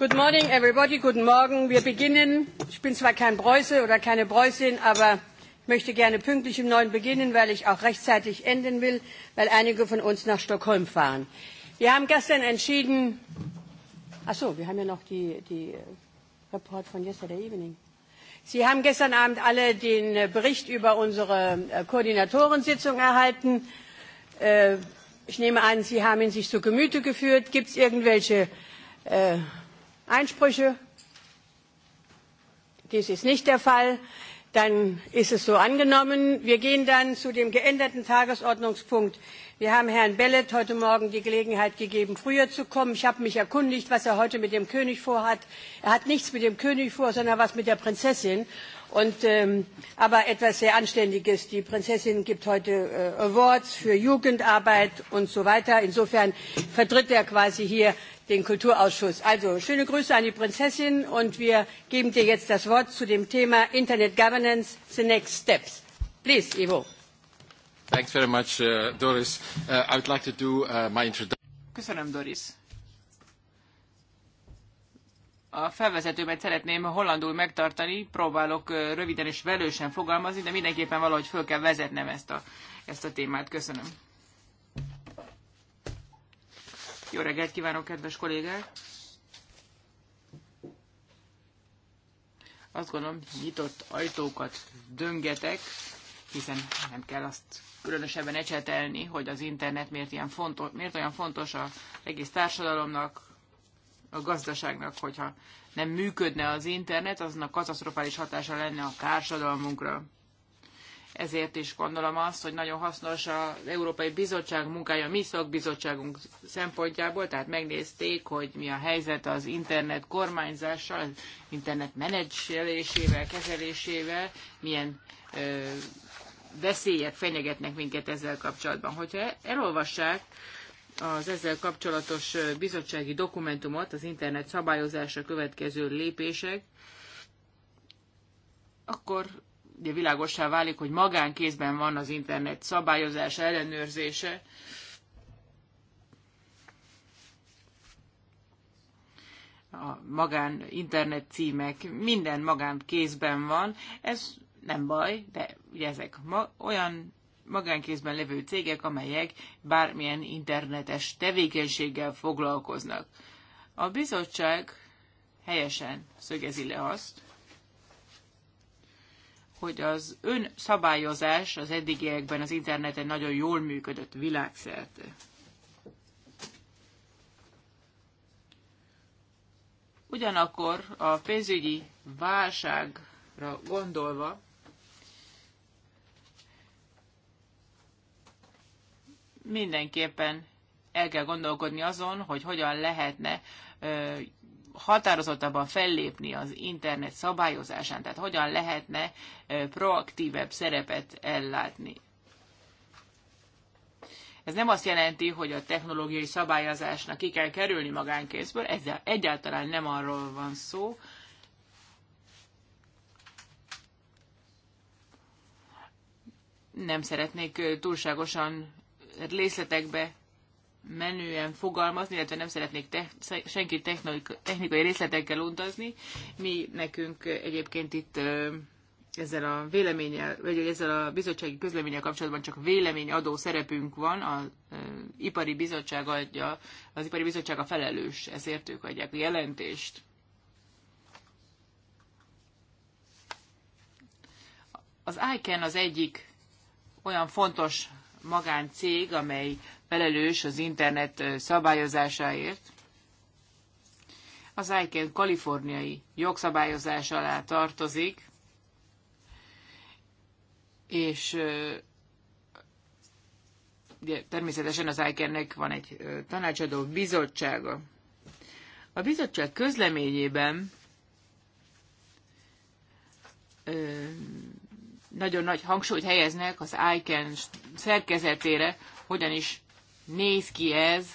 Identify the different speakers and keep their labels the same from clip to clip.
Speaker 1: Good morning, everybody. Guten Morgen. Wir beginnen. Ich bin zwar kein Preuße oder keine Preußin, aber ich möchte gerne pünktlich um neun beginnen, weil ich auch rechtzeitig enden will, weil einige von uns nach Stockholm fahren. Wir haben gestern entschieden, ach so, wir haben ja noch die, die äh, Report von yesterday evening. Sie haben gestern Abend alle den äh, Bericht über unsere äh, Koordinatorensitzung erhalten. Ich nehme an, Sie haben ihn sich zu Gemüte geführt. Gibt es irgendwelche äh, einsprüche? dies ist nicht der fall. dann ist es so angenommen. wir gehen dann zu dem geänderten tagesordnungspunkt. wir haben herrn belet heute morgen die gelegenheit gegeben früher zu kommen. ich habe mich erkundigt was er heute mit dem könig vorhat. er hat nichts mit dem könig vor sondern was mit der prinzessin. Und, ähm, aber etwas sehr anständiges die prinzessin gibt heute äh, awards für jugendarbeit und so weiter. insofern vertritt er quasi hier den Kulturausschuss. Also schöne Grüße an die Prinzessin und wir geben dir jetzt das Wort zu dem Thema Internet Governance, the next steps. Please, Ivo.
Speaker 2: Thanks very much, uh, Doris. Uh, I would like to do uh, my introduction.
Speaker 1: Köszönöm, Doris.
Speaker 3: A felvezetőmet szeretném hollandul megtartani, próbálok uh, röviden és velősen fogalmazni, de mindenképpen valahogy föl kell vezetnem ezt a, ezt a témát. Köszönöm. Jó reggelt kívánok, kedves kollégák! Azt gondolom, nyitott ajtókat döngetek, hiszen nem kell azt különösebben ecsetelni, hogy az internet miért, ilyen fontos, miért olyan fontos az egész társadalomnak, a gazdaságnak, hogyha nem működne az internet, aznak katasztrofális hatása lenne a társadalmunkra ezért is gondolom azt, hogy nagyon hasznos az Európai Bizottság munkája a mi szakbizottságunk szempontjából, tehát megnézték, hogy mi a helyzet az internet kormányzással, az internet menedzselésével, kezelésével, milyen ö, veszélyek fenyegetnek minket ezzel kapcsolatban. Hogyha elolvassák az ezzel kapcsolatos bizottsági dokumentumot, az internet szabályozása következő lépések, akkor de világosá válik, hogy magánkézben van az internet szabályozása, ellenőrzése. A magán internet címek, minden magán kézben van. Ez nem baj, de ugye ezek ma- olyan magánkézben levő cégek, amelyek bármilyen internetes tevékenységgel foglalkoznak. A bizottság helyesen szögezi le azt, hogy az önszabályozás az eddigiekben az interneten nagyon jól működött világszerte. Ugyanakkor a pénzügyi válságra gondolva, mindenképpen el kell gondolkodni azon, hogy hogyan lehetne határozottabban fellépni az internet szabályozásán, tehát hogyan lehetne proaktívebb szerepet ellátni. Ez nem azt jelenti, hogy a technológiai szabályozásnak ki kell kerülni magánkézből, ezzel egyáltalán nem arról van szó. Nem szeretnék túlságosan részletekbe menően fogalmazni, illetve nem szeretnék te- senki technikai részletekkel untazni. Mi nekünk egyébként itt ezzel a véleménnyel, vagy ezzel a bizottsági közleménnyel kapcsolatban csak véleményadó szerepünk van, a e, ipari bizottság adja, az ipari bizottság a felelős, ezért ők adják a jelentést. Az ICAN az egyik olyan fontos magáncég, amely felelős az internet szabályozásáért. Az ICANN e kaliforniai jogszabályozás alá tartozik, és ugye, természetesen az ICANN-nek e van egy tanácsadó bizottsága. A bizottság közleményében nagyon nagy hangsúlyt helyeznek az ICANN e szerkezetére, hogyan is néz ki ez,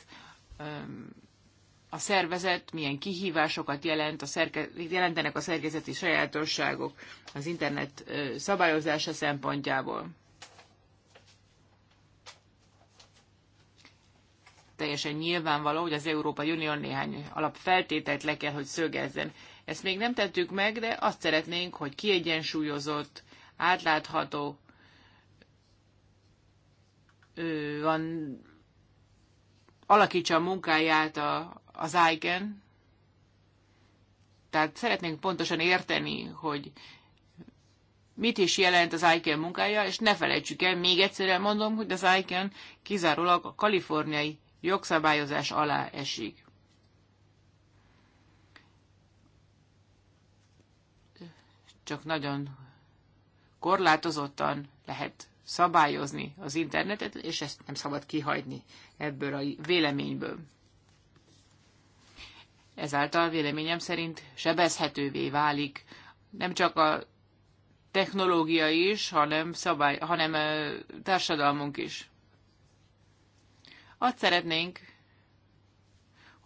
Speaker 3: a szervezet milyen kihívásokat jelent, a szerke, jelentenek a szerkezeti sajátosságok az internet szabályozása szempontjából. Teljesen nyilvánvaló, hogy az Európai Unió néhány alapfeltételt le kell, hogy szögezzen. Ezt még nem tettük meg, de azt szeretnénk, hogy kiegyensúlyozott, átlátható, van alakítsa a munkáját a, az ICAN. Tehát szeretnénk pontosan érteni, hogy mit is jelent az ICAN munkája, és ne felejtsük el, még egyszer mondom, hogy az ICAN kizárólag a kaliforniai jogszabályozás alá esik. Csak nagyon korlátozottan lehet szabályozni az internetet, és ezt nem szabad kihagyni ebből a véleményből. Ezáltal véleményem szerint sebezhetővé válik nem csak a technológia is, hanem, szabály, hanem társadalmunk is. Azt szeretnénk,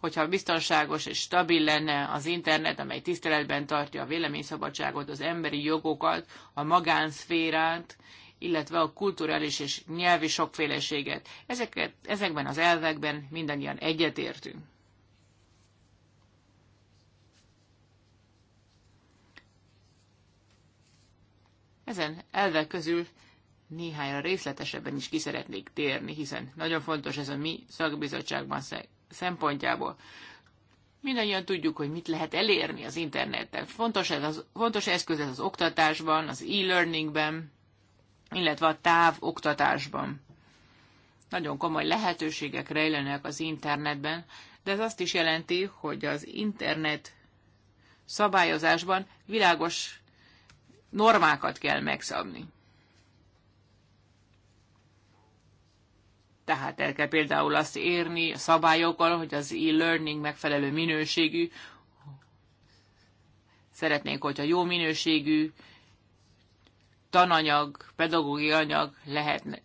Speaker 3: hogyha biztonságos és stabil lenne az internet, amely tiszteletben tartja a véleményszabadságot, az emberi jogokat, a magánszférát, illetve a kulturális és nyelvi sokféleséget. Ezeket, ezekben az elvekben mindannyian egyetértünk. Ezen elvek közül néhányra részletesebben is kiszeretnék térni, hiszen nagyon fontos ez a mi szakbizottságban szempontjából. Mindannyian tudjuk, hogy mit lehet elérni az interneten. Fontos, ez az, fontos eszköz ez az oktatásban, az e-learningben, illetve a távoktatásban. Nagyon komoly lehetőségek rejlenek az internetben, de ez azt is jelenti, hogy az internet szabályozásban világos normákat kell megszabni. Tehát el kell például azt érni a szabályokkal, hogy az e-learning megfelelő minőségű, szeretnénk, hogyha jó minőségű tananyag, pedagógiai anyag lehetne,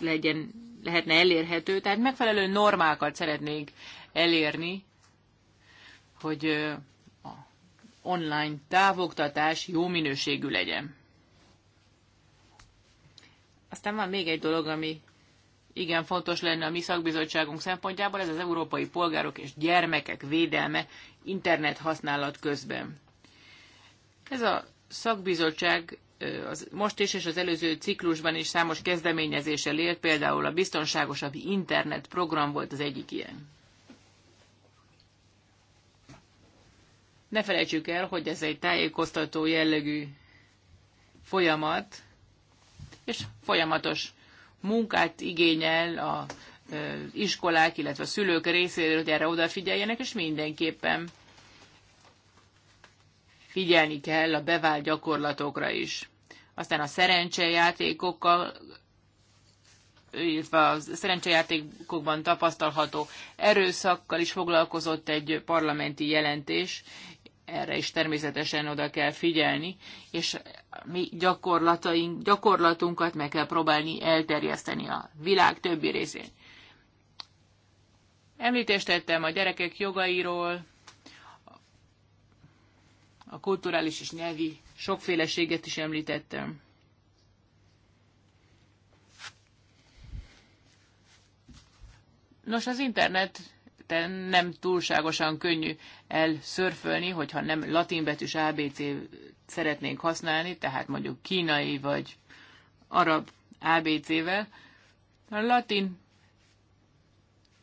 Speaker 3: legyen, lehetne elérhető. Tehát megfelelő normákat szeretnék elérni, hogy a online távoktatás jó minőségű legyen. Aztán van még egy dolog, ami igen fontos lenne a mi szakbizottságunk szempontjából, ez az európai polgárok és gyermekek védelme internet használat közben. Ez a szakbizottság az, most is és az előző ciklusban is számos kezdeményezéssel élt, például a biztonságosabb internet program volt az egyik ilyen. Ne felejtsük el, hogy ez egy tájékoztató jellegű folyamat, és folyamatos munkát igényel a iskolák, illetve a szülők részéről, hogy erre odafigyeljenek, és mindenképpen figyelni kell a bevált gyakorlatokra is. Aztán a szerencsejátékokkal, illetve a szerencsejátékokban tapasztalható erőszakkal is foglalkozott egy parlamenti jelentés, erre is természetesen oda kell figyelni, és mi gyakorlataink, gyakorlatunkat meg kell próbálni elterjeszteni a világ többi részén. Említést tettem a gyerekek jogairól, a kulturális és nyelvi sokféleséget is említettem. Nos, az interneten nem túlságosan könnyű elszörfölni, hogyha nem latinbetűs ABC szeretnénk használni, tehát mondjuk kínai vagy arab ABC-vel. A latin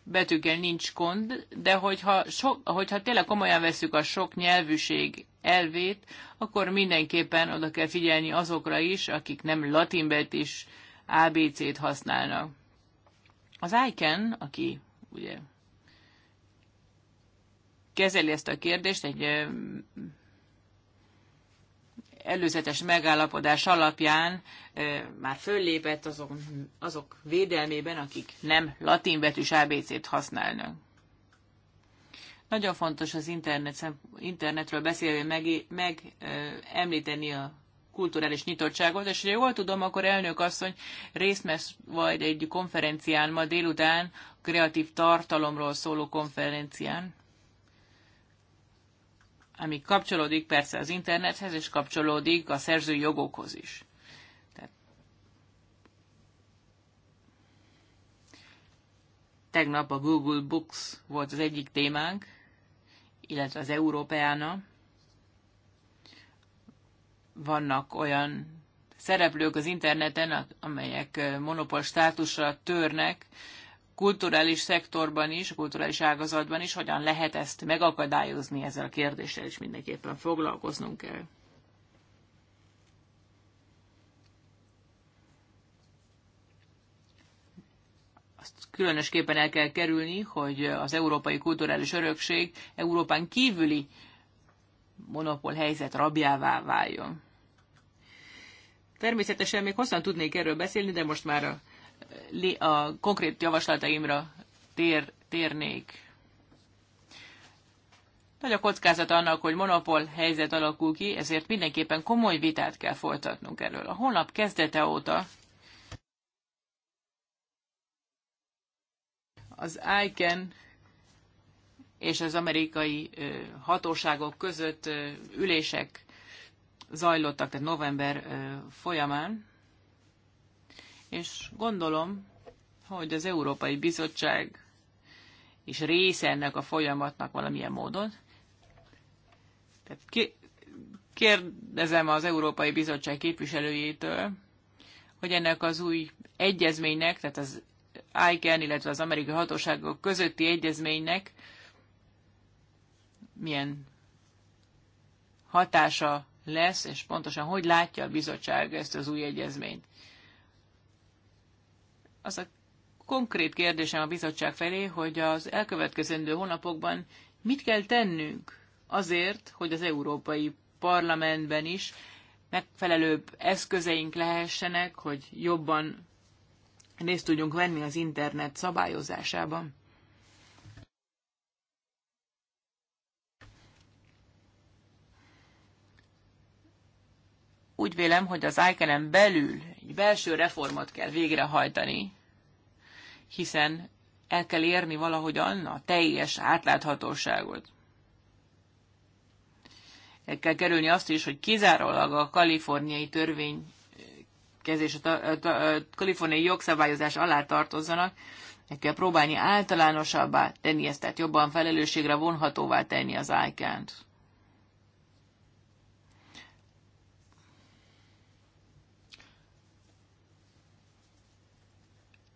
Speaker 3: betűkkel nincs gond, de hogyha, sok, hogyha tényleg komolyan veszük a sok nyelvűség elvét, akkor mindenképpen oda kell figyelni azokra is, akik nem latinbet is ABC-t használnak. Az ICAN, aki ugye kezeli ezt a kérdést, egy előzetes megállapodás alapján már föllépett azok, azok védelmében, akik nem latinbetűs ABC-t használnak. Nagyon fontos az internet, internetről beszélve meg, meg említeni a kulturális nyitottságot, és ha jól tudom, akkor elnök asszony részt vesz majd egy konferencián ma délután, kreatív tartalomról szóló konferencián, ami kapcsolódik persze az internethez, és kapcsolódik a szerzői jogokhoz is. Tehát... Tegnap a Google Books volt az egyik témánk, illetve az Európeána vannak olyan szereplők az interneten, amelyek monopól státusra törnek, kulturális szektorban is, kulturális ágazatban is, hogyan lehet ezt megakadályozni ezzel a kérdéssel, és mindenképpen foglalkoznunk kell. azt különösképpen el kell kerülni, hogy az európai kulturális örökség Európán kívüli monopól helyzet rabjává váljon. Természetesen még hosszan tudnék erről beszélni, de most már a, a konkrét javaslataimra tér, térnék. Nagy a kockázat annak, hogy monopól helyzet alakul ki, ezért mindenképpen komoly vitát kell folytatnunk erről. A holnap kezdete óta Az ICAN és az amerikai hatóságok között ülések zajlottak, tehát november folyamán, és gondolom, hogy az Európai Bizottság is része ennek a folyamatnak valamilyen módon. Tehát kérdezem az Európai Bizottság képviselőjétől, hogy ennek az új egyezménynek, tehát az ICAN, illetve az amerikai hatóságok közötti egyezménynek milyen hatása lesz, és pontosan hogy látja a bizottság ezt az új egyezményt. Az a konkrét kérdésem a bizottság felé, hogy az elkövetkezendő hónapokban mit kell tennünk azért, hogy az Európai Parlamentben is megfelelőbb eszközeink lehessenek, hogy jobban részt tudjunk venni az internet szabályozásában. Úgy vélem, hogy az ICANN belül egy belső reformot kell végrehajtani, hiszen el kell érni valahogy anna a teljes átláthatóságot. El kell kerülni azt is, hogy kizárólag a kaliforniai törvény rendelkezés a, a, a, a kaliforniai jogszabályozás alá tartozzanak, meg kell próbálni általánosabbá tenni ezt, tehát jobban felelősségre vonhatóvá tenni az ICANN-t.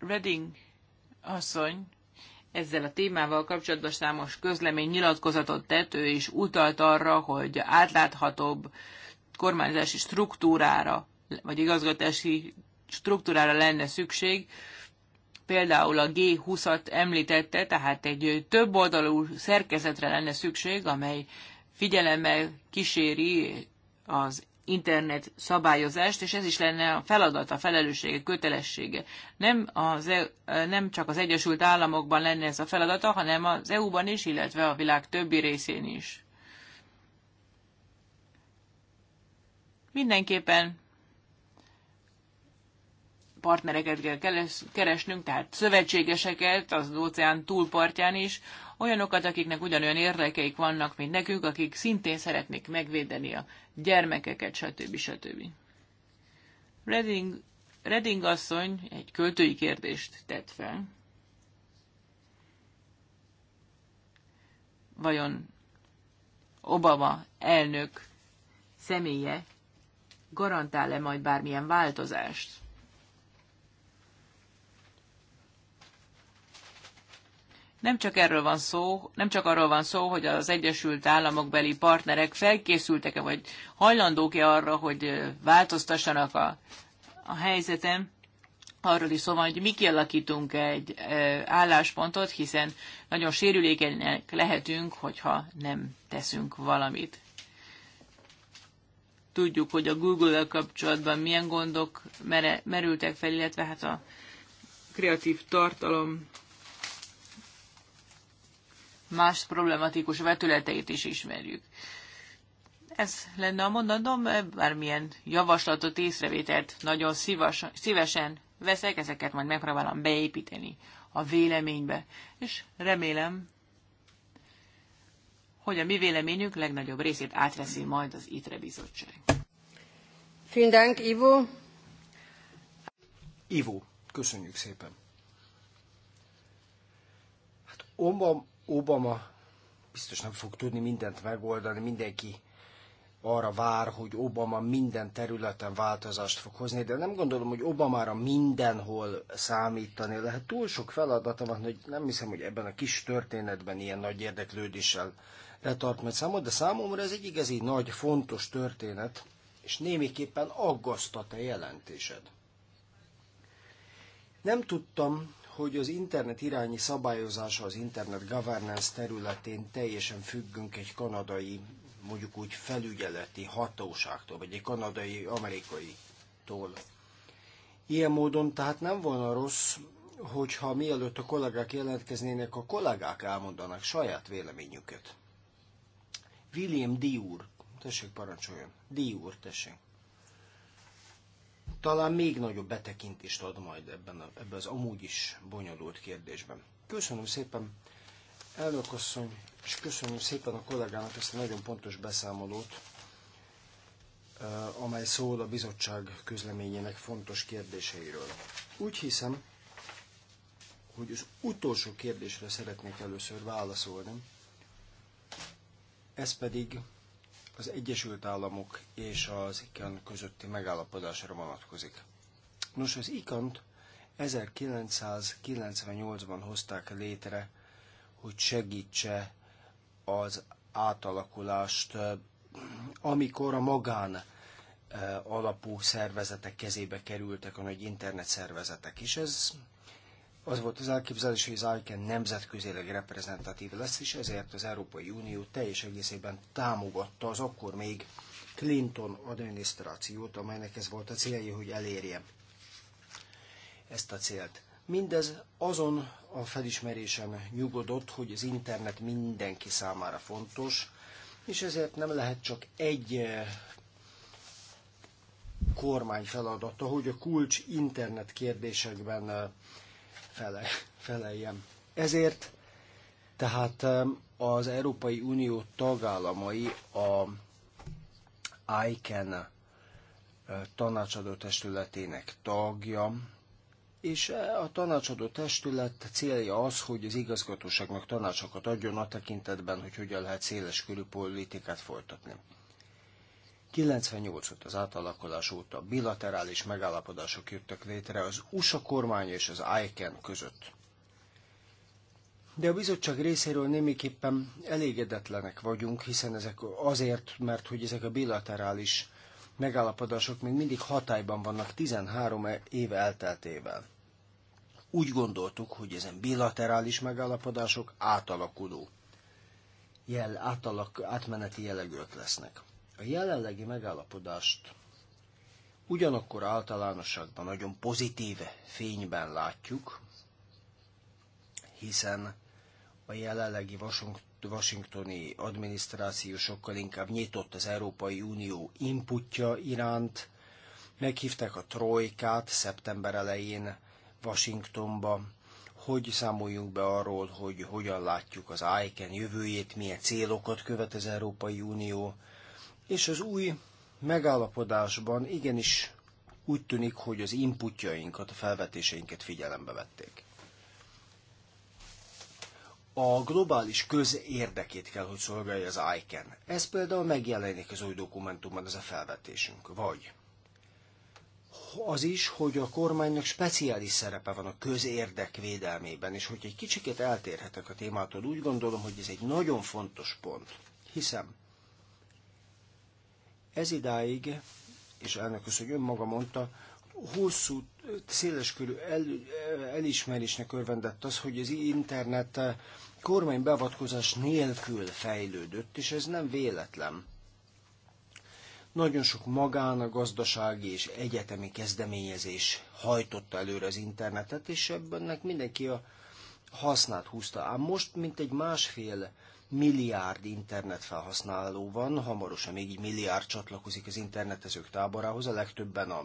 Speaker 3: Redding asszony ezzel a témával kapcsolatban számos közlemény nyilatkozatot tett, ő is utalt arra, hogy átláthatóbb kormányzási struktúrára vagy igazgatási struktúrára lenne szükség, például a G20-at említette, tehát egy több oldalú szerkezetre lenne szükség, amely figyelemmel kíséri az internet szabályozást, és ez is lenne a feladat a felelőssége, kötelessége. Nem, az, e- nem csak az Egyesült Államokban lenne ez a feladata, hanem az EU-ban is, illetve a világ többi részén is. Mindenképpen partnereket kell keresnünk, tehát szövetségeseket az óceán túlpartján is, olyanokat, akiknek ugyanolyan érdekeik vannak, mint nekünk, akik szintén szeretnék megvédeni a gyermekeket, stb. stb. Reding, Reding asszony egy költői kérdést tett fel. Vajon Obama elnök személye garantál-e majd bármilyen változást? Nem csak, erről van szó, nem csak arról van szó, hogy az Egyesült Államok beli partnerek felkészültek-e, vagy hajlandók-e arra, hogy változtassanak a, a helyzetem, arról is szó van, hogy mi kialakítunk egy álláspontot, hiszen nagyon sérülékenyek lehetünk, hogyha nem teszünk valamit. Tudjuk, hogy a Google-el kapcsolatban milyen gondok merültek fel, illetve hát a kreatív tartalom más problematikus vetületeit is ismerjük. Ez lenne a mondatom, bármilyen javaslatot, észrevételt nagyon szívas, szívesen veszek, ezeket majd megpróbálom beépíteni a véleménybe, és remélem, hogy a mi véleményünk legnagyobb részét átveszi majd az ITRE bizottság.
Speaker 1: Findánk, Ivo.
Speaker 4: Ivo, köszönjük szépen. Hát omba Obama biztos nem fog tudni mindent megoldani, mindenki arra vár, hogy Obama minden területen változást fog hozni, de nem gondolom, hogy Obamára mindenhol számítani lehet. Túl sok feladata van, hogy nem hiszem, hogy ebben a kis történetben ilyen nagy érdeklődéssel letart meg számot, de számomra ez egy igazi nagy, fontos történet, és némiképpen aggasztat a jelentésed. Nem tudtam, hogy az internet irányi szabályozása az internet governance területén teljesen függünk egy kanadai, mondjuk úgy felügyeleti hatóságtól, vagy egy kanadai, amerikai tól. Ilyen módon tehát nem volna rossz, hogyha mielőtt a kollégák jelentkeznének, a kollégák elmondanak saját véleményüket. William D. úr, tessék parancsoljon. D. úr, tessék talán még nagyobb betekintést ad majd ebben, a, ebben az amúgy is bonyolult kérdésben. Köszönöm szépen, elnök asszony, és köszönöm szépen a kollégának ezt a nagyon pontos beszámolót, amely szól a bizottság közleményének fontos kérdéseiről. Úgy hiszem, hogy az utolsó kérdésre szeretnék először válaszolni, ez pedig az Egyesült Államok és az ICAN közötti megállapodásra vonatkozik. Nos, az ICAN-t 1998-ban hozták létre, hogy segítse az átalakulást, amikor a magán eh, alapú szervezetek kezébe kerültek a nagy internet szervezetek is. Ez az volt az elképzelés, hogy az ICAN nemzetközileg reprezentatív lesz, és ezért az Európai Unió teljes egészében támogatta az akkor még Clinton adminisztrációt, amelynek ez volt a célja, hogy elérje ezt a célt. Mindez azon a felismerésen nyugodott, hogy az internet mindenki számára fontos, és ezért nem lehet csak egy eh, kormány feladata, hogy a kulcs internet kérdésekben eh, fele, feleljem. Ezért tehát az Európai Unió tagállamai a ICANN tanácsadó testületének tagja, és e, a tanácsadó testület célja az, hogy az igazgatóságnak tanácsokat adjon a tekintetben, hogy hogyan lehet széles körű politikát folytatni. 98 óta, az átalakulás óta bilaterális megállapodások jöttek létre az USA kormány és az ICANN között. De a bizottság részéről némiképpen elégedetlenek vagyunk, hiszen ezek azért, mert hogy ezek a bilaterális megállapodások még mindig hatályban vannak 13 éve elteltével. Úgy gondoltuk, hogy ezen bilaterális megállapodások átalakuló, jel, átalak, átmeneti jellegűek lesznek. A jelenlegi megállapodást ugyanakkor általánosságban nagyon pozitív fényben látjuk, hiszen a jelenlegi washingtoni adminisztráció sokkal inkább nyitott az Európai Unió inputja iránt. Meghívták a Trojkát szeptember elején Washingtonba, hogy számoljunk be arról, hogy hogyan látjuk az ICAN jövőjét, milyen célokat követ az Európai Unió, és az új megállapodásban igenis úgy tűnik, hogy az inputjainkat, a felvetéseinket figyelembe vették. A globális közérdekét kell, hogy szolgálja az ICAN. Ez például megjelenik az új dokumentumban, ez a felvetésünk. Vagy az is, hogy a kormánynak speciális szerepe van a közérdek védelmében, és hogy egy kicsikét eltérhetek a témától, úgy gondolom, hogy ez egy nagyon fontos pont. Hiszem, ez idáig, és elnök hogy önmaga mondta, hosszú, széleskörű el, elismerésnek örvendett az, hogy az internet kormánybeavatkozás nélkül fejlődött, és ez nem véletlen. Nagyon sok magán, a gazdasági és egyetemi kezdeményezés hajtotta előre az internetet, és ebbennek mindenki a hasznát húzta. Ám most, mint egy másfél milliárd internetfelhasználó van, hamarosan még egy milliárd csatlakozik az internetezők táborához, a legtöbben a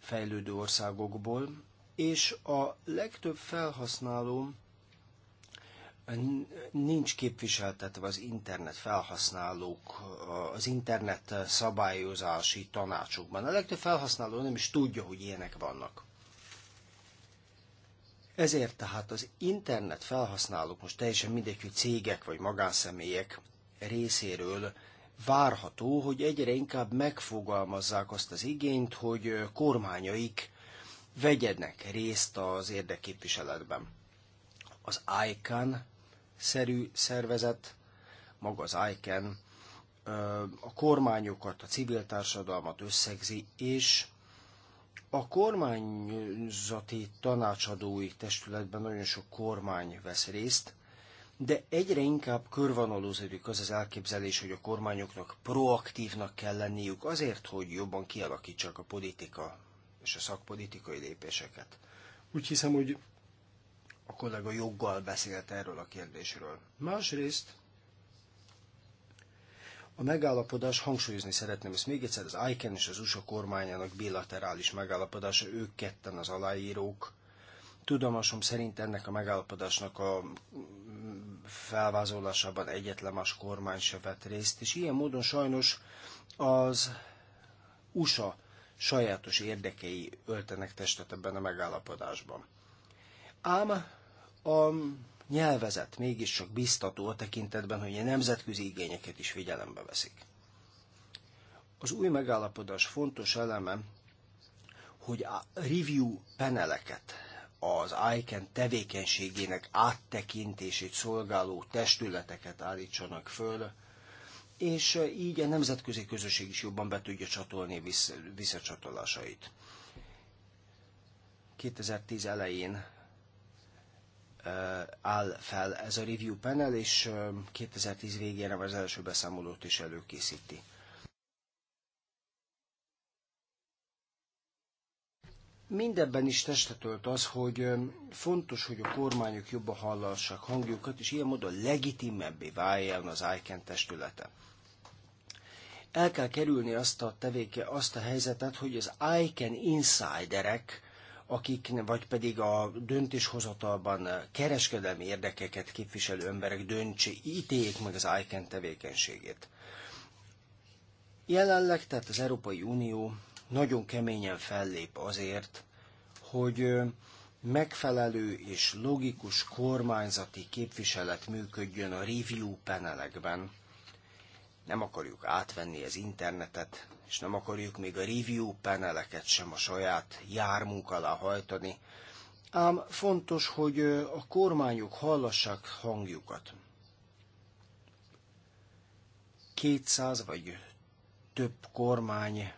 Speaker 4: fejlődő országokból, és a legtöbb felhasználó nincs képviseltetve az internet felhasználók, az internet szabályozási tanácsokban. A legtöbb felhasználó nem is tudja, hogy ilyenek vannak. Ezért tehát az internet felhasználók, most teljesen mindegy, hogy cégek vagy magánszemélyek részéről várható, hogy egyre inkább megfogalmazzák azt az igényt, hogy kormányaik vegyednek részt az érdekképviseletben. Az ICAN szerű szervezet, maga az ICAN, a kormányokat, a civil társadalmat összegzi, és a kormányzati tanácsadói testületben nagyon sok kormány vesz részt, de egyre inkább körvonalúzódik az az elképzelés, hogy a kormányoknak proaktívnak kell lenniük azért, hogy jobban kialakítsák a politika és a szakpolitikai lépéseket. Úgy hiszem, hogy a kollega joggal beszélt erről a kérdésről. Másrészt a megállapodás, hangsúlyozni szeretném ezt még egyszer, az ICAN e és az USA kormányának bilaterális megállapodása, ők ketten az aláírók. Tudomásom szerint ennek a megállapodásnak a mm, felvázolásában egyetlen más kormány se vett részt, és ilyen módon sajnos az USA sajátos érdekei öltenek testet ebben a megállapodásban. Ám a nyelvezet mégiscsak biztató a tekintetben, hogy a nemzetközi igényeket is figyelembe veszik. Az új megállapodás fontos eleme, hogy a review paneleket, az ICANN tevékenységének áttekintését szolgáló testületeket állítsanak föl, és így a nemzetközi közösség is jobban be tudja csatolni visszacsatolásait. 2010 elején Eh, áll fel ez a review panel, és 2010 eh, végére az első beszámolót is előkészíti. Mindebben is testet ölt az, hogy eh, fontos, hogy a kormányok jobban hallassák hangjukat, és ilyen módon legitimebbé váljon az ICANN testülete. El kell kerülni azt a tevéke, azt a helyzetet, hogy az ICANN insiderek akik, vagy pedig a döntéshozatalban kereskedelmi érdekeket képviselő emberek döntsé, ítéljék meg az ICANN tevékenységét. Jelenleg tehát az Európai Unió nagyon keményen fellép azért, hogy megfelelő és logikus kormányzati képviselet működjön a review panelekben. Nem akarjuk átvenni az internetet, és nem akarjuk még a review paneleket sem a saját jármunk alá hajtani, ám fontos, hogy a kormányok hallassák hangjukat. 200 vagy több kormány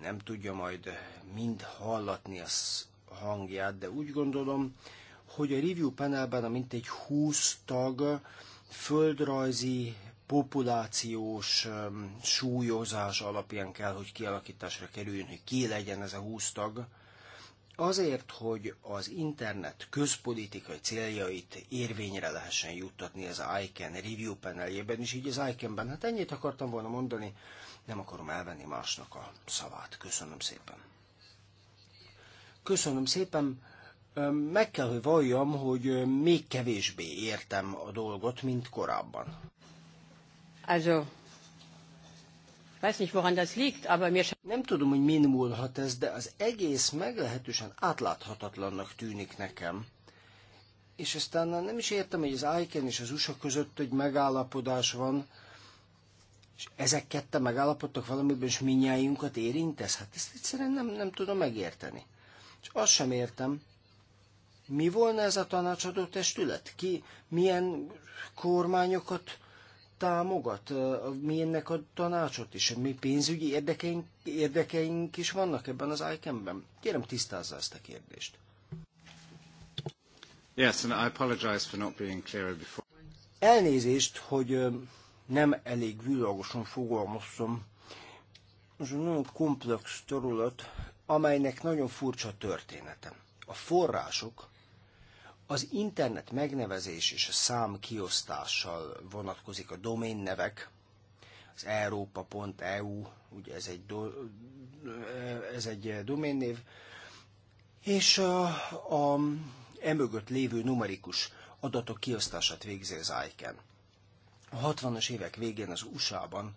Speaker 4: nem tudja majd mind hallatni a hangját, de úgy gondolom, hogy a review panelben a mintegy 20 tag földrajzi populációs súlyozás alapján kell, hogy kialakításra kerüljön, hogy ki legyen ez a 20 tag, azért, hogy az internet közpolitikai céljait érvényre lehessen juttatni az ICANN review paneljében, és így az ICANN-ben. Hát ennyit akartam volna mondani, nem akarom elvenni másnak a szavát. Köszönöm szépen. Köszönöm szépen. Meg kell, hogy valljam, hogy még kevésbé értem a dolgot, mint korábban. Also, weiß nicht, woran das liegt, aber mir Nem tudom, hogy min múlhat ez, de az egész meglehetősen átláthatatlannak tűnik nekem. És aztán nem is értem, hogy az Aiken és az USA között egy megállapodás van, és ezek kette megállapodtak valamiben, és minnyájunkat érint ez? Hát ezt egyszerűen nem, nem tudom megérteni. És azt sem értem, mi volna ez a tanácsadó testület? Ki milyen kormányokat támogat, mi ennek a tanácsot is, mi pénzügyi érdekeink, érdekeink is vannak ebben az ICAM-ben. Kérem tisztázza ezt a
Speaker 2: kérdést. Yes, and I apologize for not being clearer before.
Speaker 4: Elnézést, hogy nem elég világosan fogalmaztam. Ez egy nagyon komplex terület, amelynek nagyon furcsa története. A források, az internet megnevezés és a szám kiosztással vonatkozik a domain nevek, az európa.eu, ugye ez egy, do, ez egy név, és a, a emögött lévő numerikus adatok kiosztását végzi az ICAN. A 60-as évek végén az USA-ban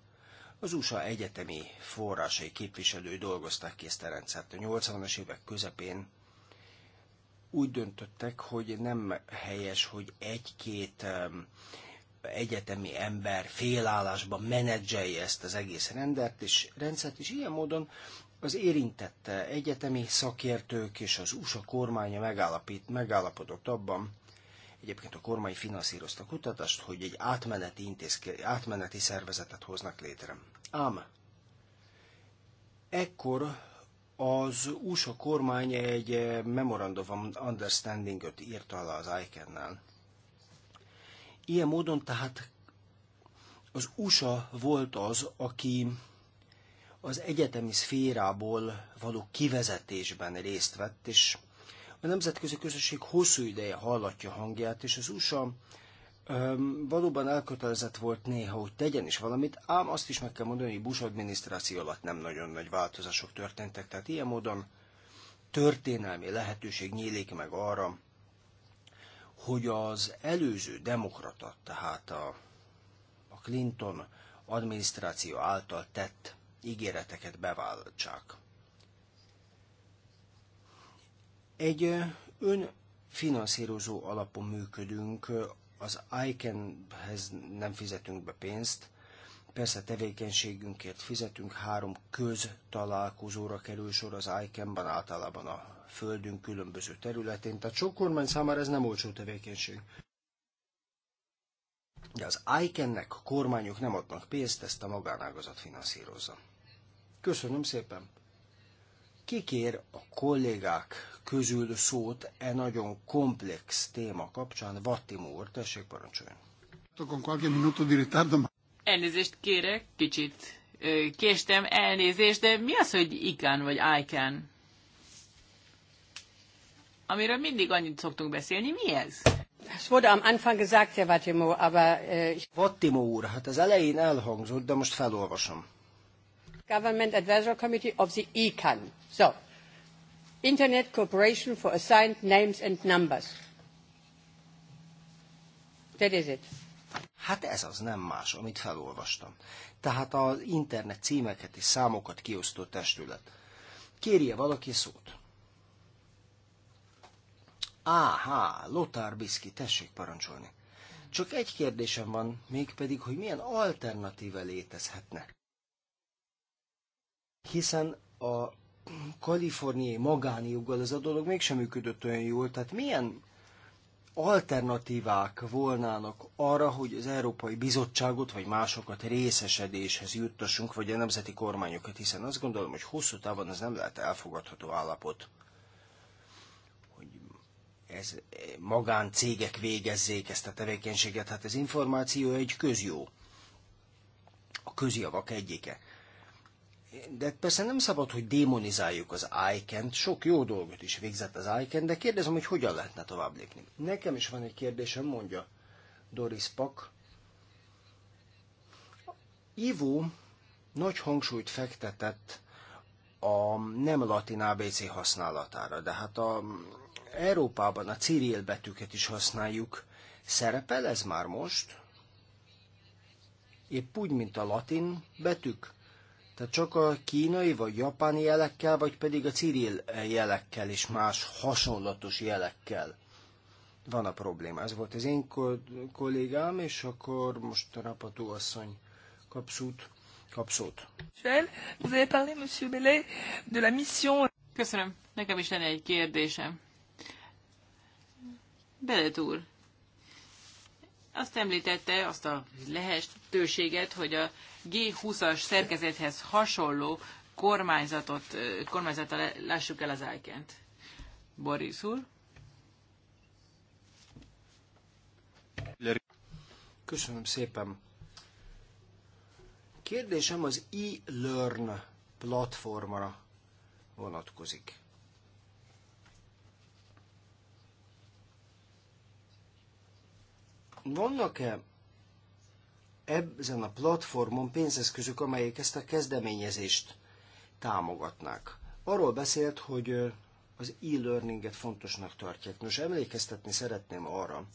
Speaker 4: az USA egyetemi forrásai képviselői dolgozták ki ezt a rendszert. A 80-as évek közepén úgy döntöttek, hogy nem helyes, hogy egy-két egyetemi ember félállásban menedzselje ezt az egész rendert és rendszert, és ilyen módon az érintett egyetemi szakértők és az USA kormánya megállapít, megállapodott abban, egyébként a kormány finanszírozta a kutatást, hogy egy átmeneti, intézke, átmeneti szervezetet hoznak létre. Ám ekkor az USA kormány egy eh, Memorandum of Understanding-öt írt alá az ICANN-nál. Ilyen módon tehát az USA volt az, aki az egyetemi szférából való kivezetésben részt vett, és a nemzetközi közösség hosszú ideje hallatja hangját, és az USA öm, valóban elkötelezett volt néha, hogy tegyen is valamit, ám azt is meg kell mondani, hogy Bush adminisztráció alatt nem nagyon nagy változások történtek, tehát ilyen módon történelmi lehetőség nyílik meg arra, hogy az előző demokrata, tehát a, a Clinton adminisztráció által tett ígéreteket beváltsák. Egy önfinanszírozó alapon működünk, az ICAN-hez nem fizetünk be pénzt, persze tevékenységünkért fizetünk, három köz találkozóra kerül sor az ICAN-ban, általában a földünk különböző területén, tehát sok kormány számára ez nem olcsó tevékenység. De az ICAN-nek kormányok nem adnak pénzt, ezt a magánágazat finanszírozza. Köszönöm szépen! kikér a kollégák közül szót e nagyon komplex téma kapcsán. Vattim úr, tessék parancsoljon.
Speaker 3: Elnézést kérek, kicsit késtem, elnézést, de mi az, hogy ikán vagy ICAN? Amiről mindig annyit szoktunk beszélni, mi ez?
Speaker 1: Es wurde am Anfang gesagt, Herr Vattimo, aber... Äh, Vattimo úr, hát az elején elhangzott, de most felolvasom. Government Advisory Committee of the ECAN. So, Internet Cooperation for Assigned Names and Numbers. That is it.
Speaker 4: Hát ez az nem más, amit felolvastam. Tehát az internet címeket és számokat kiosztó testület. Kérje valaki szót. Áhá, Lothar Biszki, tessék parancsolni. Csak egy kérdésem van, mégpedig, hogy milyen alternatíve létezhetne hiszen a kaliforniai magánjoggal ez a dolog mégsem működött olyan jól, tehát milyen alternatívák volnának arra, hogy az Európai Bizottságot vagy másokat részesedéshez juttassunk, vagy a nemzeti kormányokat, hiszen azt gondolom, hogy hosszú távon ez nem lehet elfogadható állapot, hogy ez eh, magáncégek végezzék ezt a tevékenységet, hát ez információ egy közjó, a közjavak egyike de persze nem szabad, hogy démonizáljuk az ICANN-t, sok jó dolgot is végzett az ICANN, de kérdezem, hogy hogyan lehetne tovább lépni. Nekem is van egy kérdésem, mondja Doris Pak. Ivo nagy hangsúlyt fektetett a nem latin ABC használatára, de hát a, mm, Európában a Cyril betűket is használjuk. Szerepel ez már most? Épp úgy, mint a latin betűk? Tehát csak a kínai vagy japáni jelekkel, vagy pedig a ciril jelekkel és más hasonlatos jelekkel van a probléma. Ez volt az én kollégám, és akkor most a Rapató asszony kapszút. Kapszót.
Speaker 3: monsieur Bellet, de Köszönöm. Nekem is lenne egy kérdésem. Belet úr, azt említette azt a lehetőséget, hogy a G20-as szerkezethez hasonló kormányzatot, kormányzata lássuk el az ájként. Boris úr.
Speaker 4: Köszönöm szépen. Kérdésem az e-learn platformra vonatkozik. vannak-e ezen a platformon pénzeszközök, amelyek ezt a kezdeményezést támogatnák? Arról beszélt, hogy az e-learninget fontosnak tartják. Nos, emlékeztetni szeretném arra,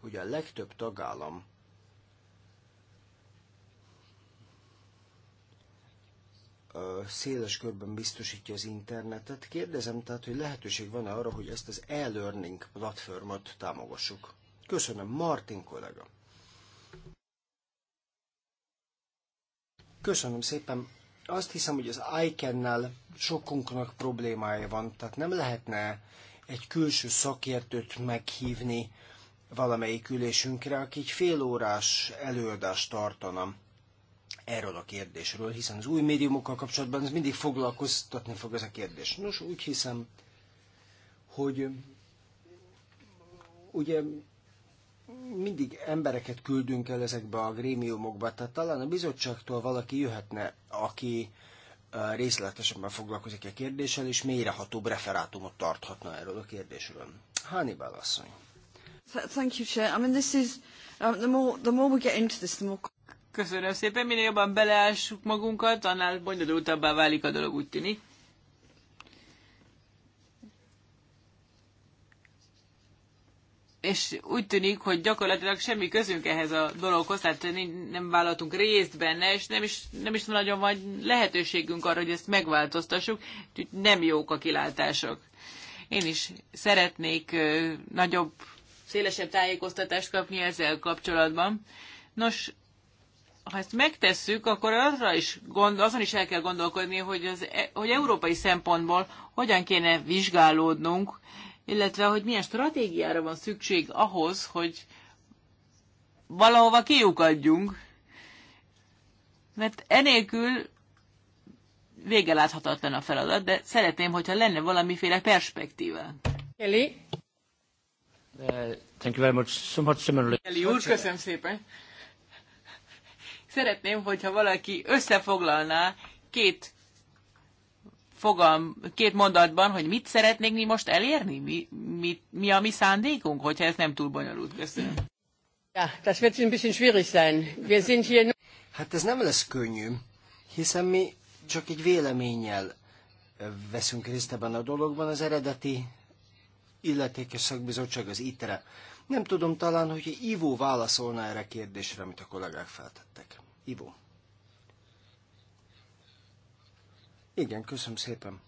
Speaker 4: hogy a legtöbb tagállam széles körben biztosítja az internetet. Kérdezem tehát, hogy lehetőség van-e arra, hogy ezt az e-learning platformot támogassuk? Köszönöm, Martin kollega. Köszönöm szépen. Azt hiszem, hogy az ICANN-nel sokunknak problémája van, tehát nem lehetne egy külső szakértőt meghívni valamelyik ülésünkre, aki egy órás előadást tartana erről a kérdésről, hiszen az új médiumokkal kapcsolatban ez mindig foglalkoztatni fog ez a kérdés. Nos, úgy hiszem, hogy ugye mindig embereket küldünk el ezekbe a grémiumokba, tehát talán a bizottságtól valaki jöhetne, aki részletesebben foglalkozik a kérdéssel, és mélyrehatóbb referátumot tarthatna erről a kérdésről. Hannibal asszony.
Speaker 1: Thank you, Chair. I mean, this is, um, the, more, the more we get into this, the more...
Speaker 3: Köszönöm szépen, minél jobban beleássuk magunkat, annál bonyolultabbá válik a dolog, úgy tűnik. és úgy tűnik, hogy gyakorlatilag semmi közünk ehhez a dologhoz, tehát nem vállaltunk részt benne, és nem is, nem is nagyon van lehetőségünk arra, hogy ezt megváltoztassuk, úgyhogy nem jók a kilátások. Én is szeretnék nagyobb, szélesebb tájékoztatást kapni ezzel kapcsolatban. Nos, ha ezt megtesszük, akkor arra is gond, azon is el kell gondolkodni, hogy, az, e-, hogy európai szempontból hogyan kéne vizsgálódnunk, illetve hogy milyen stratégiára van szükség ahhoz, hogy valahova kiukadjunk, mert enélkül vége láthatatlan a feladat, de szeretném, hogyha lenne valamiféle perspektíva.
Speaker 1: Kelly? Uh,
Speaker 2: thank you very much. Somewhat similarly. Kelly úr, köszönöm
Speaker 3: szépen. Szeretném, hogyha valaki összefoglalná két fogalm, két mondatban, hogy mit szeretnénk mi most elérni, mi, mi, mi a mi szándékunk, hogyha ez nem túl bonyolult. Köszönöm. Ja, das wird ein bisschen schwierig sein.
Speaker 1: Wir sind hier...
Speaker 3: Hát ez nem lesz könnyű, hiszen
Speaker 1: mi
Speaker 4: csak egy véleménnyel veszünk részt ebben a dologban, az eredeti illetékes szakbizottság az ITRE. Nem tudom talán, hogy Ivo válaszolna erre a kérdésre, amit a kollégák feltettek. Ivo. Igen, köszönöm szépen.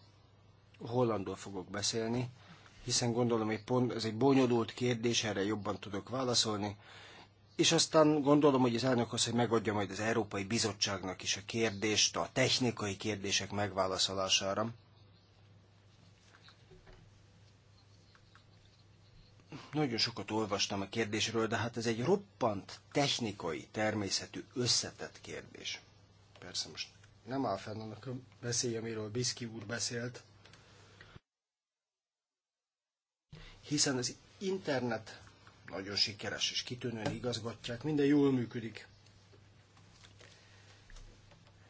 Speaker 4: Hollandul fogok beszélni, hiszen gondolom, hogy pont ez egy bonyolult kérdés, erre jobban tudok válaszolni. És aztán gondolom, hogy az elnök az, hogy megadja majd az Európai Bizottságnak is a kérdést, a technikai kérdések megválaszolására. Nagyon sokat olvastam a kérdésről, de hát ez egy roppant technikai természetű összetett kérdés. Persze most nem áll fenn annak a veszély, amiről Biszki úr beszélt, hiszen az internet nagyon sikeres és kitűnően igazgatják, minden jól működik.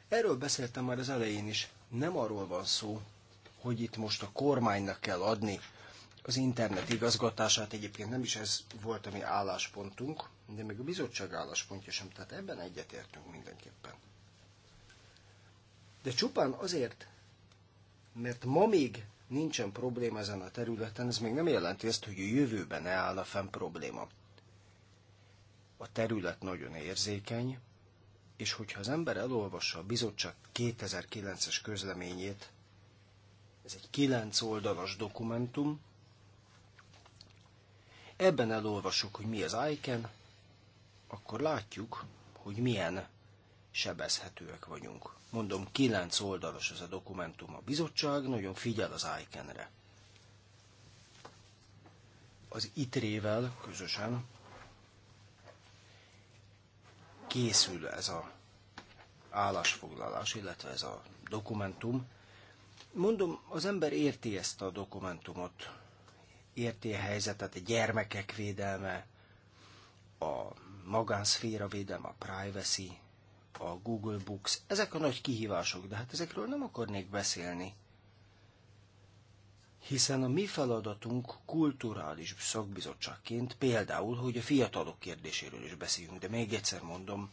Speaker 4: Erről beszéltem már az elején is, nem arról van szó, hogy itt most a kormánynak kell adni az internet igazgatását, egyébként nem is ez volt a mi álláspontunk, de még a bizottság álláspontja sem, tehát ebben egyetértünk mindenképpen. De csupán azért, mert ma még nincsen probléma ezen a területen, ez még nem jelenti azt, hogy a jövőben ne áll a fenn probléma. A terület nagyon érzékeny, és hogyha az ember elolvassa a bizottság 2009-es közleményét, ez egy kilenc oldalas dokumentum, ebben elolvasok, hogy mi az ICAN, akkor látjuk, hogy milyen sebezhetőek vagyunk. Mondom, kilenc oldalos ez a dokumentum. A bizottság nagyon figyel az ICAN-re. Az itre vel közösen készül ez a állásfoglalás, illetve ez a dokumentum. Mondom, az ember érti ezt a dokumentumot, érti a helyzetet, a gyermekek védelme, a magánszféra védelme, a privacy a Google Books, ezek a nagy kihívások, de hát ezekről nem akarnék beszélni. Hiszen a mi feladatunk kulturális szakbizottságként például, hogy a fiatalok kérdéséről is beszéljünk, de még egyszer mondom,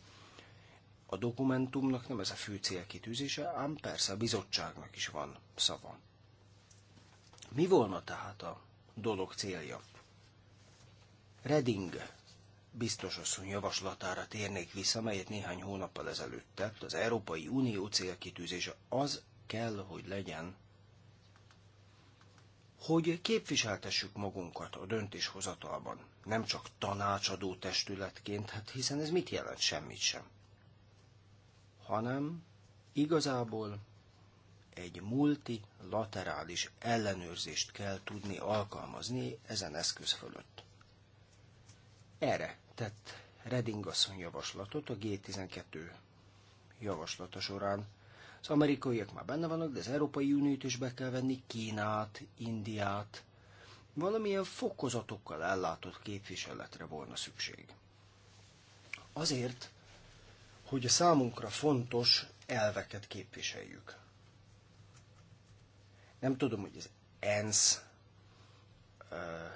Speaker 4: a dokumentumnak nem ez a fő célkitűzése, ám persze a bizottságnak is van szava. Mi volna tehát a dolog célja? Reding biztos asszony javaslatára térnék vissza, melyet néhány hónappal ezelőtt tett. Az Európai Unió célkitűzése az kell, hogy legyen, hogy képviseltessük magunkat a döntéshozatalban, nem csak tanácsadó testületként, hát hiszen ez mit jelent semmit sem, hanem igazából egy multilaterális ellenőrzést kell tudni alkalmazni ezen eszköz fölött. Erre tett Redding asszony javaslatot a G12 javaslata során. Az amerikaiak már benne vannak, de az Európai Uniót is be kell venni, Kínát, Indiát. Valamilyen fokozatokkal ellátott képviseletre volna szükség. Azért, hogy a számunkra fontos elveket képviseljük. Nem tudom, hogy az ENSZ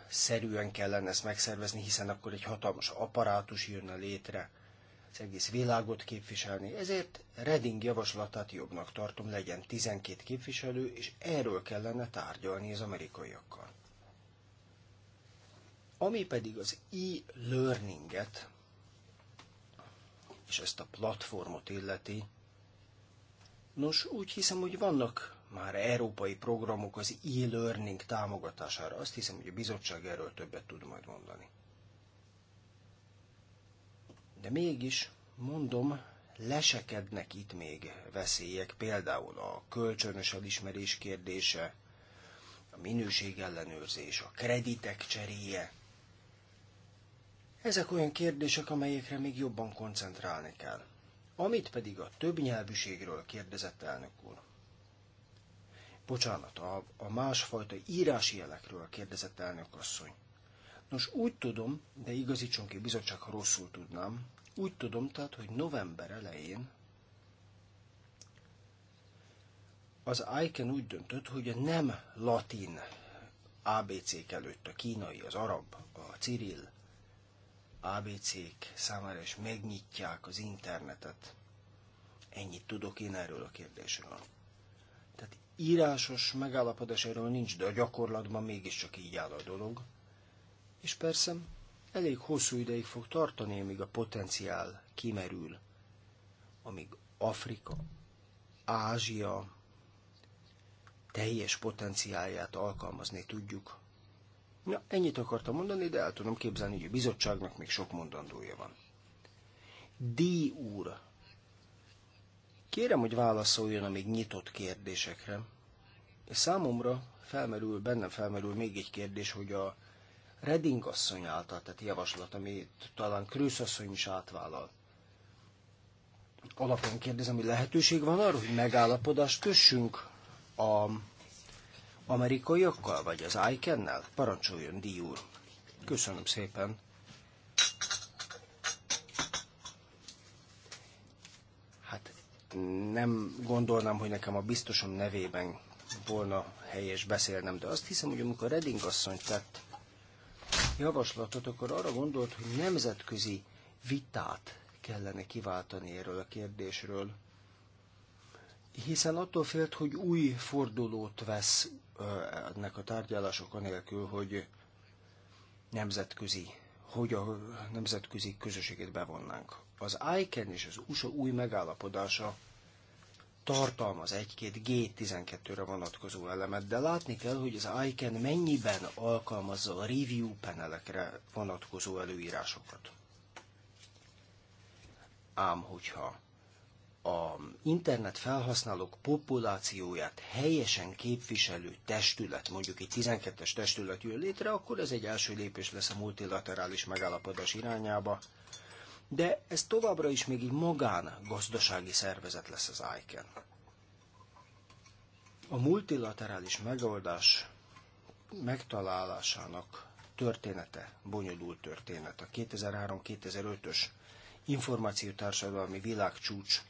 Speaker 4: szerűen kellene ezt megszervezni, hiszen akkor egy hatalmas apparátus jönne létre, az egész világot képviselni. Ezért Reding javaslatát jobbnak tartom, legyen 12 képviselő, és erről kellene tárgyalni az amerikaiakkal. Ami pedig az e-learninget, és ezt a platformot illeti, nos, úgy hiszem, hogy vannak már európai programok az e-learning támogatására. Azt hiszem, hogy a bizottság erről többet tud majd mondani. De mégis, mondom, lesekednek itt még veszélyek, például a kölcsönös elismerés kérdése, a minőség ellenőrzés, a kreditek cseréje. Ezek olyan kérdések, amelyekre még jobban koncentrálni kell. Amit pedig a többnyelvűségről kérdezett elnök úr. Bocsánat, a, a másfajta írási jelekről kérdezett elnök asszony. Nos, úgy tudom, de igazítson ki bizottság, ha rosszul tudnám, úgy tudom tehát, hogy november elején az aiken úgy döntött, hogy a nem latin ABC-k előtt a kínai, az arab, a ciril ABC-k számára is megnyitják az internetet. Ennyit tudok én erről a kérdésről írásos megállapodás erről nincs, de a gyakorlatban mégiscsak így áll a dolog. És persze elég hosszú ideig fog tartani, amíg a potenciál kimerül, amíg Afrika, Ázsia teljes potenciálját alkalmazni tudjuk. Na, ennyit akartam mondani, de el tudom képzelni, hogy a bizottságnak még sok mondandója van. D úr Kérem, hogy válaszoljon a még nyitott kérdésekre. És számomra felmerül, bennem felmerül még egy kérdés, hogy a Redding asszony által tett javaslat, amit talán Krősz asszony is átvállal. Alapján kérdezem, hogy lehetőség van arra, hogy megállapodást kössünk a amerikaiakkal, vagy az ICANN-nel? Parancsoljon, díj úr. Köszönöm szépen. nem gondolnám, hogy nekem a biztosom nevében volna helyes beszélnem, de azt hiszem, hogy amikor Reding asszony tett javaslatot, akkor arra gondolt, hogy nemzetközi vitát kellene kiváltani erről a kérdésről, hiszen attól félt, hogy új fordulót vesz ennek a tárgyalások anélkül, hogy nemzetközi, hogy a nemzetközi közösségét bevonnánk. Az ICAN és az USA új megállapodása tartalmaz egy-két G12-re vonatkozó elemet, de látni kell, hogy az ICAN mennyiben alkalmazza a review panelekre vonatkozó előírásokat. Ám hogyha a internet felhasználók populációját helyesen képviselő testület, mondjuk egy 12-es testület jön létre, akkor ez egy első lépés lesz a multilaterális megállapodás irányába, de ez továbbra is még egy magán gazdasági szervezet lesz az ICANN. A multilaterális megoldás megtalálásának története, bonyolult történet, a 2003-2005-ös információtársadalmi világcsúcs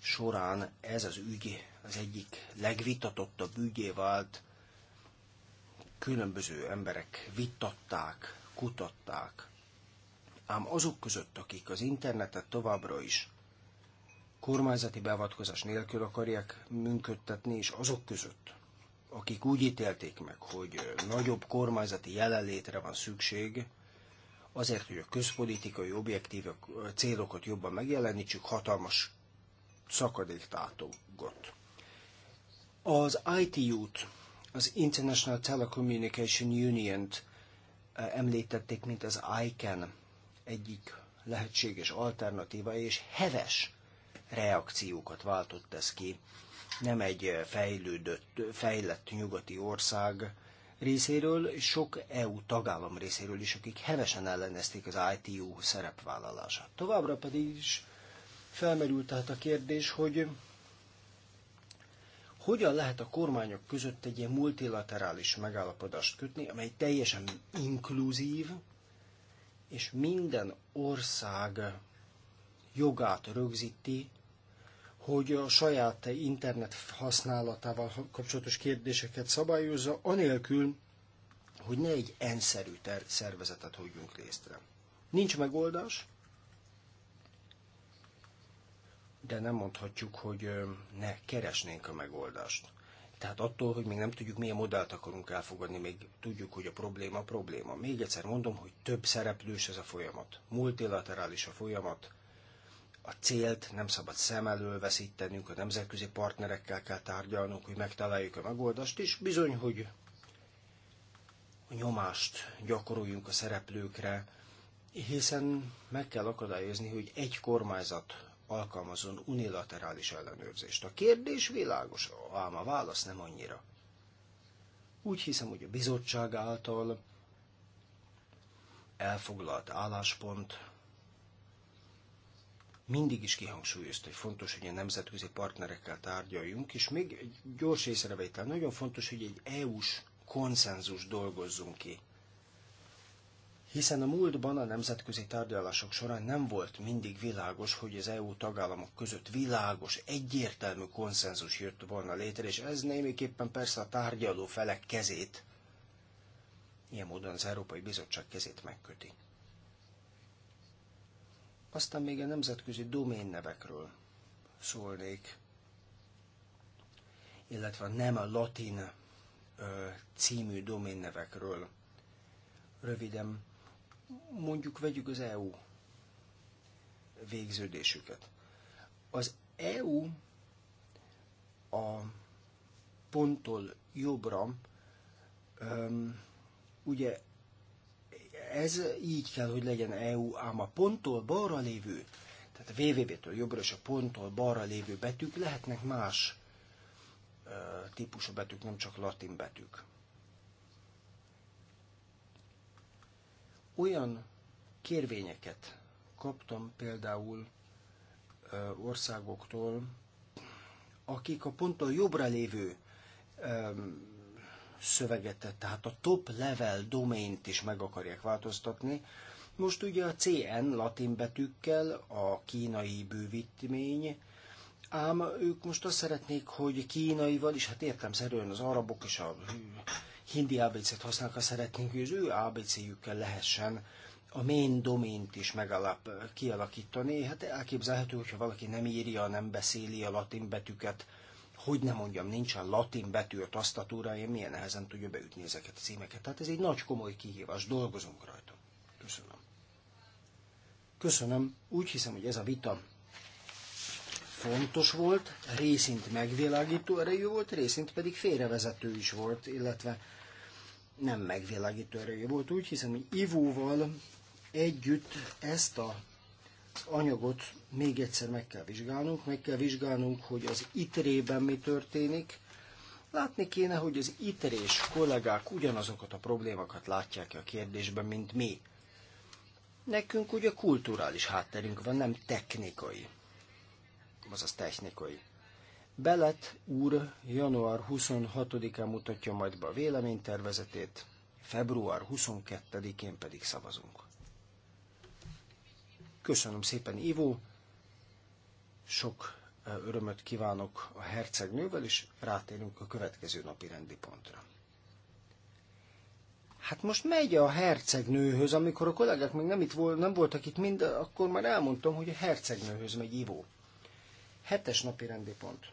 Speaker 4: során ez az ügy az egyik legvitatottabb ügyé vált, különböző emberek vitatták, kutatták ám azok között, akik az internetet továbbra is kormányzati beavatkozás nélkül akarják működtetni, és azok között, akik úgy ítélték meg, hogy nagyobb kormányzati jelenlétre van szükség, azért, hogy a közpolitikai objektív célokat jobban megjelenítsük, hatalmas szakadék tátogott. Az ITU-t, az International Telecommunication Union-t említették, mint az ICANN egyik lehetséges alternatíva, és heves reakciókat váltott ez ki. Nem egy fejlődött, fejlett nyugati ország részéről, és sok EU tagállam részéről is, akik hevesen ellenezték az ITU szerepvállalását. Továbbra pedig is felmerült tehát a kérdés, hogy hogyan lehet a kormányok között egy ilyen multilaterális megállapodást kötni, amely teljesen inkluzív, és minden ország jogát rögzíti, hogy a saját internet használatával kapcsolatos kérdéseket szabályozza, anélkül, hogy ne egy enszerű szervezetet hagyjunk létre. Nincs megoldás, de nem mondhatjuk, hogy ne keresnénk a megoldást. Tehát attól, hogy még nem tudjuk, milyen modellt akarunk elfogadni, még tudjuk, hogy a probléma a probléma. Még egyszer mondom, hogy több szereplős ez a folyamat. Multilaterális a folyamat, a célt nem szabad szem elől veszítenünk, a nemzetközi partnerekkel kell tárgyalnunk, hogy megtaláljuk a megoldást, és bizony, hogy a nyomást gyakoroljunk a szereplőkre, hiszen meg kell akadályozni, hogy egy kormányzat alkalmazzon unilaterális ellenőrzést. A kérdés világos, ám a válasz nem annyira. Úgy hiszem, hogy a bizottság által elfoglalt álláspont mindig is kihangsúlyozta, hogy fontos, hogy a nemzetközi partnerekkel tárgyaljunk, és még egy gyors észrevétel, nagyon fontos, hogy egy EU-s konszenzus dolgozzunk ki hiszen a múltban a nemzetközi tárgyalások során nem volt mindig világos, hogy az EU tagállamok között világos, egyértelmű konszenzus jött volna létre, és ez némiképpen persze a tárgyaló felek kezét, ilyen módon az Európai Bizottság kezét megköti. Aztán még a nemzetközi doménnevekről szólnék, illetve nem a latin ö, című doménnevekről röviden mondjuk vegyük az EU végződésüket. Az EU a ponttól jobbra, öm, ugye ez így kell, hogy legyen EU, ám a ponttól balra lévő, tehát a www-től jobbra és a ponttól balra lévő betűk lehetnek más ö, típusú betűk, nem csak latin betűk. Olyan kérvényeket kaptam például ö, országoktól, akik a ponton jobbra lévő ö, szöveget, tehát a top level domaint is meg akarják változtatni. Most ugye a CN latin betűkkel a kínai bővítmény, ám ők most azt szeretnék, hogy kínaival is, hát értem szerűen az arabok és a hindi ABC-t használnak, ha szeretnénk, hogy az ő ABC-jükkel lehessen a main domaint is megalap kialakítani. Hát elképzelhető, hogyha valaki nem írja, nem beszéli a latin betűket, hogy nem mondjam, nincsen latin betű a tasztatúra, én milyen nehezen tudja beütni ezeket a címeket. Tehát ez egy nagy komoly kihívás, dolgozunk rajta. Köszönöm. Köszönöm. Úgy hiszem, hogy ez a vita fontos volt, részint megvilágító erejű volt, részint pedig félrevezető is volt, illetve nem megvilágító erejű volt. Úgy hiszem, hogy ivóval együtt ezt a anyagot még egyszer meg kell vizsgálnunk, meg kell vizsgálnunk, hogy az itrében mi történik. Látni kéne, hogy az iterés kollégák ugyanazokat a problémákat látják a kérdésben, mint mi. Nekünk ugye kulturális hátterünk van, nem technikai azaz technikai. Belet úr január 26-án mutatja majd be a véleménytervezetét, február 22-én pedig szavazunk. Köszönöm szépen, Ivo! Sok eh, örömöt kívánok a hercegnővel, és rátérünk a következő napi rendi pontra. Hát most megy a hercegnőhöz, amikor a kollégák még nem, itt volt, nem voltak itt mind, akkor már elmondtam, hogy a hercegnőhöz megy Ivó. Hetes napi rendi pont.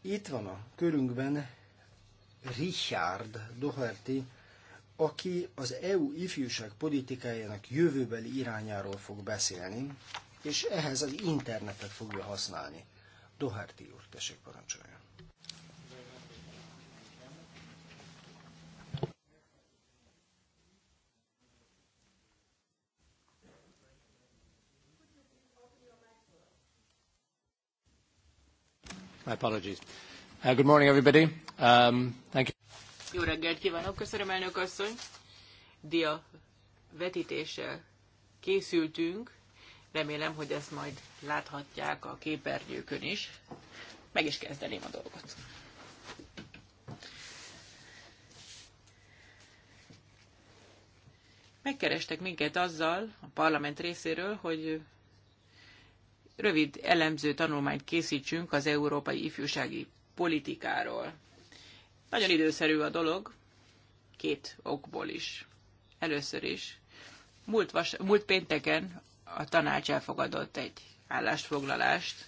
Speaker 4: Itt van a körünkben Richard Doherty, aki az EU ifjúság politikájának jövőbeli irányáról fog beszélni, és ehhez az internetet fogja használni. Doherty úr, tessék parancsoljon.
Speaker 2: My apologies. Uh, good morning, everybody. Um, thank you.
Speaker 3: Jó reggelt kívánok, köszönöm elnök asszony. Dia vetítésre készültünk, remélem, hogy ezt majd láthatják a képernyőkön is. Meg is kezdeném a dolgot. Megkerestek minket azzal a parlament részéről, hogy rövid elemző tanulmányt készítsünk az európai ifjúsági politikáról. Nagyon időszerű a dolog, két okból is. Először is, múlt, vas- múlt pénteken a tanács elfogadott egy állásfoglalást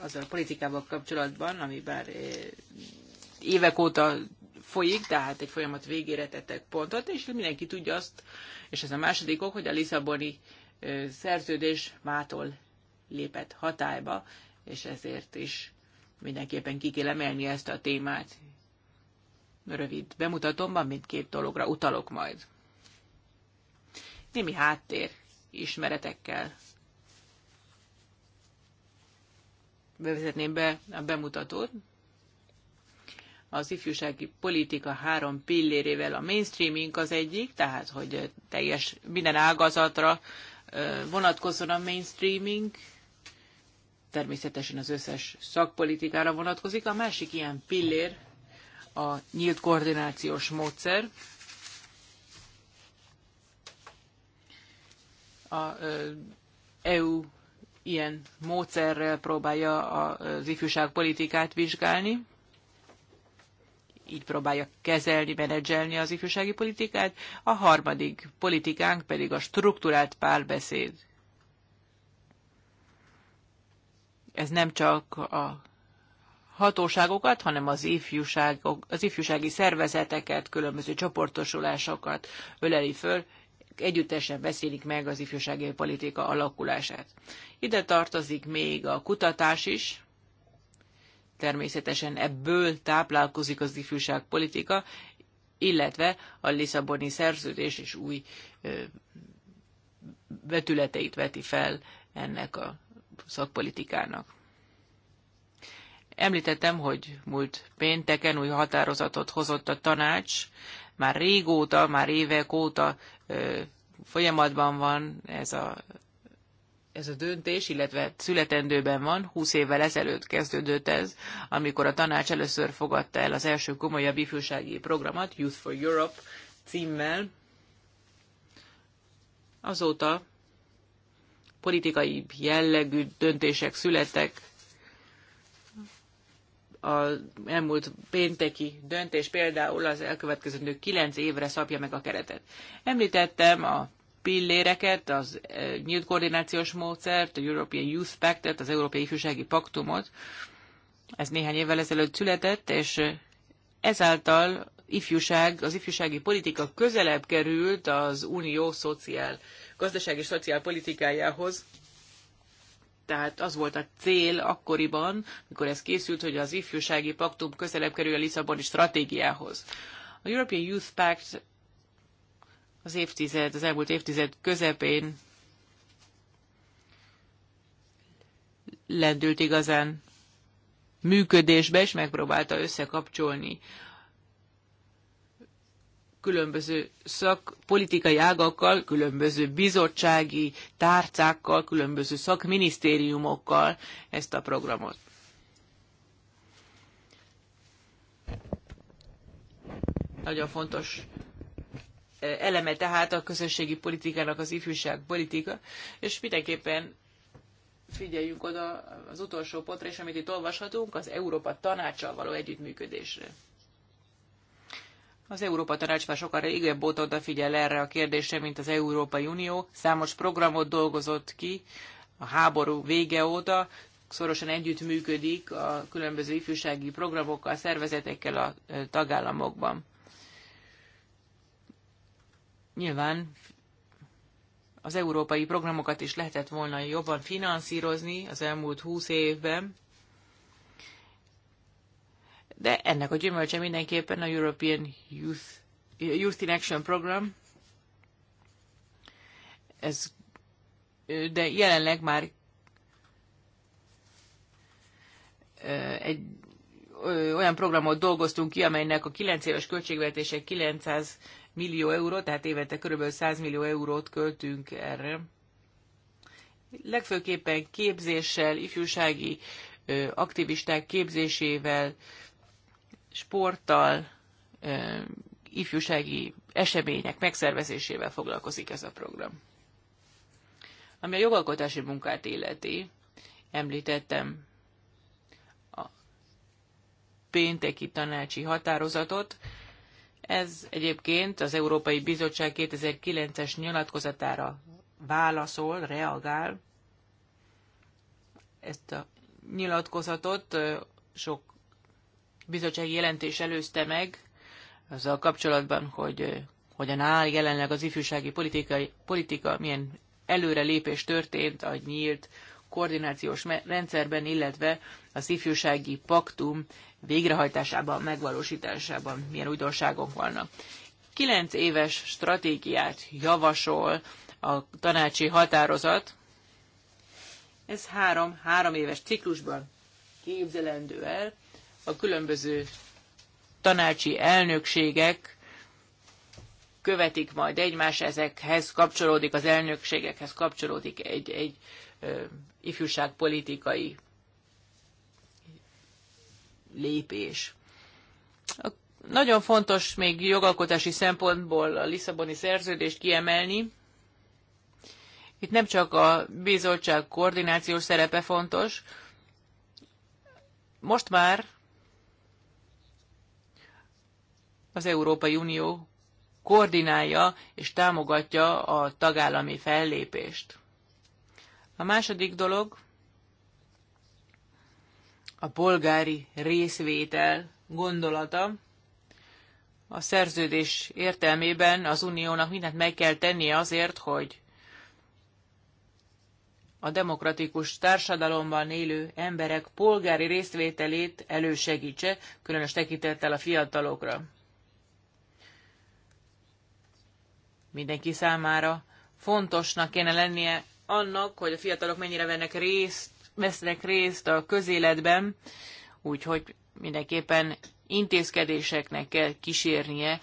Speaker 3: azzal a politikával kapcsolatban, ami bár eh, évek óta folyik, tehát egy folyamat végére tettek pontot, és mindenki tudja azt, és ez a második ok, hogy a Lisszaboni szerződés mától lépett hatályba, és ezért is mindenképpen ki kell emelni ezt a témát. Rövid bemutatomban mindkét dologra utalok majd. Némi háttér ismeretekkel bevezetném be a bemutatót, az ifjúsági politika három pillérével. A mainstreaming az egyik, tehát hogy teljes minden ágazatra vonatkozzon a mainstreaming, természetesen az összes szakpolitikára vonatkozik. A másik ilyen pillér a nyílt koordinációs módszer. A EU ilyen módszerrel próbálja az ifjúságpolitikát vizsgálni így próbálja kezelni, menedzselni az ifjúsági politikát, a harmadik politikánk pedig a strukturált párbeszéd. Ez nem csak a hatóságokat, hanem az, ifjúságok, az ifjúsági szervezeteket, különböző csoportosulásokat öleli föl, együttesen beszélik meg az ifjúsági politika alakulását. Ide tartozik még a kutatás is, természetesen ebből táplálkozik az ifjúságpolitika, illetve a Lisszaboni szerződés és új vetületeit veti fel ennek a szakpolitikának. Említettem, hogy múlt pénteken új határozatot hozott a tanács, már régóta, már évek óta ö, folyamatban van ez a ez a döntés, illetve születendőben van, 20 évvel ezelőtt kezdődött ez, amikor a tanács először fogadta el az első komolyabb ifjúsági programot, Youth for Europe címmel. Azóta politikai jellegű döntések születtek, A elmúlt pénteki döntés például az elkövetkezendő 9 évre szabja meg a keretet. Említettem a pilléreket, az eh, nyílt koordinációs módszert, a European Youth Pact-et, az Európai Ifjúsági Paktumot. Ez néhány évvel ezelőtt született, és eh, ezáltal ifjúság, az ifjúsági politika közelebb került az unió szociál, gazdasági és szociálpolitikájához. Tehát az volt a cél akkoriban, mikor ez készült, hogy az ifjúsági paktum közelebb kerül a Lisszaboni stratégiához. A European Youth Pact az évtized, az elmúlt évtized közepén lendült igazán működésbe, és megpróbálta összekapcsolni különböző szakpolitikai ágakkal, különböző bizottsági tárcákkal, különböző szakminisztériumokkal ezt a programot. Nagyon fontos eleme tehát a közösségi politikának az ifjúság politika, és mindenképpen figyeljünk oda az utolsó pontra, és amit itt olvashatunk, az Európa tanácsal való együttműködésre. Az Európa Tanács már sokára igen bótodda odafigyel erre a kérdésre, mint az Európai Unió. Számos programot dolgozott ki a háború vége óta, szorosan együttműködik a különböző ifjúsági programokkal, szervezetekkel a tagállamokban. Nyilván az európai programokat is lehetett volna jobban finanszírozni az elmúlt húsz évben, de ennek a gyümölcse mindenképpen a European Youth, Youth in Action Program. Ez, de jelenleg már egy olyan programot dolgoztunk ki, amelynek a 9 éves költségvetése 900 millió euró, tehát évente kb. 100 millió eurót költünk erre. Legfőképpen képzéssel, ifjúsági aktivisták képzésével, sporttal, ifjúsági események megszervezésével foglalkozik ez a program. Ami a jogalkotási munkát illeti, említettem a pénteki tanácsi határozatot, ez egyébként az Európai Bizottság 2009-es nyilatkozatára válaszol, reagál. Ezt a nyilatkozatot sok bizottsági jelentés előzte meg, azzal kapcsolatban, hogy hogyan áll jelenleg az ifjúsági politikai, politika, milyen előrelépés történt a nyílt koordinációs rendszerben, illetve az ifjúsági paktum végrehajtásában, megvalósításában milyen újdonságok vannak. Kilenc éves stratégiát javasol a tanácsi határozat. Ez három, három éves ciklusban képzelendő el. A különböző tanácsi elnökségek követik majd egymás, ezekhez kapcsolódik, az elnökségekhez kapcsolódik egy, egy ö, ifjúságpolitikai lépés. Nagyon fontos még jogalkotási szempontból a Lisszaboni szerződést kiemelni. Itt nem csak a bizottság koordinációs szerepe fontos, most már az Európai Unió koordinálja és támogatja a tagállami fellépést. A második dolog a polgári részvétel gondolata. A szerződés értelmében az uniónak mindent meg kell tennie azért, hogy a demokratikus társadalomban élő emberek polgári részvételét elősegítse, különös tekintettel a fiatalokra. Mindenki számára fontosnak kéne lennie annak, hogy a fiatalok mennyire vennek részt vesznek részt a közéletben, úgyhogy mindenképpen intézkedéseknek kell kísérnie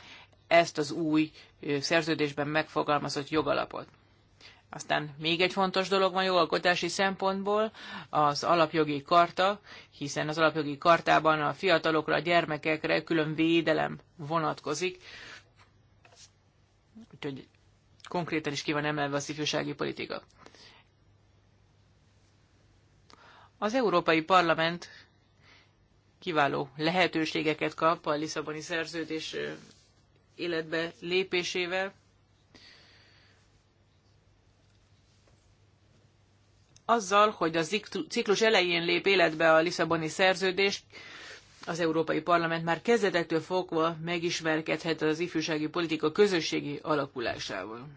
Speaker 3: ezt az új szerződésben megfogalmazott jogalapot. Aztán még egy fontos dolog van jogalkotási szempontból, az alapjogi karta, hiszen az alapjogi kartában a fiatalokra, a gyermekekre külön védelem vonatkozik. Úgyhogy konkrétan is ki van emelve a szifjúsági politika. Az Európai Parlament kiváló lehetőségeket kap a Lisszaboni szerződés életbe lépésével. Azzal, hogy a ciklus elején lép életbe a Lisszaboni szerződés, az Európai Parlament már kezdetektől fogva megismerkedhet az ifjúsági politika közösségi alakulásával.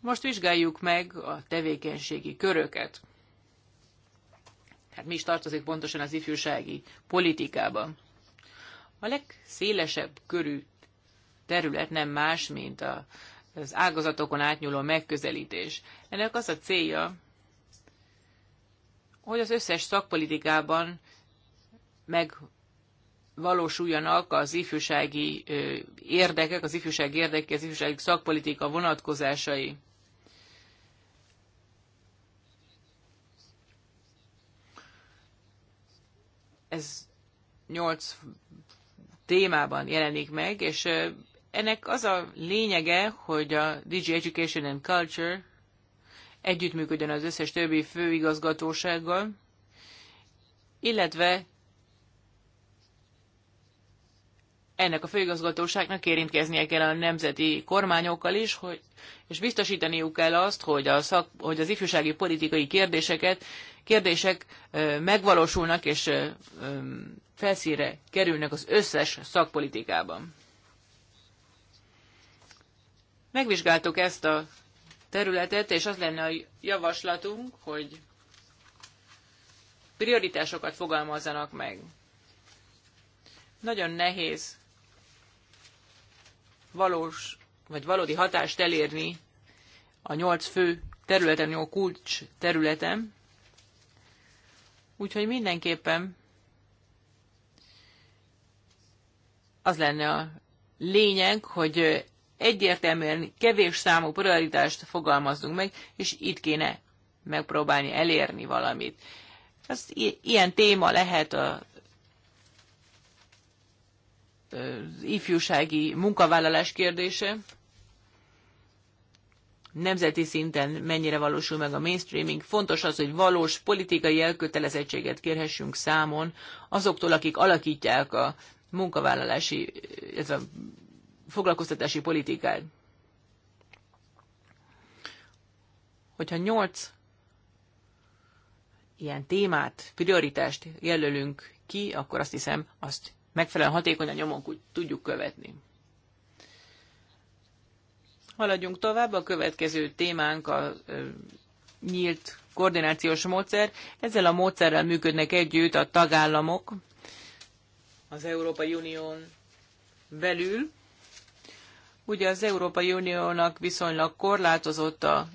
Speaker 3: Most vizsgáljuk meg a tevékenységi köröket hát mi is tartozik pontosan az ifjúsági politikában. A legszélesebb körű terület nem más, mint a, az ágazatokon átnyúló megközelítés. Ennek az a célja, hogy az összes szakpolitikában megvalósuljanak az ifjúsági érdekek, az ifjúság érdekek, az ifjúsági szakpolitika vonatkozásai. ez nyolc témában jelenik meg, és ennek az a lényege, hogy a DG Education and Culture együttműködjön az összes többi főigazgatósággal, illetve ennek a főigazgatóságnak érintkeznie kell a nemzeti kormányokkal is, hogy, és biztosítaniuk kell azt, hogy, a szak, hogy az ifjúsági politikai kérdéseket kérdések megvalósulnak és felszíre kerülnek az összes szakpolitikában. Megvizsgáltuk ezt a területet, és az lenne a javaslatunk, hogy prioritásokat fogalmazzanak meg. Nagyon nehéz valós vagy valódi hatást elérni a nyolc fő területen, a kulcs területen, Úgyhogy mindenképpen az lenne a lényeg, hogy egyértelműen kevés számú prioritást fogalmazzunk meg, és itt kéne megpróbálni elérni valamit. Ez ilyen téma lehet a az ifjúsági munkavállalás kérdése nemzeti szinten mennyire valósul meg a mainstreaming. Fontos az, hogy valós politikai elkötelezettséget kérhessünk számon azoktól, akik alakítják a munkavállalási, ez a foglalkoztatási politikát. Hogyha nyolc ilyen témát, prioritást jelölünk ki, akkor azt hiszem, azt megfelelően hatékonyan nyomon tudjuk követni. Haladjunk tovább, a következő témánk a nyílt koordinációs módszer. Ezzel a módszerrel működnek együtt a tagállamok az Európai Unión belül. Ugye az Európai Uniónak viszonylag korlátozott a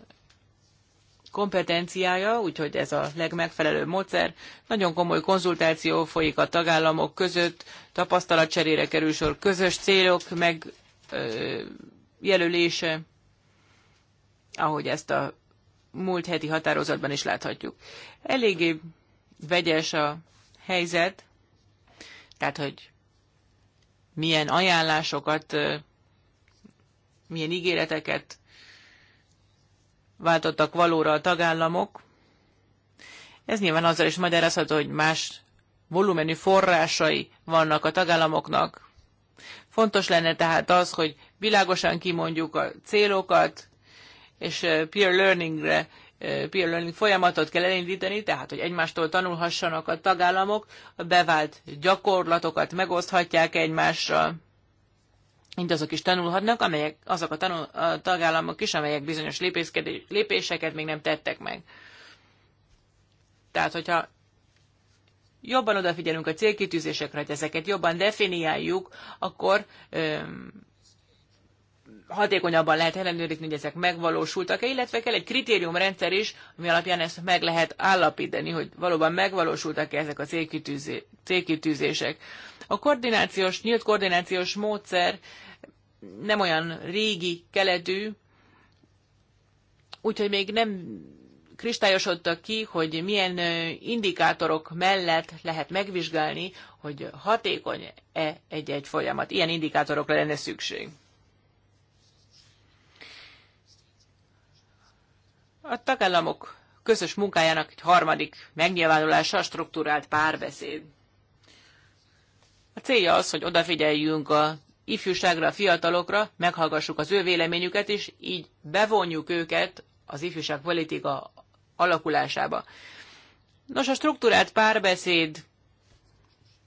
Speaker 3: kompetenciája, úgyhogy ez a legmegfelelőbb módszer. Nagyon komoly konzultáció folyik a tagállamok között, tapasztalatcserére kerül sor, közös célok meg jelölése, ahogy ezt a múlt heti határozatban is láthatjuk. Eléggé vegyes a helyzet, tehát hogy milyen ajánlásokat, milyen ígéreteket váltottak valóra a tagállamok. Ez nyilván azzal is magyarázható, hogy más volumenű forrásai vannak a tagállamoknak. Fontos lenne tehát az, hogy világosan kimondjuk a célokat, és peer learningre, peer learning folyamatot kell elindítani, tehát hogy egymástól tanulhassanak a tagállamok, a bevált gyakorlatokat megoszthatják egymással, azok is tanulhatnak, amelyek, azok a, tanul, a tagállamok is, amelyek bizonyos lépéseket még nem tettek meg. Tehát, hogyha jobban odafigyelünk a célkitűzésekre, hogy ezeket jobban definiáljuk, akkor öm, hatékonyabban lehet ellenőrizni, hogy ezek megvalósultak-e, illetve kell egy kritériumrendszer is, ami alapján ezt meg lehet állapítani, hogy valóban megvalósultak-e ezek a célkitűzések. A koordinációs, nyílt koordinációs módszer nem olyan régi keletű, úgyhogy még nem kristályosodtak ki, hogy milyen indikátorok mellett lehet megvizsgálni, hogy hatékony-e egy-egy folyamat. Ilyen indikátorokra lenne szükség. A tagállamok közös munkájának egy harmadik megnyilvánulása a struktúrált párbeszéd. A célja az, hogy odafigyeljünk a ifjúságra, a fiatalokra, meghallgassuk az ő véleményüket, és így bevonjuk őket az ifjúság politika alakulásába. Nos, a struktúrált párbeszéd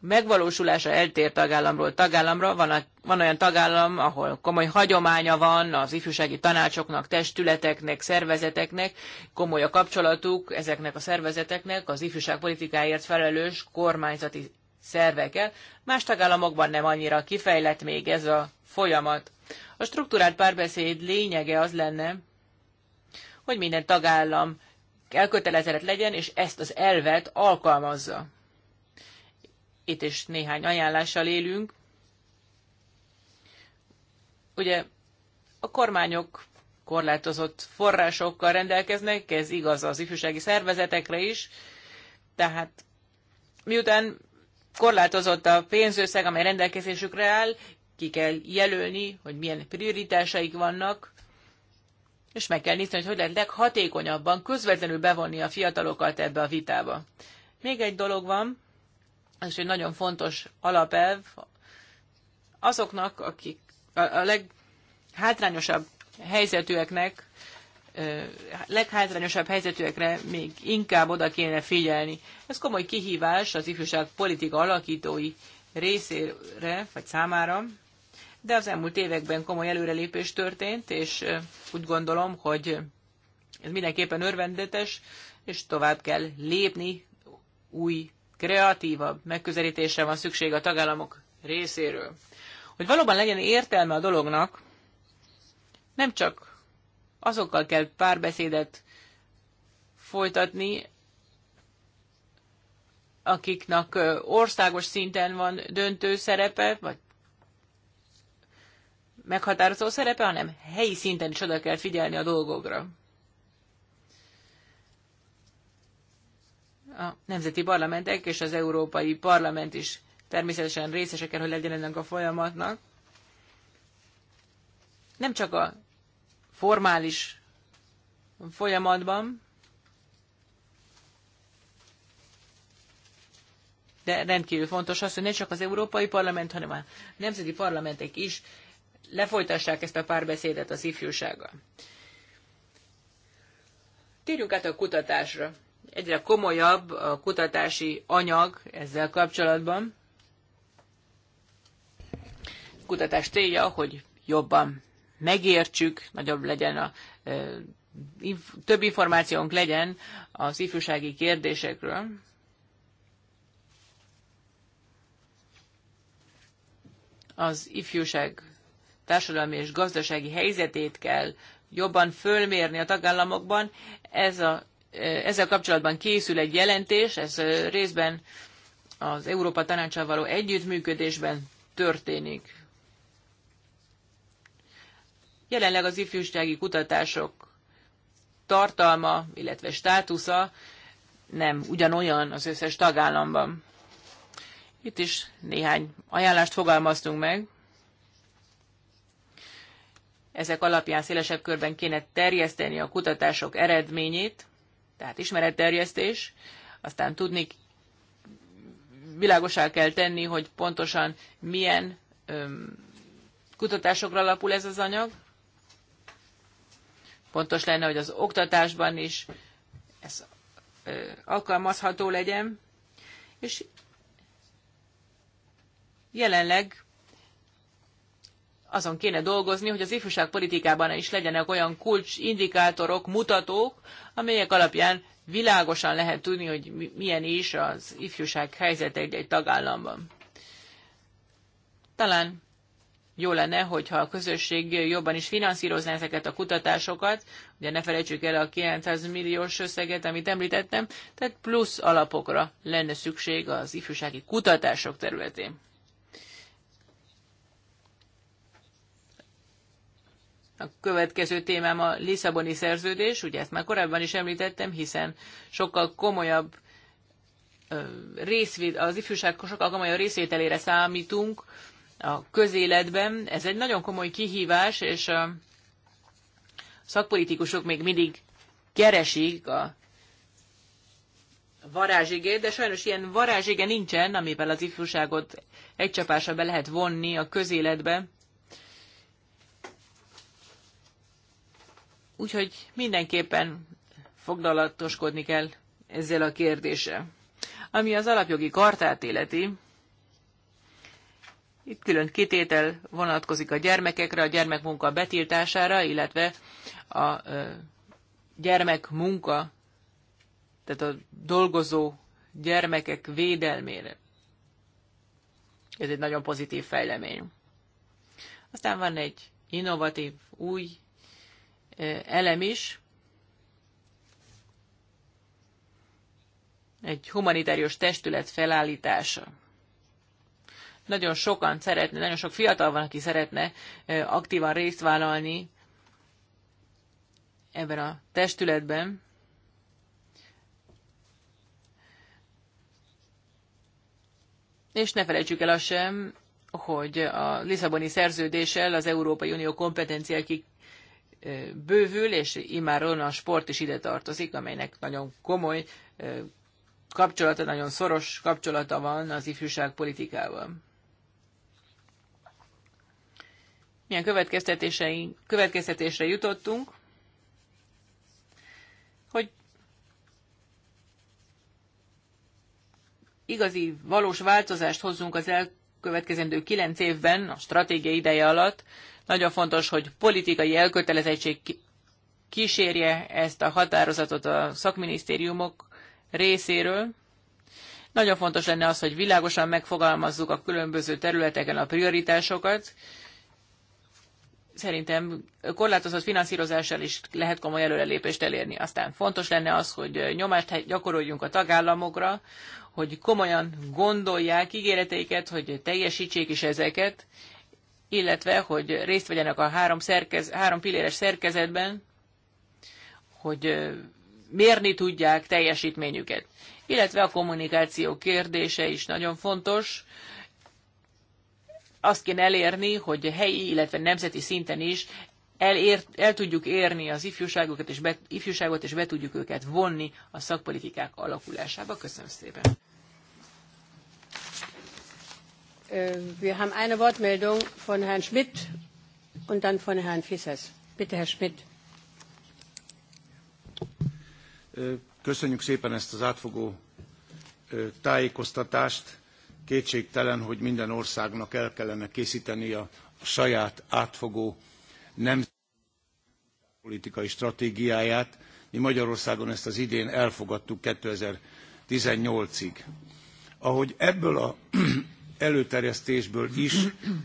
Speaker 3: megvalósulása eltér tagállamról tagállamra. Van, van olyan tagállam, ahol komoly hagyománya van az ifjúsági tanácsoknak, testületeknek, szervezeteknek, komoly a kapcsolatuk ezeknek a szervezeteknek az ifjúságpolitikáért felelős kormányzati szervekkel. Más tagállamokban nem annyira kifejlett még ez a folyamat. A struktúrált párbeszéd lényege az lenne, hogy minden tagállam elkötelezett legyen, és ezt az elvet alkalmazza itt is néhány ajánlással élünk. Ugye a kormányok korlátozott forrásokkal rendelkeznek, ez igaz az ifjúsági szervezetekre is, tehát miután korlátozott a pénzösszeg, amely rendelkezésükre áll, ki kell jelölni, hogy milyen prioritásaik vannak, és meg kell nézni, hogy hogy lehet leghatékonyabban közvetlenül bevonni a fiatalokat ebbe a vitába. Még egy dolog van, és egy nagyon fontos alapelv azoknak, akik a leghátrányosabb helyzetűeknek, leghátrányosabb helyzetűekre még inkább oda kéne figyelni. Ez komoly kihívás az ifjúság politika alakítói részére, vagy számára, de az elmúlt években komoly előrelépés történt, és úgy gondolom, hogy ez mindenképpen örvendetes, és tovább kell lépni új kreatívabb megközelítésre van szükség a tagállamok részéről. Hogy valóban legyen értelme a dolognak, nem csak azokkal kell párbeszédet folytatni, akiknek országos szinten van döntő szerepe, vagy meghatározó szerepe, hanem helyi szinten is oda kell figyelni a dolgokra. a nemzeti parlamentek és az Európai Parlament is természetesen részesek kell, hogy legyen ennek a folyamatnak. Nem csak a formális folyamatban, de rendkívül fontos az, hogy nem csak az Európai Parlament, hanem a nemzeti parlamentek is lefolytassák ezt a párbeszédet az ifjúsággal. Térjünk át a kutatásra egyre komolyabb a kutatási anyag ezzel kapcsolatban. A kutatás célja, hogy jobban megértsük, nagyobb legyen a több információnk legyen az ifjúsági kérdésekről. Az ifjúság társadalmi és gazdasági helyzetét kell jobban fölmérni a tagállamokban. Ez a ezzel kapcsolatban készül egy jelentés, ez részben az Európa Tanácsával való együttműködésben történik. Jelenleg az ifjúsági kutatások tartalma, illetve státusza nem ugyanolyan az összes tagállamban. Itt is néhány ajánlást fogalmaztunk meg. Ezek alapján szélesebb körben kéne terjeszteni a kutatások eredményét, tehát ismeretterjesztés, aztán tudni, világosá kell tenni, hogy pontosan milyen öm, kutatásokra alapul ez az anyag. Pontos lenne, hogy az oktatásban is ez ö, alkalmazható legyen, és jelenleg azon kéne dolgozni, hogy az ifjúságpolitikában is legyenek olyan kulcsindikátorok, mutatók, amelyek alapján világosan lehet tudni, hogy milyen is az ifjúság helyzet egy-egy tagállamban. Talán jó lenne, hogyha a közösség jobban is finanszírozná ezeket a kutatásokat, ugye ne felejtsük el a 900 milliós összeget, amit említettem, tehát plusz alapokra lenne szükség az ifjúsági kutatások területén. A következő témám a Lisszaboni szerződés, ugye ezt már korábban is említettem, hiszen sokkal komolyabb részvét, az ifjúság sokkal komolyabb részvételére számítunk a közéletben. Ez egy nagyon komoly kihívás, és a szakpolitikusok még mindig keresik a varázsigét, de sajnos ilyen varázsége nincsen, amivel az ifjúságot egy csapásra be lehet vonni a közéletbe. Úgyhogy mindenképpen foglalatoskodni kell ezzel a kérdéssel. Ami az alapjogi kartát életi, itt külön kitétel vonatkozik a gyermekekre, a gyermekmunka betiltására, illetve a gyermekmunka, tehát a dolgozó gyermekek védelmére. Ez egy nagyon pozitív fejlemény. Aztán van egy innovatív, új elem is. Egy humanitárius testület felállítása. Nagyon sokan szeretne, nagyon sok fiatal van, aki szeretne aktívan részt vállalni ebben a testületben. És ne felejtsük el azt sem, hogy a Lisszaboni szerződéssel az Európai Unió kompetenciák bővül, és imáron a sport is ide tartozik, amelynek nagyon komoly kapcsolata, nagyon szoros kapcsolata van az ifjúság politikával. Milyen következtetéseink, következtetésre jutottunk? Hogy igazi, valós változást hozzunk az elkövetkezendő kilenc évben, a stratégia ideje alatt, nagyon fontos, hogy politikai elkötelezettség kísérje ezt a határozatot a szakminisztériumok részéről. Nagyon fontos lenne az, hogy világosan megfogalmazzuk a különböző területeken a prioritásokat. Szerintem korlátozott finanszírozással is lehet komoly előrelépést elérni. Aztán fontos lenne az, hogy nyomást gyakoroljunk a tagállamokra, hogy komolyan gondolják ígéreteiket, hogy teljesítsék is ezeket, illetve hogy részt vegyenek a három, szerkez, három pilléres szerkezetben, hogy mérni tudják teljesítményüket. Illetve a kommunikáció kérdése is nagyon fontos. Azt kéne elérni, hogy helyi, illetve nemzeti szinten is elért, el tudjuk érni az ifjúságokat és be, ifjúságot, és be tudjuk őket vonni a szakpolitikák alakulásába. Köszönöm szépen!
Speaker 1: Äh, wir haben eine Wortmeldung von Herrn Schmidt und dann von Herrn Fissers. Bitte, Herr Schmidt.
Speaker 2: Äh, köszönjük szépen ezt az átfogó tájékoztatást. Kétségtelen, hogy minden országnak el kellene készíteni a saját átfogó nemzeti politikai stratégiáját. Mi Magyarországon ezt az idén elfogadtuk 2018-ig. Ahogy ebből a előterjesztésből is,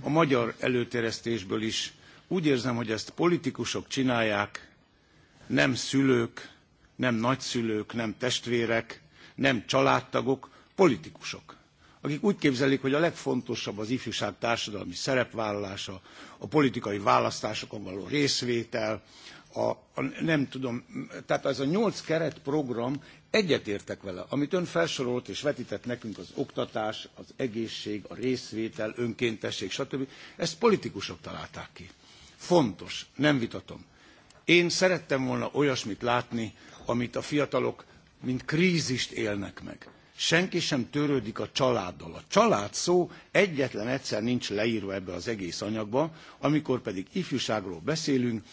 Speaker 2: a magyar előterjesztésből is. Úgy érzem, hogy ezt politikusok csinálják, nem szülők, nem nagyszülők, nem testvérek, nem családtagok, politikusok akik úgy képzelik, hogy a legfontosabb az ifjúság társadalmi szerepvállalása, a politikai választásokon való részvétel, a, a, nem tudom, tehát ez a nyolc keretprogram egyetértek vele, amit ön felsorolt és vetített nekünk az oktatás, az egészség, a részvétel, önkéntesség, stb. Ezt politikusok találták ki. Fontos, nem vitatom. Én szerettem volna olyasmit látni, amit a fiatalok, mint krízist élnek meg. Senki sem törődik a családdal. A család szó egyetlen egyszer nincs leírva ebbe az egész anyagba, amikor pedig ifjúságról beszélünk,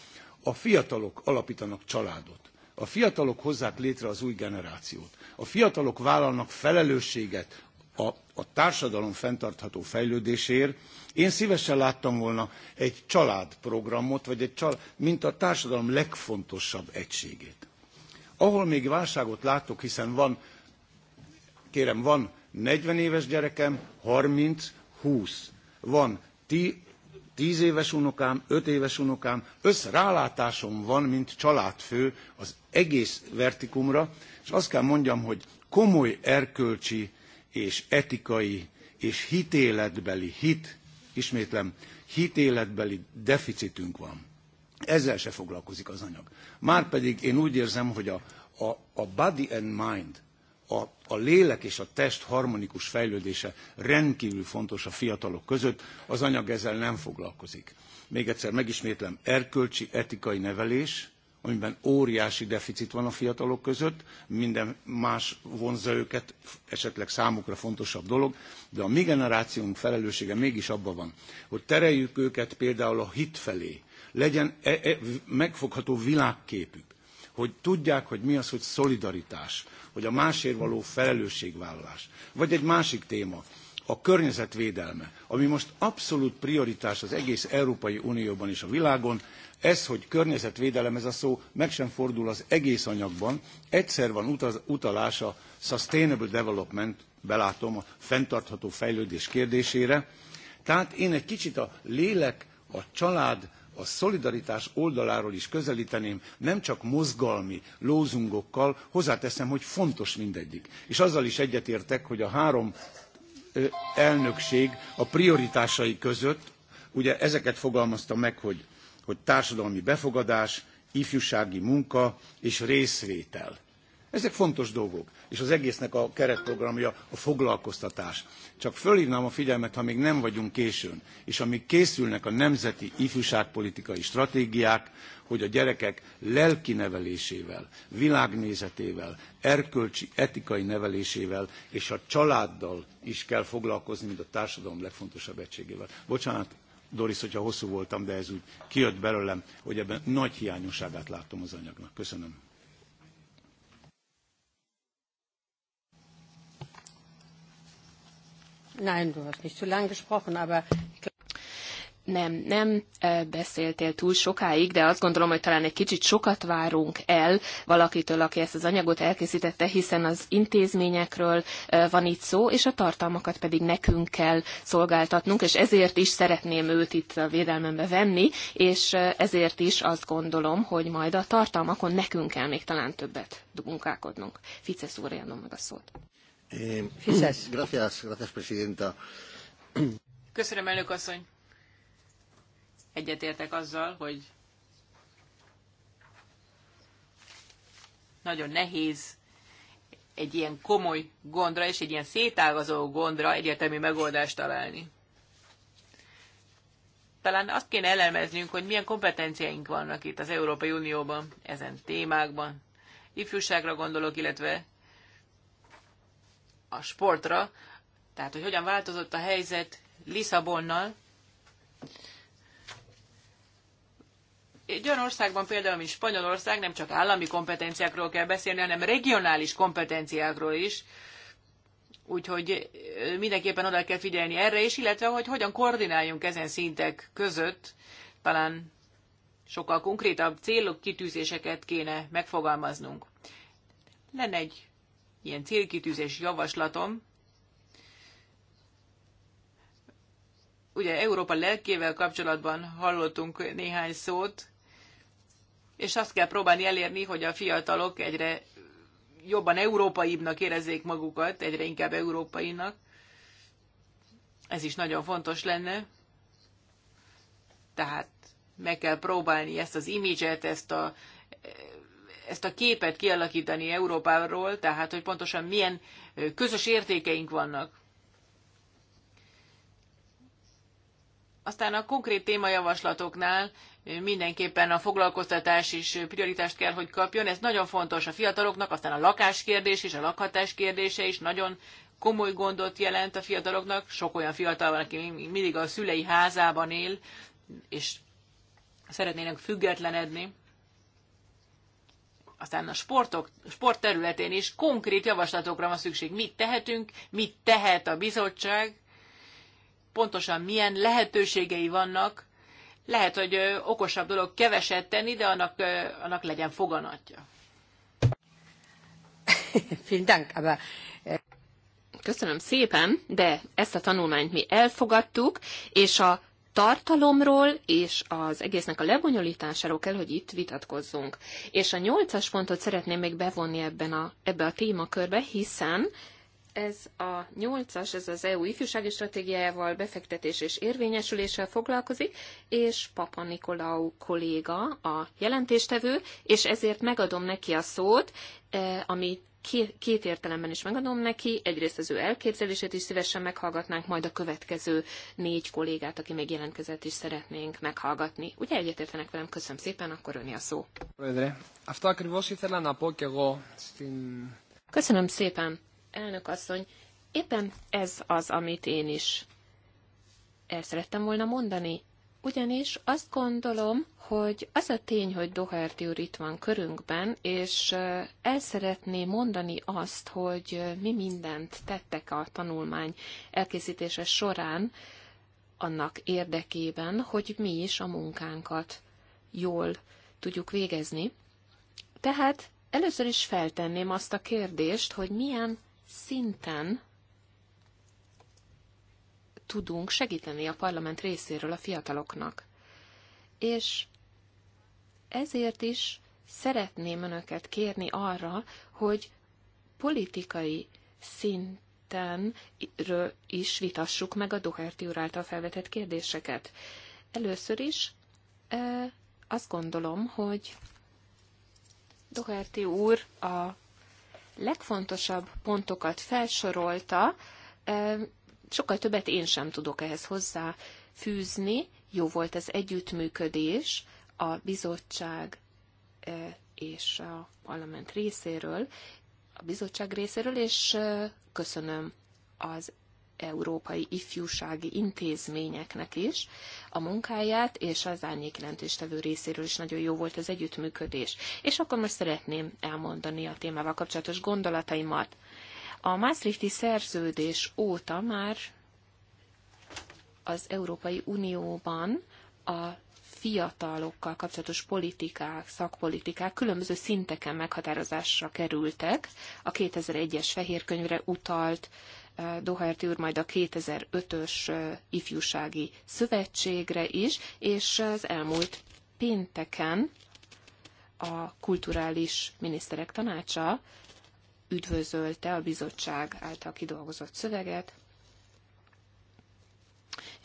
Speaker 2: a fiatalok alapítanak családot. A fiatalok hozzák létre az új generációt. A fiatalok vállalnak felelősséget a, a társadalom fenntartható fejlődéséért. Én szívesen láttam volna egy családprogramot, vagy egy család, mint a társadalom legfontosabb egységét. Ahol még válságot látok, hiszen van, kérem, van 40 éves gyerekem, 30, 20. Van ti tíz éves unokám, öt éves unokám, összrálátásom rálátásom van, mint családfő az egész vertikumra, és azt kell mondjam, hogy komoly erkölcsi és etikai és hitéletbeli hit, ismétlem, hitéletbeli deficitünk van. Ezzel se foglalkozik az anyag. Márpedig én úgy érzem, hogy a, a, a body and mind, a, a lélek és a test harmonikus fejlődése rendkívül fontos a fiatalok között, az anyag ezzel nem foglalkozik. Még egyszer megismétlem, erkölcsi, etikai nevelés, amiben óriási deficit van a fiatalok között, minden más vonzza őket, esetleg számukra fontosabb dolog, de a mi generációnk felelőssége mégis abban van, hogy tereljük őket például a hit felé, legyen e- e- megfogható világképük, hogy tudják, hogy mi az, hogy szolidaritás, hogy a másért való felelősségvállalás. Vagy egy másik téma, a környezetvédelme, ami most abszolút prioritás az egész Európai Unióban és a világon, ez, hogy környezetvédelem, ez a szó meg sem fordul az egész anyagban, egyszer van utaz, utalás a Sustainable Development, belátom a fenntartható fejlődés kérdésére. Tehát én egy kicsit a lélek, a család, a szolidaritás oldaláról is közelíteném, nem csak mozgalmi lózungokkal, hozzáteszem, hogy fontos mindegyik. És azzal is egyetértek, hogy a három elnökség a prioritásai között, ugye ezeket fogalmazta meg, hogy, hogy társadalmi befogadás, ifjúsági munka és részvétel. Ezek fontos dolgok, és az egésznek a keretprogramja a foglalkoztatás. Csak fölhívnám a figyelmet, ha még nem vagyunk későn, és amíg készülnek a nemzeti ifjúságpolitikai stratégiák, hogy a gyerekek lelki nevelésével, világnézetével, erkölcsi, etikai nevelésével és a családdal is kell foglalkozni, mint a társadalom legfontosabb egységével. Bocsánat, Doris, hogyha hosszú voltam, de ez úgy kijött belőlem, hogy ebben nagy hiányosságát láttam az anyagnak. Köszönöm.
Speaker 5: Nein, du hast nicht zu lang gesprochen, aber nem, nem beszéltél túl sokáig, de azt gondolom, hogy talán egy kicsit sokat várunk el valakitől, aki ezt az anyagot elkészítette, hiszen az intézményekről van itt szó, és a tartalmakat pedig nekünk kell szolgáltatnunk, és ezért is szeretném őt itt a védelmembe venni, és ezért is azt gondolom, hogy majd a tartalmakon nekünk kell még talán többet munkálkodnunk. Fice úr, meg a szót.
Speaker 4: Eh, Fizes. Gracias, gracias,
Speaker 2: presidenta.
Speaker 3: Köszönöm, elnök asszony. Egyetértek azzal, hogy nagyon nehéz egy ilyen komoly gondra és egy ilyen szétágazó gondra egyértelmű megoldást találni. Talán azt kéne elemeznünk, hogy milyen kompetenciáink vannak itt az Európai Unióban ezen témákban. Ifjúságra gondolok, illetve a sportra, tehát hogy hogyan változott a helyzet Lisszabonnal. Egy olyan országban például, mint Spanyolország, nem csak állami kompetenciákról kell beszélni, hanem regionális kompetenciákról is. Úgyhogy mindenképpen oda kell figyelni erre is, illetve hogy hogyan koordináljunk ezen szintek között. Talán sokkal konkrétabb célok, kitűzéseket kéne megfogalmaznunk. Lenne egy ilyen célkitűzés javaslatom. Ugye Európa lelkével kapcsolatban hallottunk néhány szót, és azt kell próbálni elérni, hogy a fiatalok egyre jobban európaibbnak érezzék magukat, egyre inkább európainak. Ez is nagyon fontos lenne. Tehát meg kell próbálni ezt az imidzset, ezt a ezt a képet kialakítani Európáról, tehát hogy pontosan milyen közös értékeink vannak. Aztán a konkrét témajavaslatoknál mindenképpen a foglalkoztatás is prioritást kell, hogy kapjon. Ez nagyon fontos a fiataloknak, aztán a lakáskérdés és a lakhatás kérdése is nagyon komoly gondot jelent a fiataloknak. Sok olyan fiatal van, aki mindig a szülei házában él, és szeretnének függetlenedni. Aztán a sportok, sport területén is konkrét javaslatokra van szükség. Mit tehetünk, mit tehet a bizottság, pontosan milyen lehetőségei vannak. Lehet, hogy okosabb dolog keveset tenni, de annak, annak legyen foganatja.
Speaker 5: Äh, Köszönöm szépen, de ezt a tanulmányt mi elfogadtuk, és a tartalomról és az egésznek a lebonyolításáról kell, hogy itt vitatkozzunk. És a nyolcas pontot szeretném még bevonni ebben a, ebbe a témakörbe, hiszen ez a nyolcas, ez az EU ifjúsági stratégiájával, befektetés és érvényesüléssel foglalkozik, és Papa Nikolau kolléga a jelentéstevő, és ezért megadom neki a szót, eh, ami két értelemben is megadom neki, egyrészt az ő elképzelését is szívesen meghallgatnánk, majd a következő négy kollégát, aki még jelentkezett is szeretnénk meghallgatni. Ugye egyetértenek velem, köszönöm szépen, akkor önni a szó. Köszönöm szépen, elnök asszony. Éppen ez az, amit én is el szerettem volna mondani ugyanis azt gondolom, hogy az a tény, hogy Doherty úr itt van körünkben, és el szeretné mondani azt, hogy mi mindent tettek a tanulmány elkészítése során annak érdekében, hogy mi is a munkánkat jól tudjuk végezni. Tehát először is feltenném azt a kérdést, hogy milyen szinten tudunk segíteni a parlament részéről a fiataloknak. És ezért is szeretném önöket kérni arra, hogy politikai szinten is vitassuk meg a Doherty úr által felvetett kérdéseket. Először is azt gondolom, hogy Doherty úr a legfontosabb pontokat felsorolta, Sokkal többet én sem tudok ehhez hozzá fűzni. Jó volt az együttműködés a bizottság e, és a parlament részéről, a bizottság részéről, és e, köszönöm az európai ifjúsági intézményeknek is a munkáját, és az árnyék jelentéstevő részéről is nagyon jó volt az együttműködés. És akkor most szeretném elmondani a témával kapcsolatos gondolataimat. A Maastrichti szerződés óta már az Európai Unióban a fiatalokkal kapcsolatos politikák, szakpolitikák különböző szinteken meghatározásra kerültek. A 2001-es fehérkönyvre utalt Doherty úr majd a 2005-ös ifjúsági szövetségre is, és az elmúlt pénteken a kulturális miniszterek tanácsa üdvözölte a bizottság által kidolgozott szöveget,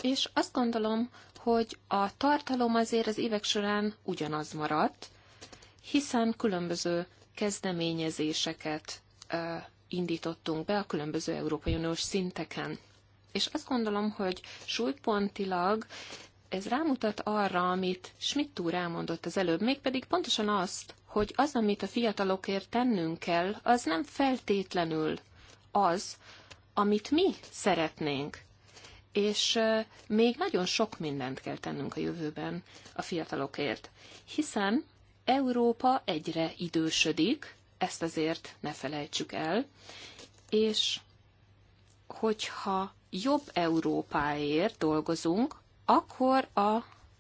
Speaker 5: és azt gondolom, hogy a tartalom azért az évek során ugyanaz maradt, hiszen különböző kezdeményezéseket indítottunk be a különböző Európai Uniós szinteken. És azt gondolom, hogy súlypontilag ez rámutat arra, amit Schmidt úr elmondott az előbb, mégpedig pontosan azt, hogy az, amit a fiatalokért tennünk kell, az nem feltétlenül az, amit mi szeretnénk. És még nagyon sok mindent kell tennünk a jövőben a fiatalokért, hiszen Európa egyre idősödik, ezt azért ne felejtsük el, és hogyha jobb Európáért dolgozunk, akkor a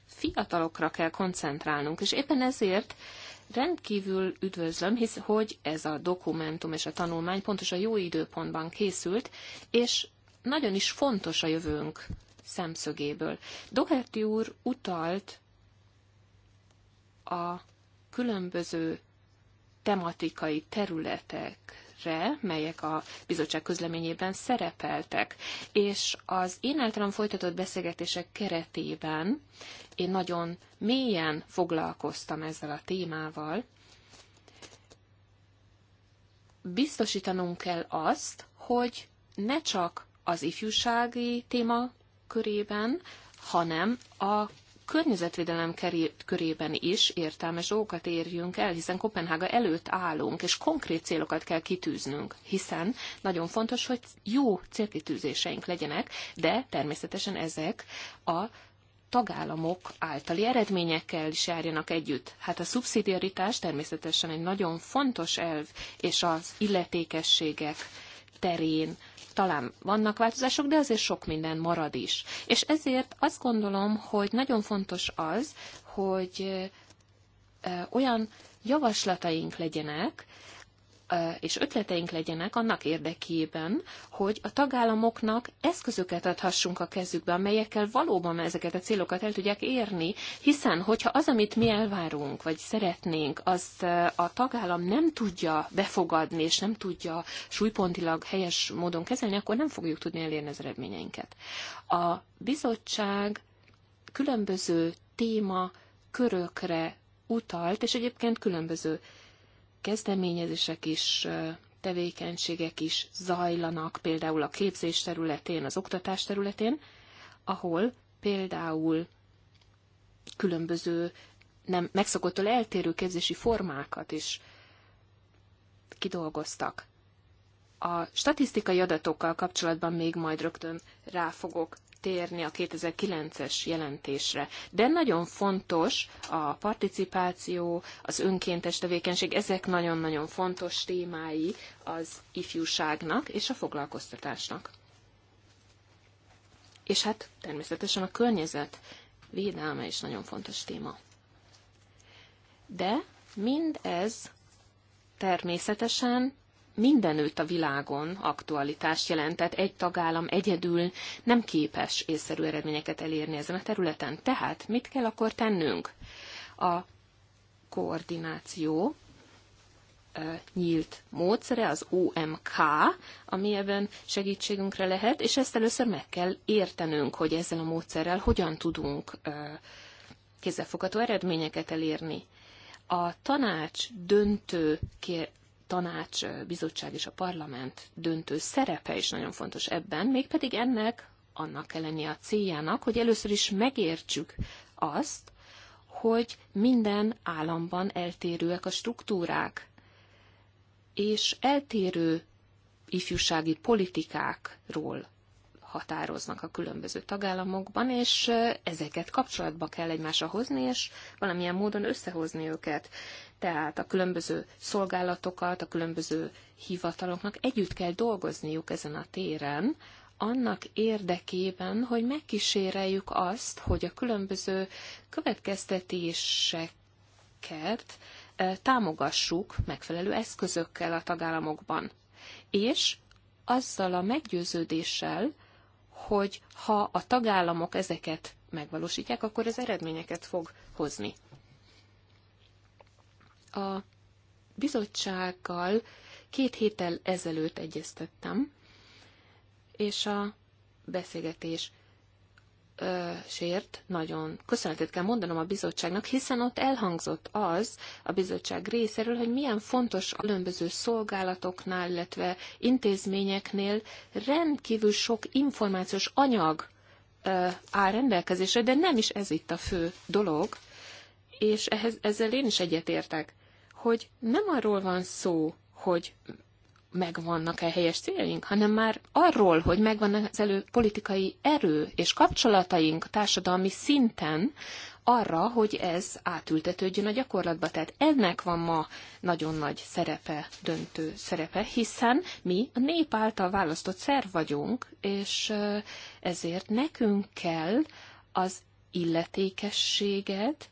Speaker 5: fiatalokra kell koncentrálnunk, és éppen ezért rendkívül üdvözlöm, hisz hogy ez a dokumentum és a tanulmány pontosan jó időpontban készült, és nagyon is fontos a jövőnk szemszögéből. Doherty úr utalt a különböző tematikai területek ügyekre, melyek a bizottság közleményében szerepeltek. És az én általam folytatott beszélgetések keretében én nagyon mélyen foglalkoztam ezzel a témával. Biztosítanunk kell azt, hogy ne csak az ifjúsági téma körében, hanem a környezetvédelem körében is értelmes dolgokat érjünk el, hiszen Kopenhága előtt állunk, és konkrét célokat kell kitűznünk, hiszen nagyon fontos, hogy jó célkitűzéseink legyenek, de természetesen ezek a tagállamok általi eredményekkel is járjanak együtt. Hát a szubszidiaritás természetesen egy nagyon fontos elv, és az illetékességek terén talán vannak változások, de azért sok minden marad is. És ezért azt gondolom, hogy nagyon fontos az, hogy olyan javaslataink legyenek, és ötleteink legyenek annak érdekében, hogy a tagállamoknak eszközöket adhassunk a kezükbe, amelyekkel valóban ezeket a célokat el tudják érni, hiszen hogyha az, amit mi elvárunk, vagy szeretnénk, az a tagállam nem tudja befogadni, és nem tudja súlypontilag helyes módon kezelni, akkor nem fogjuk tudni elérni az eredményeinket. A bizottság különböző téma körökre utalt, és egyébként különböző kezdeményezések is, tevékenységek is zajlanak, például a képzés területén, az oktatás területén, ahol például különböző nem megszokottól eltérő képzési formákat is kidolgoztak. A statisztikai adatokkal kapcsolatban még majd rögtön rá fogok térni a 2009-es jelentésre. De nagyon fontos a participáció, az önkéntes tevékenység, ezek nagyon-nagyon fontos témái az ifjúságnak és a foglalkoztatásnak. És hát természetesen a környezet védelme is nagyon fontos téma. De mindez természetesen mindenütt a világon aktualitást jelentett egy tagállam egyedül nem képes észszerű eredményeket elérni ezen a területen. Tehát mit kell akkor tennünk? A koordináció nyílt módszere, az OMK, ami ebben segítségünkre lehet, és ezt először meg kell értenünk, hogy ezzel a módszerrel hogyan tudunk kézzelfogható eredményeket elérni. A tanács döntő tanács, bizottság és a parlament döntő szerepe is nagyon fontos ebben, mégpedig ennek annak kell lennie a céljának, hogy először is megértsük azt, hogy minden államban eltérőek a struktúrák, és eltérő ifjúsági politikákról határoznak a különböző tagállamokban, és ezeket kapcsolatba kell egymásra hozni, és valamilyen módon összehozni őket. Tehát a különböző szolgálatokat, a különböző hivataloknak együtt kell dolgozniuk ezen a téren, annak érdekében, hogy megkíséreljük azt, hogy a különböző következtetéseket támogassuk megfelelő eszközökkel a tagállamokban. És azzal a meggyőződéssel, hogy ha a tagállamok ezeket megvalósítják, akkor ez eredményeket fog hozni. A bizottsággal két héttel ezelőtt egyeztettem, és a beszélgetés sért nagyon köszönetet kell mondanom a bizottságnak, hiszen ott elhangzott az a bizottság részéről, hogy milyen fontos a különböző szolgálatoknál, illetve intézményeknél rendkívül sok információs anyag áll rendelkezésre, de nem is ez itt a fő dolog, és ehhez, ezzel én is egyetértek, hogy nem arról van szó, hogy megvannak-e helyes céljaink, hanem már arról, hogy megvan az elő politikai erő és kapcsolataink társadalmi szinten arra, hogy ez átültetődjön a gyakorlatba. Tehát ennek van ma nagyon nagy szerepe, döntő szerepe, hiszen mi a nép által választott szerv vagyunk, és ezért nekünk kell az illetékességet,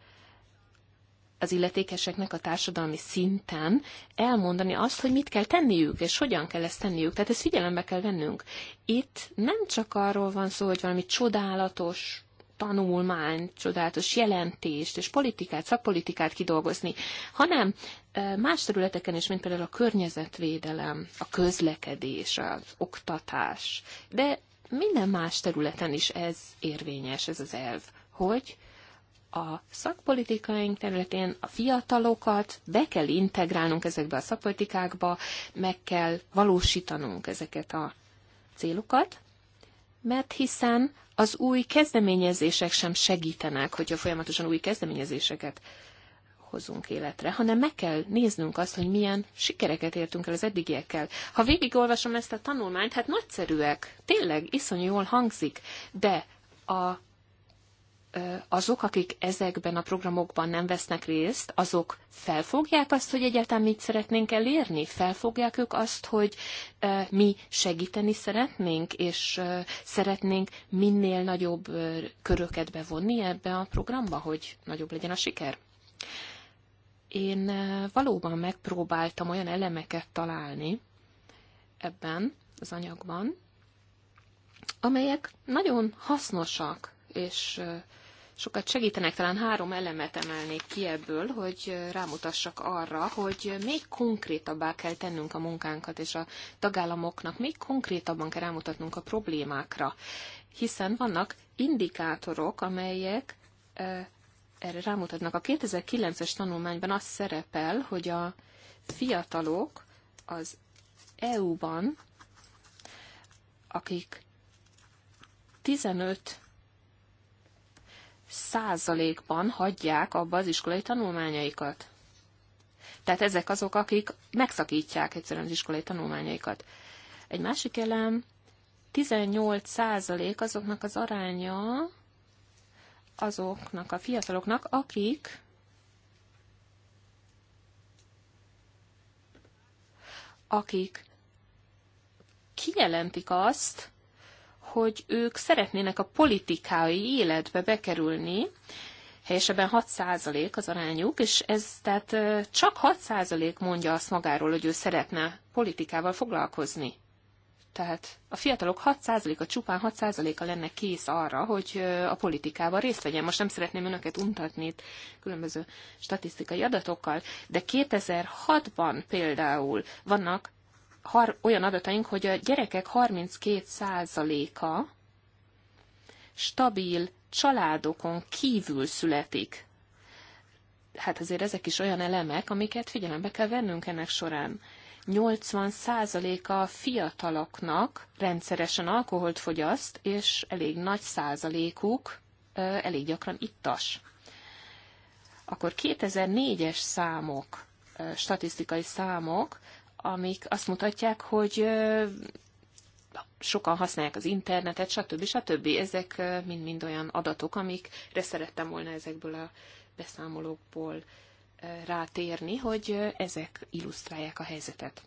Speaker 5: az illetékeseknek a társadalmi szinten elmondani azt, hogy mit kell tenniük, és hogyan kell ezt tenniük. Tehát ezt figyelembe kell vennünk. Itt nem csak arról van szó, hogy valami csodálatos tanulmány, csodálatos jelentést és politikát, szakpolitikát kidolgozni, hanem más területeken is, mint például a környezetvédelem, a közlekedés, az oktatás, de minden más területen is ez érvényes, ez az elv, hogy a szakpolitikaink területén a fiatalokat be kell integrálnunk ezekbe a szakpolitikákba, meg kell valósítanunk ezeket a célokat, mert hiszen az új kezdeményezések sem segítenek, hogyha folyamatosan új kezdeményezéseket hozunk életre, hanem meg kell néznünk azt, hogy milyen sikereket értünk el az eddigiekkel. Ha végigolvasom ezt a tanulmányt, hát nagyszerűek, tényleg iszonyú jól hangzik, de a azok, akik ezekben a programokban nem vesznek részt, azok felfogják azt, hogy egyáltalán mit szeretnénk elérni? Felfogják ők azt, hogy mi segíteni szeretnénk, és szeretnénk minél nagyobb köröket bevonni ebbe a programba, hogy nagyobb legyen a siker? Én valóban megpróbáltam olyan elemeket találni ebben az anyagban, amelyek nagyon hasznosak, és sokat segítenek. Talán három elemet emelnék ki ebből, hogy rámutassak arra, hogy még konkrétabbá kell tennünk a munkánkat, és a tagállamoknak még konkrétabban kell rámutatnunk a problémákra. Hiszen vannak indikátorok, amelyek erre rámutatnak. A 2009-es tanulmányban az szerepel, hogy a fiatalok az EU-ban, akik 15 százalékban hagyják abba az iskolai tanulmányaikat. Tehát ezek azok, akik megszakítják egyszerűen az iskolai tanulmányaikat. Egy másik elem, 18 százalék azoknak az aránya azoknak a fiataloknak, akik akik kijelentik azt, hogy ők szeretnének a politikai életbe bekerülni, helyesebben 6% az arányuk, és ez tehát csak 6% mondja azt magáról, hogy ő szeretne politikával foglalkozni. Tehát a fiatalok 6%-a, csupán 6%-a lenne kész arra, hogy a politikában részt vegyen. Most nem szeretném önöket untatni itt különböző statisztikai adatokkal, de 2006-ban például vannak har, olyan adataink, hogy a gyerekek 32%-a stabil családokon kívül születik. Hát azért ezek is olyan elemek, amiket figyelembe kell vennünk ennek során. 80%-a a fiataloknak rendszeresen alkoholt fogyaszt, és elég nagy százalékuk elég gyakran ittas. Akkor 2004-es számok, statisztikai számok amik azt mutatják, hogy sokan használják az internetet, stb. stb. Ezek mind-mind olyan adatok, amikre szerettem volna ezekből a beszámolókból rátérni, hogy ezek illusztrálják a helyzetet.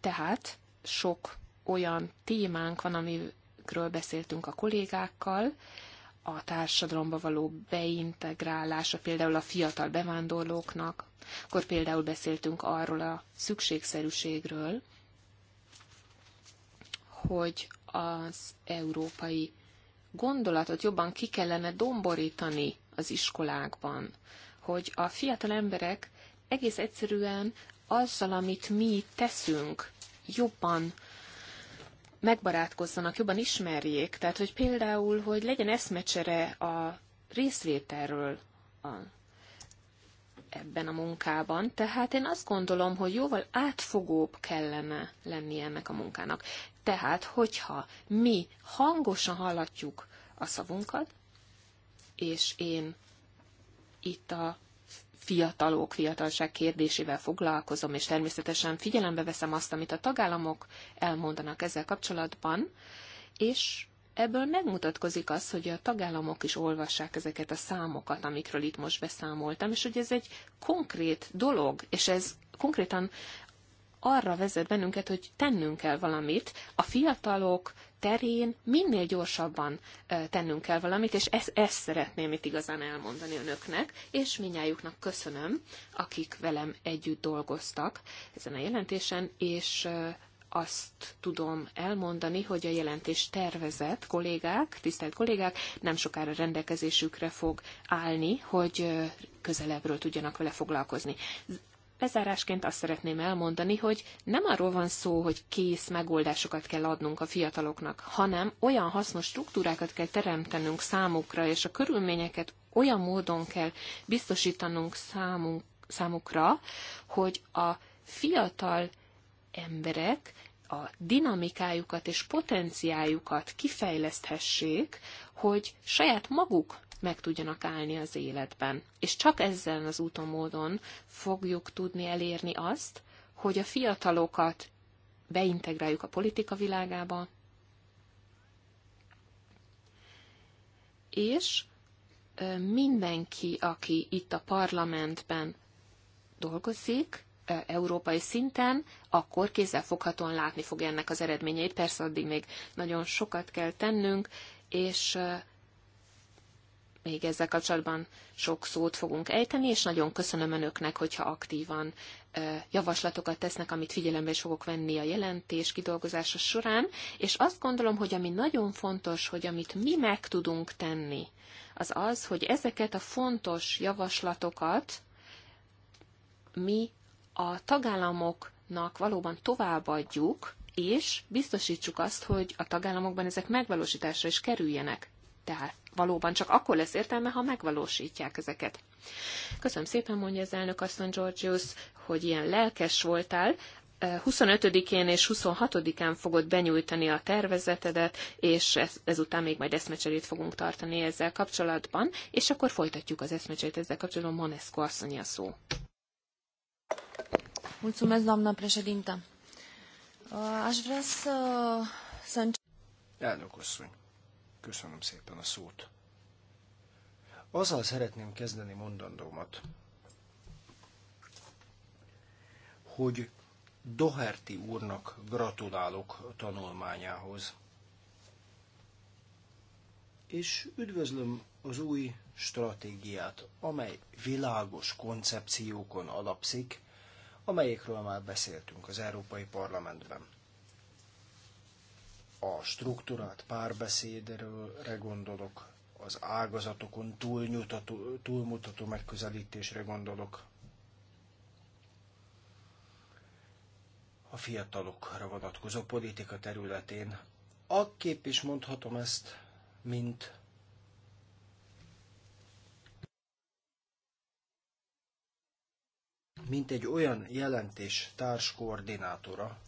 Speaker 5: Tehát sok olyan témánk van, amikről beszéltünk a kollégákkal, a társadalomba való beintegrálása, például a fiatal bevándorlóknak, akkor például beszéltünk arról a szükségszerűségről, hogy az európai gondolatot jobban ki kellene domborítani az iskolákban, hogy a fiatal emberek egész egyszerűen azzal, amit mi teszünk, jobban megbarátkozzanak, jobban ismerjék. Tehát, hogy például, hogy legyen eszmecsere a részvételről a, ebben a munkában. Tehát én azt gondolom, hogy jóval átfogóbb kellene lennie ennek a munkának. Tehát, hogyha mi hangosan hallatjuk a szavunkat, és én itt a fiatalok, fiatalság kérdésével foglalkozom, és természetesen figyelembe veszem azt, amit a tagállamok elmondanak ezzel kapcsolatban, és ebből megmutatkozik az, hogy a tagállamok is olvassák ezeket a számokat, amikről itt most beszámoltam, és hogy ez egy konkrét dolog, és ez konkrétan arra vezet bennünket, hogy tennünk kell valamit. A fiatalok terén minél gyorsabban tennünk kell valamit, és ezt, ezt szeretném itt igazán elmondani önöknek, és minnyájuknak köszönöm, akik velem együtt dolgoztak ezen a jelentésen, és azt tudom elmondani, hogy a jelentés tervezett kollégák, tisztelt kollégák nem sokára rendelkezésükre fog állni, hogy közelebbről tudjanak vele foglalkozni. Bezárásként azt szeretném elmondani, hogy nem arról van szó, hogy kész megoldásokat kell adnunk a fiataloknak, hanem olyan hasznos struktúrákat kell teremtenünk számukra, és a körülményeket olyan módon kell biztosítanunk számunk, számukra, hogy a fiatal emberek a dinamikájukat és potenciájukat kifejleszthessék, hogy saját maguk meg tudjanak állni az életben. És csak ezzel az úton módon fogjuk tudni elérni azt, hogy a fiatalokat beintegráljuk a politika világába, és mindenki, aki itt a parlamentben dolgozik, európai szinten, akkor kézzelfoghatóan látni fog ennek az eredményeit. Persze addig még nagyon sokat kell tennünk, és még ezzel kapcsolatban sok szót fogunk ejteni, és nagyon köszönöm önöknek, hogyha aktívan javaslatokat tesznek, amit figyelembe is fogok venni a jelentés kidolgozása során, és azt gondolom, hogy ami nagyon fontos, hogy amit mi meg tudunk tenni, az az, hogy ezeket a fontos javaslatokat mi a tagállamoknak valóban továbbadjuk, és biztosítsuk azt, hogy a tagállamokban ezek megvalósításra is kerüljenek tehát valóban csak akkor lesz értelme, ha megvalósítják ezeket. Köszönöm szépen, mondja az elnök asszony Georgius, hogy ilyen lelkes voltál, 25-én eh, és 26-án fogod benyújtani a tervezetedet, és ezután még majd eszmecserét fogunk tartani ezzel kapcsolatban, és akkor folytatjuk az eszmecserét ezzel kapcsolatban. Monesco asszony a szó. Mulțumesc, doamna președintă. Eh, aș vrea să, să încep...
Speaker 4: Elnök asszony. Köszönöm szépen a szót. Azzal szeretném kezdeni mondandómat, hogy Doherty úrnak gratulálok a tanulmányához. És üdvözlöm az új stratégiát, amely világos koncepciókon alapszik, amelyekről már beszéltünk az Európai Parlamentben a struktúrát párbeszédre gondolok, az ágazatokon túlmutató, túlmutató megközelítésre gondolok, a fiatalokra vonatkozó politika területén. Akképp is mondhatom ezt, mint mint egy olyan jelentés társkoordinátora,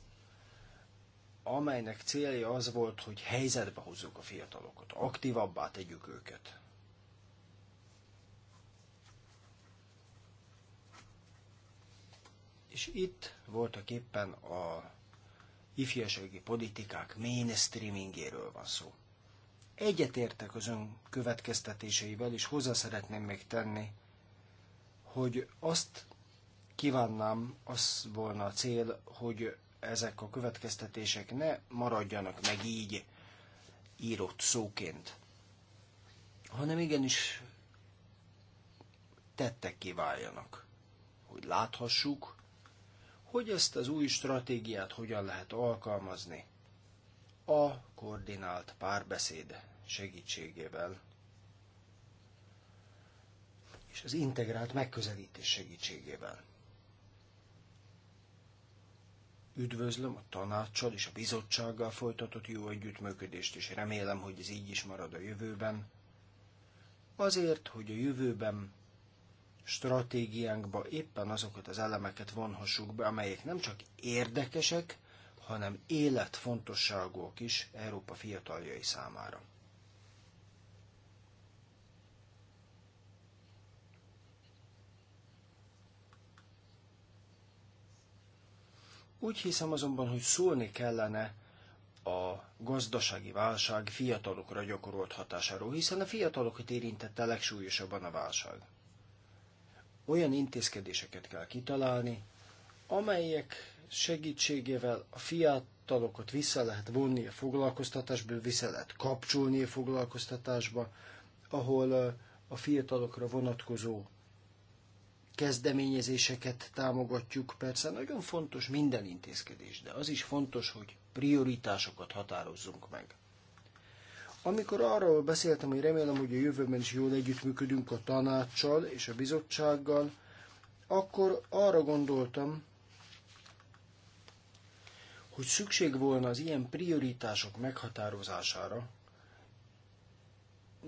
Speaker 4: amelynek célja az volt, hogy helyzetbe hozzuk a fiatalokat, aktívabbá tegyük őket. És itt voltak éppen a ifjúsági politikák mainstreamingéről van szó. Egyetértek az ön következtetéseivel, és hozzá szeretném még tenni, hogy azt kívánnám, az volna a cél, hogy ezek a következtetések ne maradjanak meg így írott szóként, hanem igenis tettek kiváljanak, hogy láthassuk, hogy ezt az új stratégiát hogyan lehet alkalmazni a koordinált párbeszéd segítségével és az integrált megközelítés segítségével. Üdvözlöm a tanácssal és a bizottsággal folytatott jó együttműködést, és remélem, hogy ez így is marad a jövőben. Azért, hogy a jövőben stratégiánkba éppen azokat az elemeket vonhassuk be, amelyek nem csak érdekesek, hanem életfontosságúak is Európa fiataljai számára. Úgy hiszem azonban, hogy szólni kellene a gazdasági válság fiatalokra gyakorolt hatásáról, hiszen a fiatalokat érintette legsúlyosabban a válság. Olyan intézkedéseket kell kitalálni, amelyek segítségével a fiatalokat vissza lehet vonni a foglalkoztatásból, vissza lehet kapcsolni a foglalkoztatásba, ahol a fiatalokra vonatkozó kezdeményezéseket támogatjuk. Persze nagyon fontos minden intézkedés, de az is fontos, hogy prioritásokat határozzunk meg. Amikor arról beszéltem, hogy remélem, hogy a jövőben is jól együttműködünk a tanácssal és a bizottsággal, akkor arra gondoltam, hogy szükség volna az ilyen prioritások meghatározására,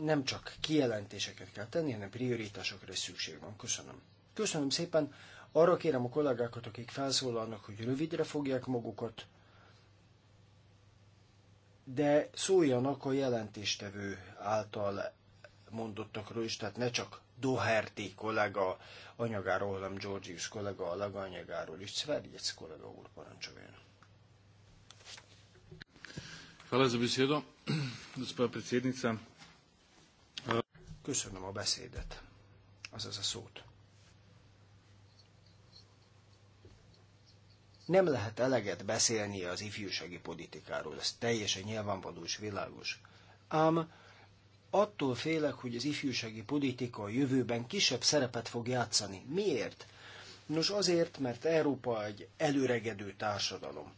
Speaker 4: nem csak kijelentéseket kell tenni, hanem prioritásokra is szükség van. Köszönöm. Köszönöm szépen. Arra kérem a kollégákat, akik felszólalnak, hogy rövidre fogják magukat, de szóljanak a jelentéstevő által mondottakról is, tehát ne csak Doherty kollega anyagáról, hanem Georgius kollega a anyagáról is. Szverjec kollega úr parancsoljon.
Speaker 3: Hvala za besedo,
Speaker 4: gospa predsednica. Köszönöm a beszédet, azaz a szót. Nem lehet eleget beszélni az ifjúsági politikáról, ez teljesen nyilvánvaló és világos. Ám attól félek, hogy az ifjúsági politika a jövőben kisebb szerepet fog játszani. Miért? Nos azért, mert Európa egy előregedő társadalom.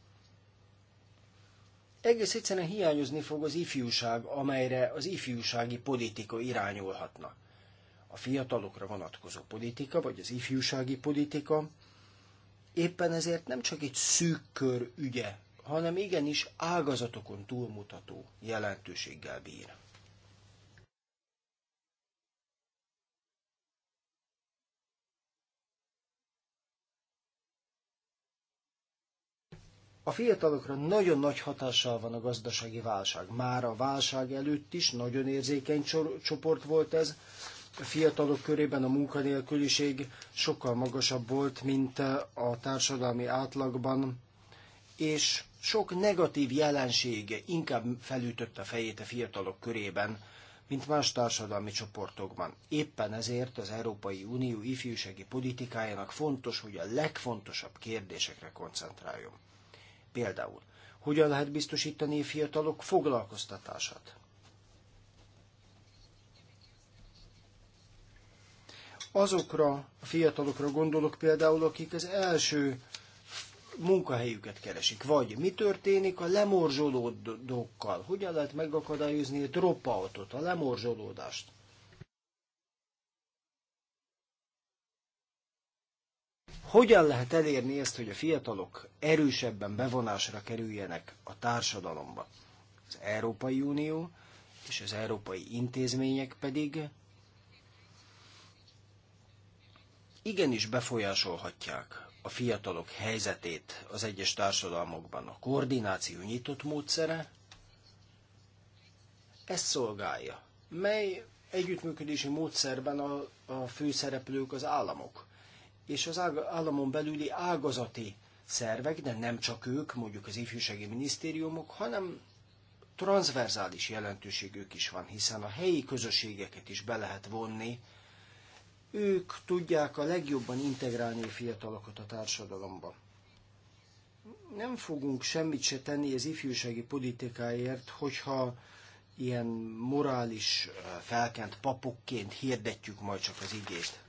Speaker 4: Egész egyszerűen hiányozni fog az ifjúság, amelyre az ifjúsági politika irányulhatna. A fiatalokra vonatkozó politika, vagy az ifjúsági politika Éppen ezért nem csak egy szűk kör ügye, hanem igenis ágazatokon túlmutató jelentőséggel bír. A fiatalokra nagyon nagy hatással van a gazdasági válság. Már a válság előtt is nagyon érzékeny csoport volt ez, fiatalok körében a munkanélküliség sokkal magasabb volt, mint a társadalmi átlagban, és sok negatív jelenség inkább a fejét a fiatalok körében, mint más társadalmi csoportokban. Éppen ezért az Európai Unió ifjúsági politikájának fontos, hogy a legfontosabb kérdésekre koncentráljon. Például, hogyan lehet biztosítani a fiatalok foglalkoztatását? Azokra a fiatalokra gondolok például, akik az első munkahelyüket keresik, vagy mi történik a lemorzsolódókkal, hogyan lehet megakadályozni a dropoutot, a lemorzsolódást. Hogyan lehet elérni ezt, hogy a fiatalok erősebben bevonásra kerüljenek a társadalomba? Az Európai Unió és az európai intézmények pedig igenis befolyásolhatják a fiatalok helyzetét az egyes társadalmakban. A koordináció nyitott módszere ezt szolgálja, mely együttműködési módszerben a, a főszereplők az államok, és az államon belüli ágazati szervek, de nem csak ők, mondjuk az ifjúsági minisztériumok, hanem transzverzális jelentőségük is van, hiszen a helyi közösségeket is be lehet vonni ők tudják a legjobban integrálni a fiatalokat a társadalomba. Nem fogunk semmit se tenni az ifjúsági politikáért, hogyha ilyen morális felkent papokként hirdetjük majd csak az igést.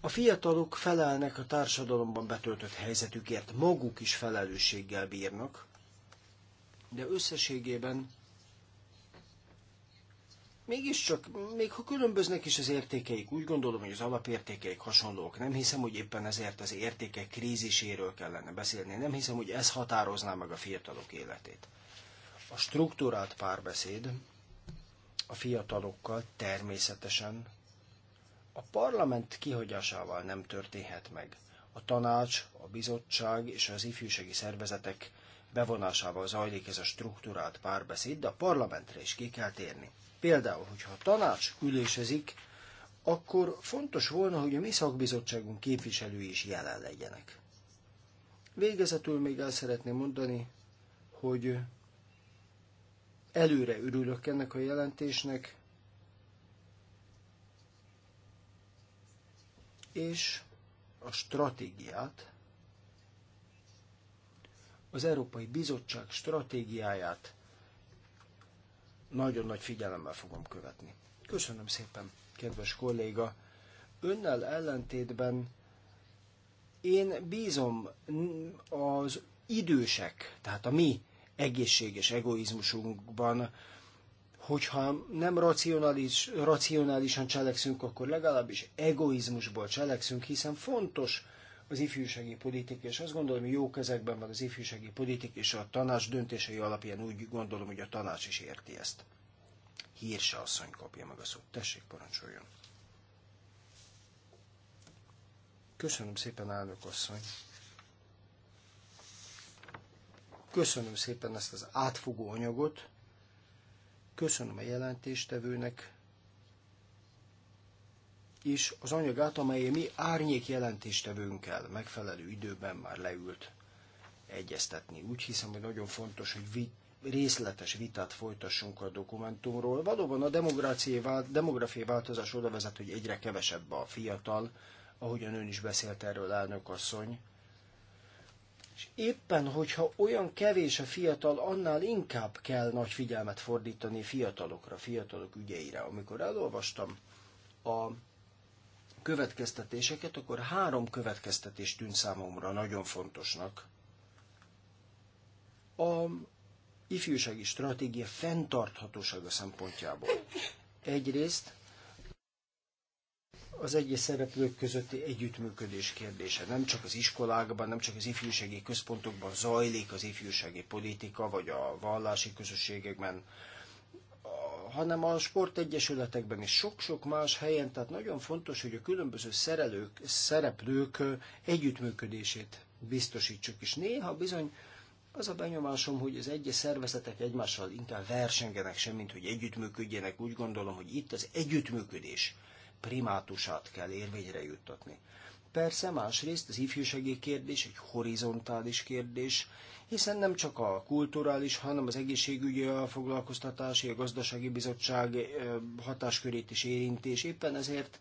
Speaker 4: A fiatalok felelnek a társadalomban betöltött helyzetükért, maguk is felelősséggel bírnak, de összességében Mégiscsak, még ha különböznek is az értékeik, úgy gondolom, hogy az alapértékeik hasonlók. Nem hiszem, hogy éppen ezért az értékek kríziséről kellene beszélni. Nem hiszem, hogy ez határozná meg a fiatalok életét. A struktúrált párbeszéd a fiatalokkal természetesen a parlament kihagyásával nem történhet meg. A tanács, a bizottság és az ifjúsági szervezetek bevonásával zajlik ez a struktúrált párbeszéd, de a parlamentre is ki kell térni. Például, hogyha a tanács ülésezik, akkor fontos volna, hogy a mi szakbizottságunk képviselői is jelen legyenek. Végezetül még el szeretném mondani, hogy előre örülök ennek a jelentésnek, és a stratégiát, az Európai Bizottság stratégiáját nagyon nagy figyelemmel fogom követni. Köszönöm szépen, kedves kolléga. Önnel ellentétben én bízom az idősek, tehát a mi egészséges egoizmusunkban, hogyha nem racionális, racionálisan cselekszünk, akkor legalábbis egoizmusból cselekszünk, hiszen fontos az ifjúsági politika, és azt gondolom, hogy jó kezekben van az ifjúsági politika, és a tanács döntései alapján úgy gondolom, hogy a tanács is érti ezt. Hírse asszony kapja meg a szót. Tessék, parancsoljon. Köszönöm szépen, elnök asszony. Köszönöm szépen ezt az átfogó anyagot. Köszönöm a jelentéstevőnek is az anyagát, amely mi árnyék jelentéstevőnkkel megfelelő időben már leült egyeztetni. Úgy hiszem, hogy nagyon fontos, hogy vi- részletes vitát folytassunk a dokumentumról. Valóban a demográfiai változás oda vezet, hogy egyre kevesebb a fiatal, ahogyan ön is beszélt erről, elnök asszony. És éppen, hogyha olyan kevés a fiatal, annál inkább kell nagy figyelmet fordítani fiatalokra, fiatalok ügyeire. Amikor elolvastam a következtetéseket, akkor három következtetés tűnt számomra nagyon fontosnak. A ifjúsági stratégia fenntarthatósága szempontjából. Egyrészt az egyes szereplők közötti együttműködés kérdése. Nem csak az iskolákban, nem csak az ifjúsági központokban zajlik az ifjúsági politika, vagy a vallási közösségekben, hanem a sportegyesületekben is sok-sok más helyen, tehát nagyon fontos, hogy a különböző szerelők, szereplők együttműködését biztosítsuk. És néha bizony az a benyomásom, hogy az egyes szervezetek egymással inkább versengenek sem, mint hogy együttműködjenek. Úgy gondolom, hogy itt az együttműködés primátusát kell érvényre juttatni. Persze másrészt az ifjúsági kérdés egy horizontális kérdés, hiszen nem csak a kulturális, hanem az egészségügyi, a foglalkoztatási, a gazdasági bizottság hatáskörét is érinti, és éppen ezért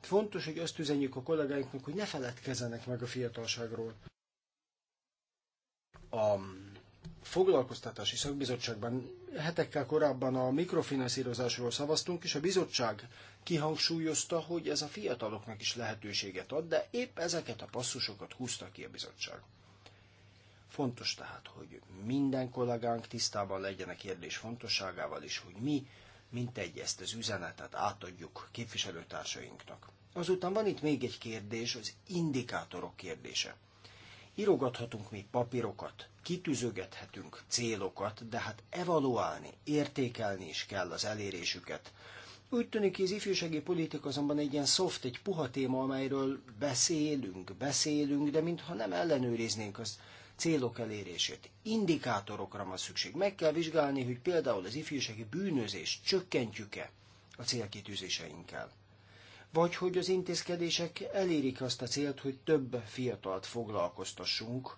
Speaker 4: fontos, hogy azt üzenjük a kollégáinknak, hogy ne feledkezzenek meg a fiatalságról. A foglalkoztatási szakbizottságban hetekkel korábban a mikrofinanszírozásról szavaztunk, és a bizottság kihangsúlyozta, hogy ez a fiataloknak is lehetőséget ad, de épp ezeket a passzusokat húzta ki a bizottság. Fontos tehát, hogy minden kollégánk tisztában legyen a kérdés fontosságával is, hogy mi, mint egy ezt az üzenetet átadjuk képviselőtársainknak. Azután van itt még egy kérdés, az indikátorok kérdése. Irogathatunk még papírokat, kitűzögethetünk célokat, de hát evaluálni, értékelni is kell az elérésüket. Úgy tűnik, hogy az ifjúsági politika azonban egy ilyen soft, egy puha téma, amelyről beszélünk, beszélünk, de mintha nem ellenőriznénk az célok elérését. Indikátorokra van szükség. Meg kell vizsgálni, hogy például az ifjúsági bűnözést csökkentjük-e a célkitűzéseinkkel. Vagy hogy az intézkedések elérik azt a célt, hogy több fiatalt foglalkoztassunk.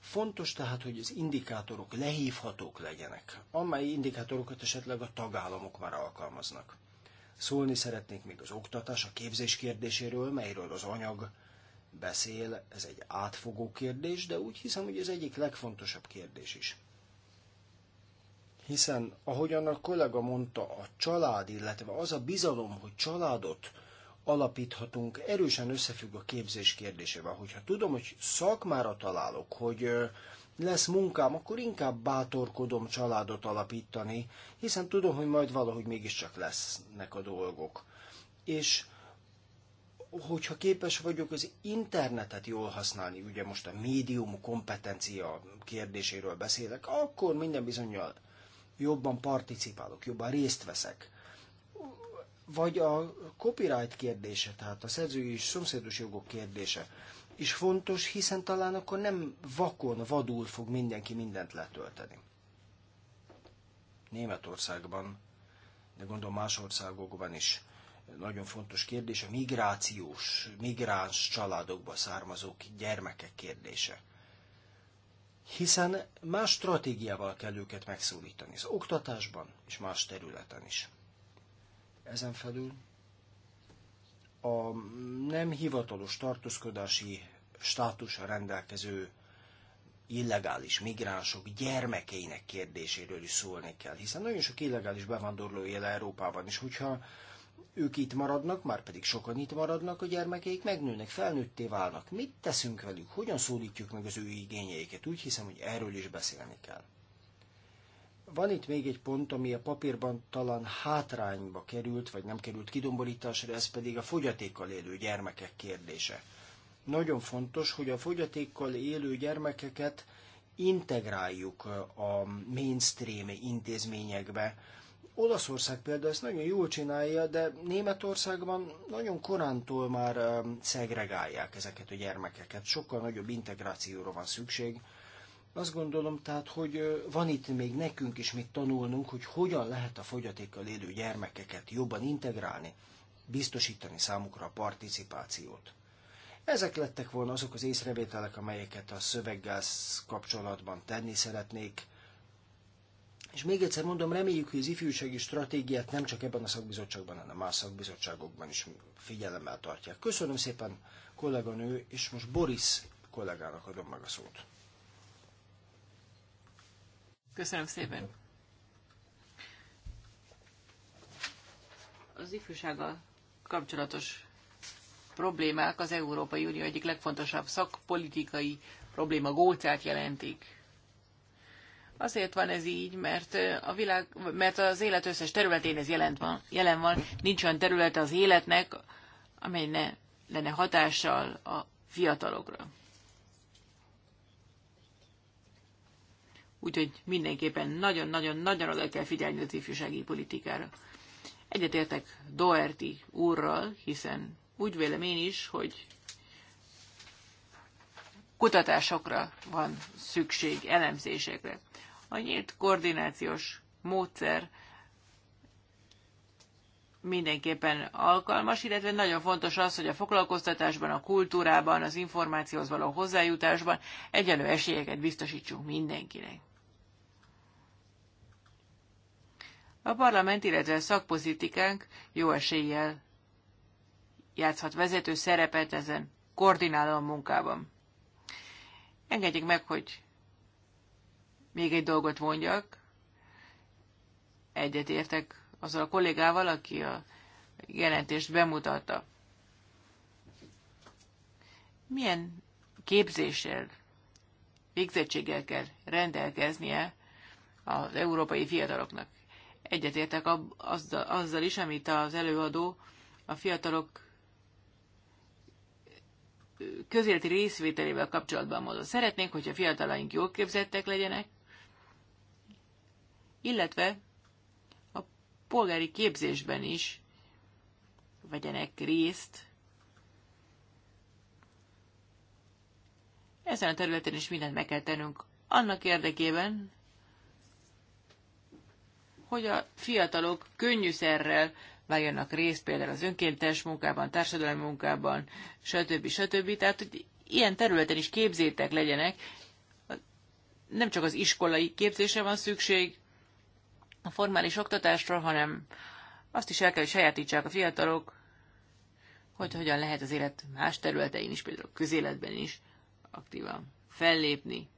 Speaker 4: Fontos tehát, hogy az indikátorok lehívhatók legyenek, amely indikátorokat esetleg a tagállamok már alkalmaznak. Szólni szeretnék még az oktatás, a képzés kérdéséről, melyről az anyag beszél, ez egy átfogó kérdés, de úgy hiszem, hogy ez egyik legfontosabb kérdés is. Hiszen, ahogyan a kollega mondta, a család, illetve az a bizalom, hogy családot alapíthatunk, erősen összefügg a képzés kérdésével. Hogyha tudom, hogy szakmára találok, hogy lesz munkám, akkor inkább bátorkodom családot alapítani, hiszen tudom, hogy majd valahogy mégiscsak lesznek a dolgok. És hogyha képes vagyok az internetet jól használni, ugye most a médium kompetencia kérdéséről beszélek, akkor minden bizonyal jobban participálok, jobban részt veszek. Vagy a copyright kérdése, tehát a szerzői és szomszédos jogok kérdése is fontos, hiszen talán akkor nem vakon, vadul fog mindenki mindent letölteni. Németországban, de gondolom más országokban is nagyon fontos kérdés a migrációs, migráns családokba származó gyermekek kérdése. Hiszen más stratégiával kell őket megszólítani, az oktatásban és más területen is. Ezen felül a nem hivatalos tartózkodási státusra rendelkező illegális migránsok gyermekeinek kérdéséről is szólni kell, hiszen nagyon sok illegális bevándorló él Európában, és hogyha ők itt maradnak, már pedig sokan itt maradnak, a gyermekeik megnőnek, felnőtté válnak. Mit teszünk velük? Hogyan szólítjuk meg az ő igényeiket? Úgy hiszem, hogy erről is beszélni kell. Van itt még egy pont, ami a papírban talán hátrányba került, vagy nem került kidomborításra, ez pedig a fogyatékkal élő gyermekek kérdése. Nagyon fontos, hogy a fogyatékkal élő gyermekeket integráljuk a mainstream intézményekbe, Olaszország például ezt nagyon jól csinálja, de Németországban nagyon korántól már szegregálják ezeket a gyermekeket. Sokkal nagyobb integrációra van szükség. Azt gondolom tehát, hogy van itt még nekünk is mit tanulnunk, hogy hogyan lehet a fogyatékkal élő gyermekeket jobban integrálni, biztosítani számukra a participációt. Ezek lettek volna azok az észrevételek, amelyeket a szöveggel kapcsolatban tenni szeretnék. És még egyszer mondom, reméljük, hogy az ifjúsági stratégiát nem csak ebben a szakbizottságban, hanem más szakbizottságokban is figyelemmel tartják. Köszönöm szépen, kolléganő, és most Boris kollégának adom meg a szót.
Speaker 3: Köszönöm szépen. Az ifjúsággal kapcsolatos problémák az Európai Unió egyik legfontosabb szakpolitikai probléma gócát jelentik Azért van ez így, mert, a világ, mert az élet összes területén ez jelent van, jelen van. Nincs olyan területe az életnek, amely ne lenne hatással a fiatalokra. Úgyhogy mindenképpen nagyon-nagyon-nagyon oda kell figyelni az ifjúsági politikára. Egyetértek Doherty úrral, hiszen úgy vélem én is, hogy kutatásokra van szükség, elemzésekre. A nyílt koordinációs módszer mindenképpen alkalmas, illetve nagyon fontos az, hogy a foglalkoztatásban, a kultúrában, az információhoz való hozzájutásban egyenlő esélyeket biztosítsunk mindenkinek. A parlament, illetve a szakpolitikánk jó eséllyel játszhat vezető szerepet ezen koordináló munkában. Engedjék meg, hogy még egy dolgot mondjak. Egyet értek azzal a kollégával, aki a jelentést bemutatta. Milyen képzéssel, végzettséggel kell rendelkeznie az európai fiataloknak? Egyetértek azzal, azzal is, amit az előadó a fiatalok közéleti részvételével kapcsolatban mondott. Szeretnénk, hogy a fiatalaink jól képzettek legyenek, illetve a polgári képzésben is vegyenek részt. Ezen a területen is mindent meg kell tennünk annak érdekében, hogy a fiatalok könnyűszerrel váljanak részt például az önkéntes munkában, társadalmi munkában, stb. stb. Tehát, hogy ilyen területen is képzétek legyenek, nem csak az iskolai képzésre van szükség, a formális oktatásra, hanem azt is el kell, hogy sajátítsák a fiatalok, hogy hogyan lehet az élet más területein is, például a közéletben is aktívan fellépni.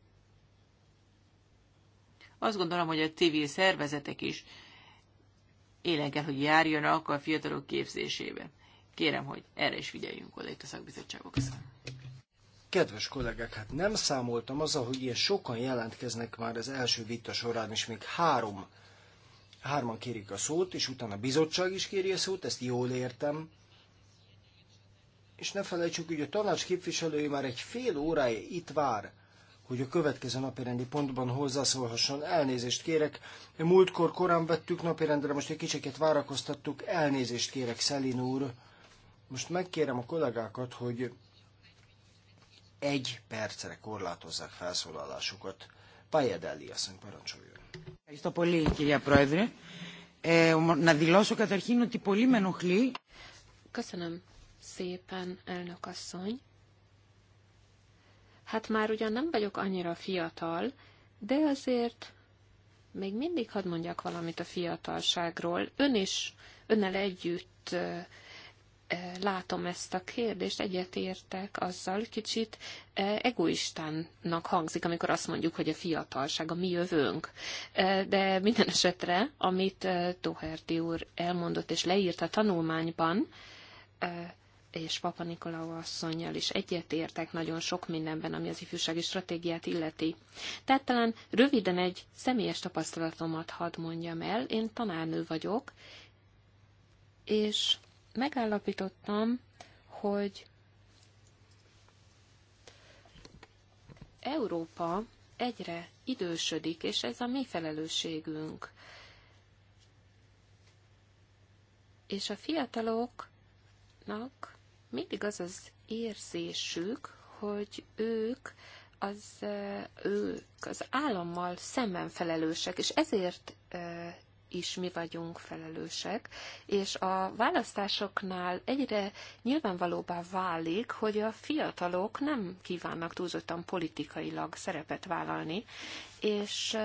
Speaker 3: Azt gondolom, hogy a civil szervezetek is élen kell, hogy járjanak a fiatalok képzésébe. Kérem, hogy erre is figyeljünk oda itt a szakbizottságok.
Speaker 4: Kedves kollégák, hát nem számoltam azzal, hogy ilyen sokan jelentkeznek már az első vita során, és még három, hárman kérik a szót, és utána a bizottság is kéri a szót, ezt jól értem. És ne felejtsük, hogy a tanács képviselői már egy fél órája itt vár, hogy a következő napirendi pontban hozzászólhasson. Elnézést kérek, múltkor korán vettük napirendre, most egy kicsiket várakoztattuk, elnézést kérek, Szelin úr. Most megkérem a kollégákat, hogy egy percre korlátozzák felszólalásukat. Pajedelli asszony parancsoljon. Ευχαριστώ πολύ, κυρία Πρόεδρε. Ε, να δηλώσω καταρχήν ότι πολύ με ενοχλεί.
Speaker 5: Köszönöm szépen, elnök asszony. Hát már ugyan nem vagyok annyira fiatal, de azért még mindig hadd mondjak valamit a fiatalságról. Ön is, önnel együtt látom ezt a kérdést, egyetértek azzal, kicsit egoistának hangzik, amikor azt mondjuk, hogy a fiatalság a mi jövőnk. De minden esetre, amit toherti úr elmondott és leírt a tanulmányban, és Papa Nikolau asszonynal is egyetértek nagyon sok mindenben, ami az ifjúsági stratégiát illeti. Tehát talán röviden egy személyes tapasztalatomat hadd mondjam el. Én tanárnő vagyok, és megállapítottam, hogy Európa egyre idősödik, és ez a mi felelősségünk. És a fiataloknak mindig az az érzésük, hogy ők az, ők az állammal szemben felelősek, és ezért is mi vagyunk felelősek, és a választásoknál egyre nyilvánvalóbbá válik, hogy a fiatalok nem kívánnak túlzottan politikailag szerepet vállalni, és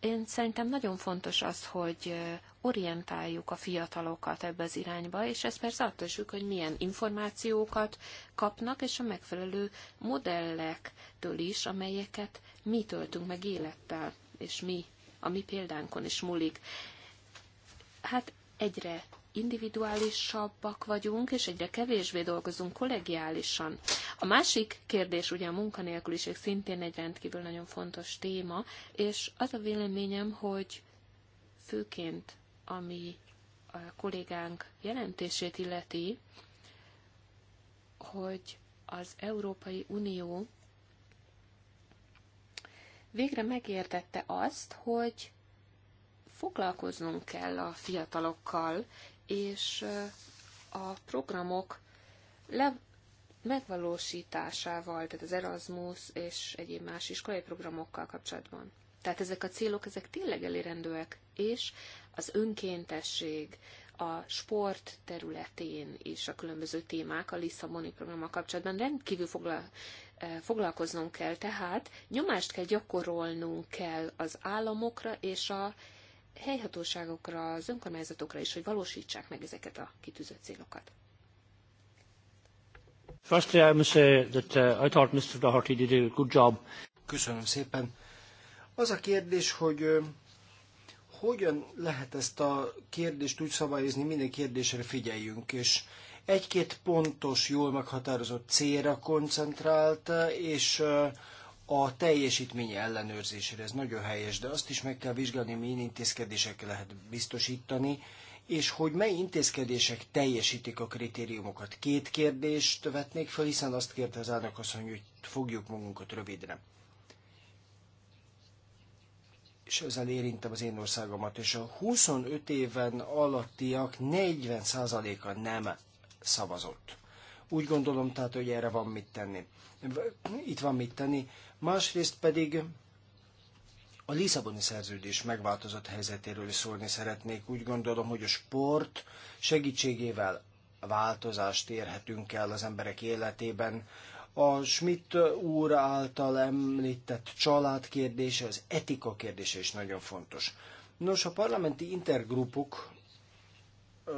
Speaker 5: én szerintem nagyon fontos az, hogy orientáljuk a fiatalokat ebbe az irányba, és ez persze attól is hogy milyen információkat kapnak, és a megfelelő modellektől is, amelyeket mi töltünk meg élettel, és mi, a mi példánkon is múlik. Hát egyre individuálisabbak vagyunk, és egyre kevésbé dolgozunk kollegiálisan. A másik kérdés ugye a munkanélküliség szintén egy rendkívül nagyon fontos téma, és az a véleményem, hogy főként ami a kollégánk jelentését illeti, hogy az Európai Unió végre megértette azt, hogy foglalkoznunk kell a fiatalokkal, és a programok le, megvalósításával, tehát az Erasmus és egyéb más iskolai programokkal kapcsolatban. Tehát ezek a célok, ezek tényleg elérendőek, és az önkéntesség, a sport területén és a különböző témák a Lisszaboni programmal kapcsolatban rendkívül foglal, foglalkoznunk kell, tehát nyomást kell gyakorolnunk kell az államokra és a helyhatóságokra, az önkormányzatokra is, hogy valósítsák meg ezeket a kitűzött célokat.
Speaker 4: Firstly, I must say that uh, I thought Mr. Doherty did a good job. Köszönöm szépen. Az a kérdés, hogy uh, hogyan lehet ezt a kérdést úgy szabályozni, minden kérdésre figyeljünk, és egy-két pontos, jól meghatározott célra koncentrált, és uh, a teljesítmény ellenőrzésére. Ez nagyon helyes, de azt is meg kell vizsgálni, milyen intézkedések lehet biztosítani, és hogy mely intézkedések teljesítik a kritériumokat. Két kérdést vetnék fel, hiszen azt kérte az elnök asszony, hogy fogjuk magunkat rövidre. És ezzel érintem az én országomat, és a 25 éven alattiak 40%-a nem szavazott. Úgy gondolom tehát, hogy erre van mit tenni itt van mit tenni. Másrészt pedig a Lisszaboni szerződés megváltozott helyzetéről is szólni szeretnék. Úgy gondolom, hogy a sport segítségével változást érhetünk el az emberek életében. A Schmidt úr által említett család kérdése, az etika kérdése is nagyon fontos. Nos, a parlamenti intergrupok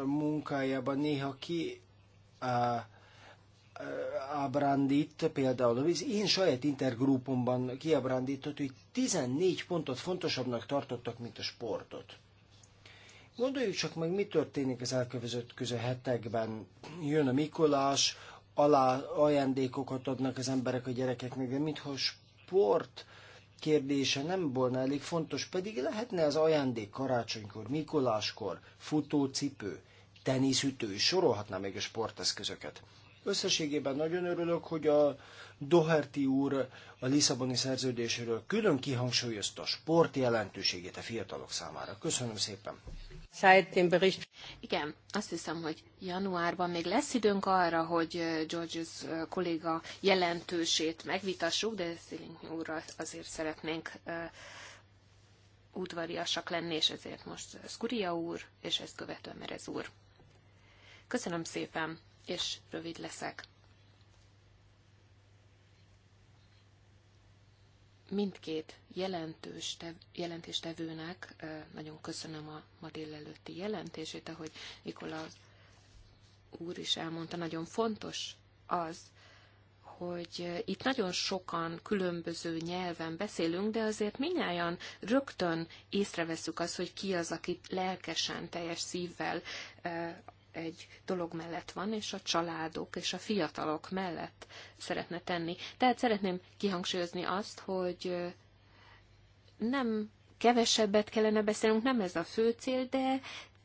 Speaker 4: munkájában néha ki kiábrándít, például az én saját intergrupomban kiabrandított, hogy 14 pontot fontosabbnak tartottak, mint a sportot. Gondoljuk csak meg, mi történik az köze hetekben. Jön a Mikolás, alá ajándékokat adnak az emberek a gyerekeknek, de mintha a sport kérdése nem volna elég fontos, pedig lehetne az ajándék karácsonykor, Mikoláskor, futócipő, teniszütő, sorolhatná még a sporteszközöket. Összességében nagyon örülök, hogy a Doherty úr a Lisszaboni szerződéséről. külön kihangsúlyozta a sport jelentőségét a fiatalok számára. Köszönöm szépen!
Speaker 5: Igen, azt hiszem, hogy januárban még lesz időnk arra, hogy Georges kolléga jelentősét megvitassuk, de Szilink úrral azért szeretnénk udvariasak lenni, és ezért most Skuria úr, és ezt követően Merez úr. Köszönöm szépen! és rövid leszek. Mindkét jelentős tev, jelentéstevőnek nagyon köszönöm a ma délelőtti jelentését, ahogy Nikola úr is elmondta, nagyon fontos az, hogy itt nagyon sokan különböző nyelven beszélünk, de azért minnyáján rögtön észreveszük azt, hogy ki az, akit lelkesen, teljes szívvel egy dolog mellett van, és a családok és a fiatalok mellett szeretne tenni. Tehát szeretném kihangsúlyozni azt, hogy nem kevesebbet kellene beszélnünk, nem ez a fő cél, de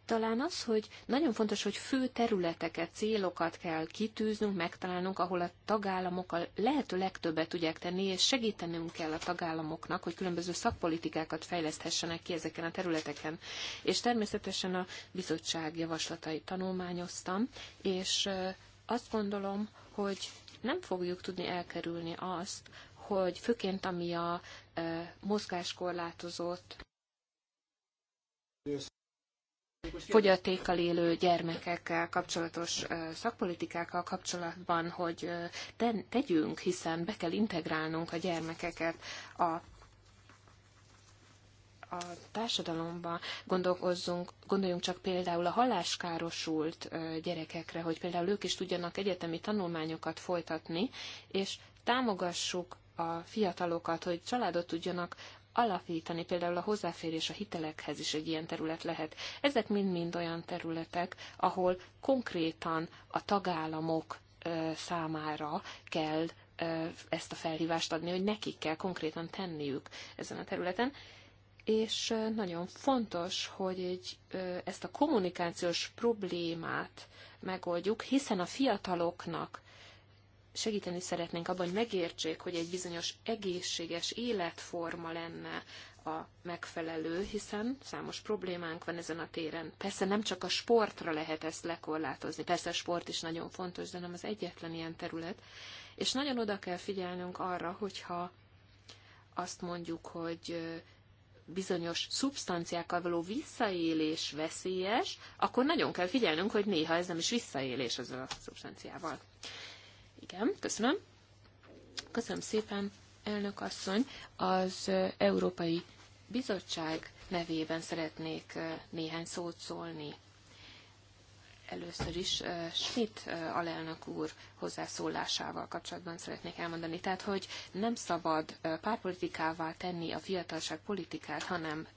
Speaker 5: talán az, hogy nagyon fontos, hogy fő területeket, célokat kell kitűznünk, megtalálnunk, ahol a tagállamok a lehető legtöbbet tudják tenni, és segítenünk kell a tagállamoknak, hogy különböző szakpolitikákat fejleszthessenek ki ezeken a területeken. És természetesen a bizottság javaslatait tanulmányoztam, és azt gondolom, hogy nem fogjuk tudni elkerülni azt, hogy főként ami a mozgáskorlátozott, fogyatékkal élő gyermekekkel kapcsolatos szakpolitikákkal kapcsolatban, hogy tegyünk, hiszen be kell integrálnunk a gyermekeket a a társadalomba gondolkozzunk, gondoljunk csak például a halláskárosult gyerekekre, hogy például ők is tudjanak egyetemi tanulmányokat folytatni, és támogassuk a fiatalokat, hogy családot tudjanak alapítani, például a hozzáférés a hitelekhez is egy ilyen terület lehet. Ezek mind-mind olyan területek, ahol konkrétan a tagállamok számára kell ezt a felhívást adni, hogy nekik kell konkrétan tenniük ezen a területen. És nagyon fontos, hogy egy, ezt a kommunikációs problémát megoldjuk, hiszen a fiataloknak segíteni szeretnénk abban, hogy megértsék, hogy egy bizonyos egészséges életforma lenne a megfelelő, hiszen számos problémánk van ezen a téren. Persze nem csak a sportra lehet ezt lekorlátozni, persze a sport is nagyon fontos, de nem az egyetlen ilyen terület. És nagyon oda kell figyelnünk arra, hogyha azt mondjuk, hogy bizonyos szubstanciákkal való visszaélés veszélyes, akkor nagyon kell figyelnünk, hogy néha ez nem is visszaélés az a szubstanciával. Igen, köszönöm. Köszönöm szépen, elnök asszony. Az Európai Bizottság nevében szeretnék néhány szót szólni Először is eh, Schmidt eh, alelnök úr hozzászólásával kapcsolatban szeretnék elmondani. Tehát, hogy nem szabad eh, párpolitikává tenni a fiatalság politikát, hanem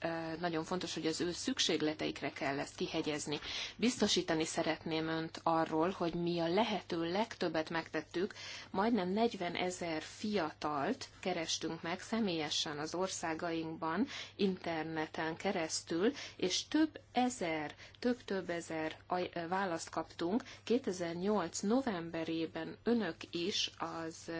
Speaker 5: nagyon fontos, hogy az ő szükségleteikre kell ezt kihegyezni. Biztosítani szeretném önt arról, hogy mi a lehető legtöbbet megtettük. Majdnem 40 ezer fiatalt kerestünk meg személyesen az országainkban, interneten keresztül, és több ezer, több-több ezer választ kaptunk. 2008 novemberében önök is az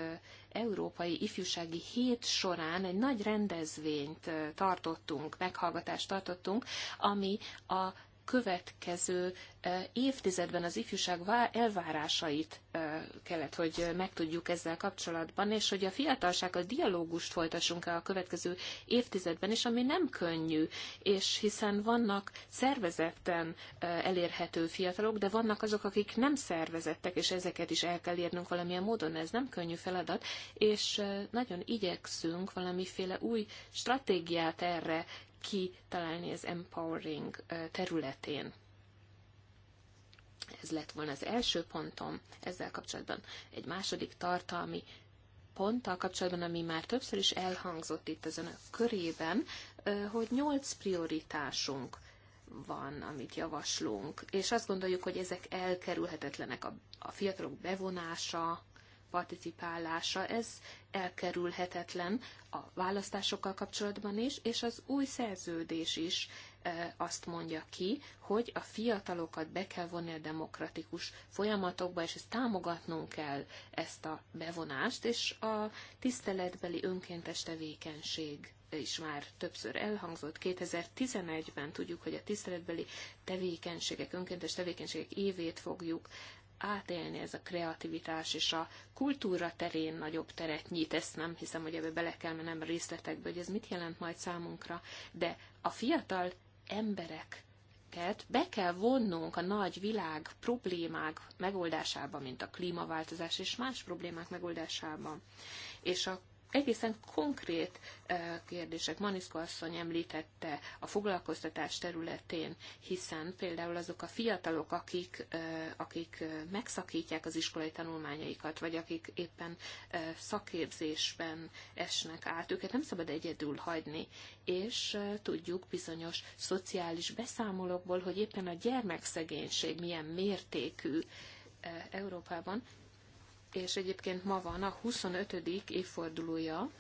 Speaker 5: Európai Ifjúsági Hét során egy nagy rendezvényt tartottunk, meghallgatást tartottunk, ami a következő eh, évtizedben az ifjúság elvárásait eh, kellett, hogy megtudjuk ezzel kapcsolatban, és hogy a fiatalsággal dialógust folytassunk el a következő évtizedben, és ami nem könnyű, és hiszen vannak szervezetten eh, elérhető fiatalok, de vannak azok, akik nem szervezettek, és ezeket is el kell érnünk valamilyen módon, ez nem könnyű feladat, és nagyon igyekszünk valamiféle új stratégiát erre kitalálni az empowering területén. Ez lett volna az első pontom ezzel kapcsolatban. Egy második tartalmi ponttal kapcsolatban, ami már többször is elhangzott itt ezen a körében, hogy nyolc prioritásunk van, amit javaslunk, és azt gondoljuk, hogy ezek elkerülhetetlenek a, a fiatalok bevonása, participálása. Ez elkerülhetetlen a választásokkal kapcsolatban is, és az új szerződés is e, azt mondja ki, hogy a fiatalokat be kell vonni a demokratikus folyamatokba, és ezt támogatnunk kell ezt a bevonást, és a tiszteletbeli önkéntes tevékenység is már többször elhangzott. 2011-ben tudjuk, hogy a tiszteletbeli tevékenységek, önkéntes tevékenységek évét fogjuk átélni, ez a kreativitás és a kultúra terén nagyobb teret nyit, ezt nem hiszem, hogy ebbe bele kell mennem részletekbe, hogy ez mit jelent majd számunkra, de a fiatal emberek be kell vonnunk a nagy világ problémák megoldásába, mint a klímaváltozás és más problémák megoldásába. És a egészen konkrét kérdések. Maniszko asszony említette a foglalkoztatás területén, hiszen például azok a fiatalok, akik, akik megszakítják az iskolai tanulmányaikat, vagy akik éppen szakképzésben esnek át, őket nem szabad egyedül hagyni, és tudjuk bizonyos szociális beszámolókból, hogy éppen a gyermekszegénység milyen mértékű Európában, és egyébként ma van a 25. évfordulója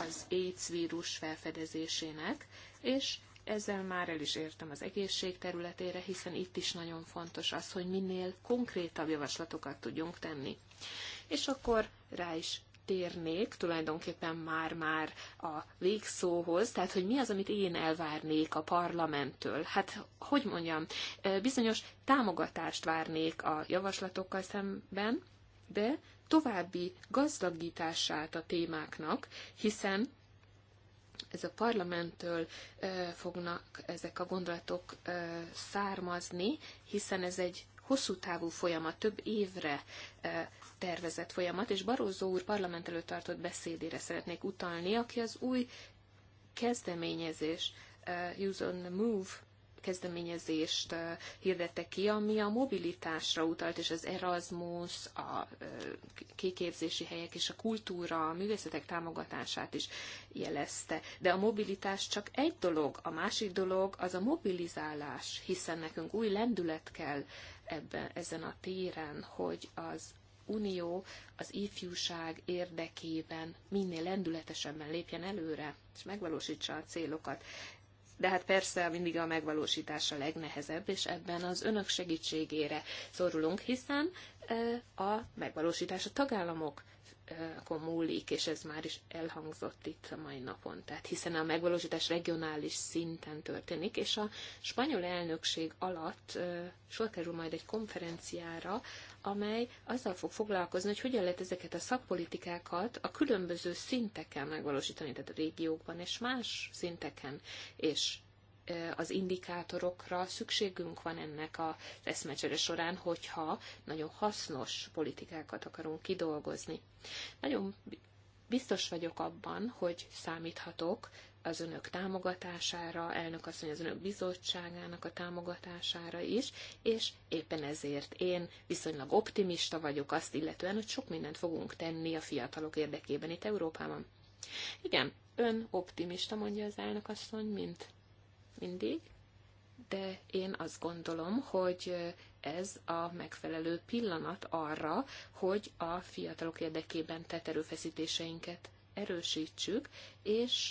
Speaker 5: az AIDS vírus felfedezésének, és ezzel már el is értem az egészség területére, hiszen itt is nagyon fontos az, hogy minél konkrétabb javaslatokat tudjunk tenni. És akkor rá is térnék tulajdonképpen már-már a végszóhoz, tehát hogy mi az, amit én elvárnék a parlamenttől. Hát, hogy mondjam, eh, bizonyos támogatást várnék a javaslatokkal szemben, de további gazdagítását a témáknak, hiszen ez a parlamenttől fognak ezek a gondolatok származni, hiszen ez egy hosszú távú folyamat, több évre tervezett folyamat, és Barózó úr parlament előtt tartott beszédére szeretnék utalni, aki az új kezdeményezés Use on the Move kezdeményezést hirdette ki, ami a mobilitásra utalt, és az Erasmus, a kiképzési helyek és a kultúra, a művészetek támogatását is jelezte. De a mobilitás csak egy dolog, a másik dolog az a mobilizálás, hiszen nekünk új lendület kell ebben, ezen a téren, hogy az Unió az ifjúság érdekében minél lendületesebben lépjen előre, és megvalósítsa a célokat de hát persze mindig a megvalósítása a legnehezebb, és ebben az önök segítségére szorulunk, hiszen a megvalósítás a tagállamok múlik, és ez már is elhangzott itt a mai napon. Tehát hiszen a megvalósítás regionális szinten történik, és a spanyol elnökség alatt sor kerül majd egy konferenciára, amely azzal fog foglalkozni, hogy hogyan lehet ezeket a szakpolitikákat a különböző szinteken megvalósítani, tehát a régiókban és más szinteken, és az indikátorokra szükségünk van ennek az eszmecsere során, hogyha nagyon hasznos politikákat akarunk kidolgozni. Nagyon Biztos vagyok abban, hogy számíthatok az önök támogatására, elnök asszony az önök bizottságának a támogatására is, és éppen ezért én viszonylag optimista vagyok azt illetően, hogy sok mindent fogunk tenni a fiatalok érdekében itt Európában. Igen, ön optimista, mondja az elnök asszony, mint mindig, de én azt gondolom, hogy ez a megfelelő pillanat arra, hogy a fiatalok érdekében tett erőfeszítéseinket erősítsük, és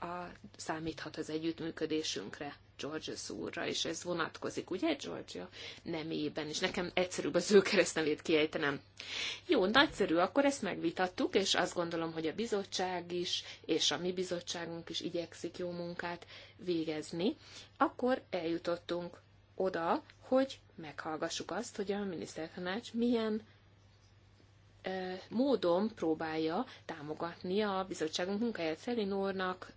Speaker 5: a, számíthat az együttműködésünkre George úrra, és ez vonatkozik, ugye, Georgia nemében, és nekem egyszerűbb az ő keresztnevét kiejtenem. Jó, nagyszerű, akkor ezt megvitattuk, és azt gondolom, hogy a bizottság is, és a mi bizottságunk is igyekszik jó munkát végezni. Akkor eljutottunk oda, hogy meghallgassuk azt, hogy a minisztertanács milyen módon próbálja támogatni a bizottságunk munkáját. Szelin úrnak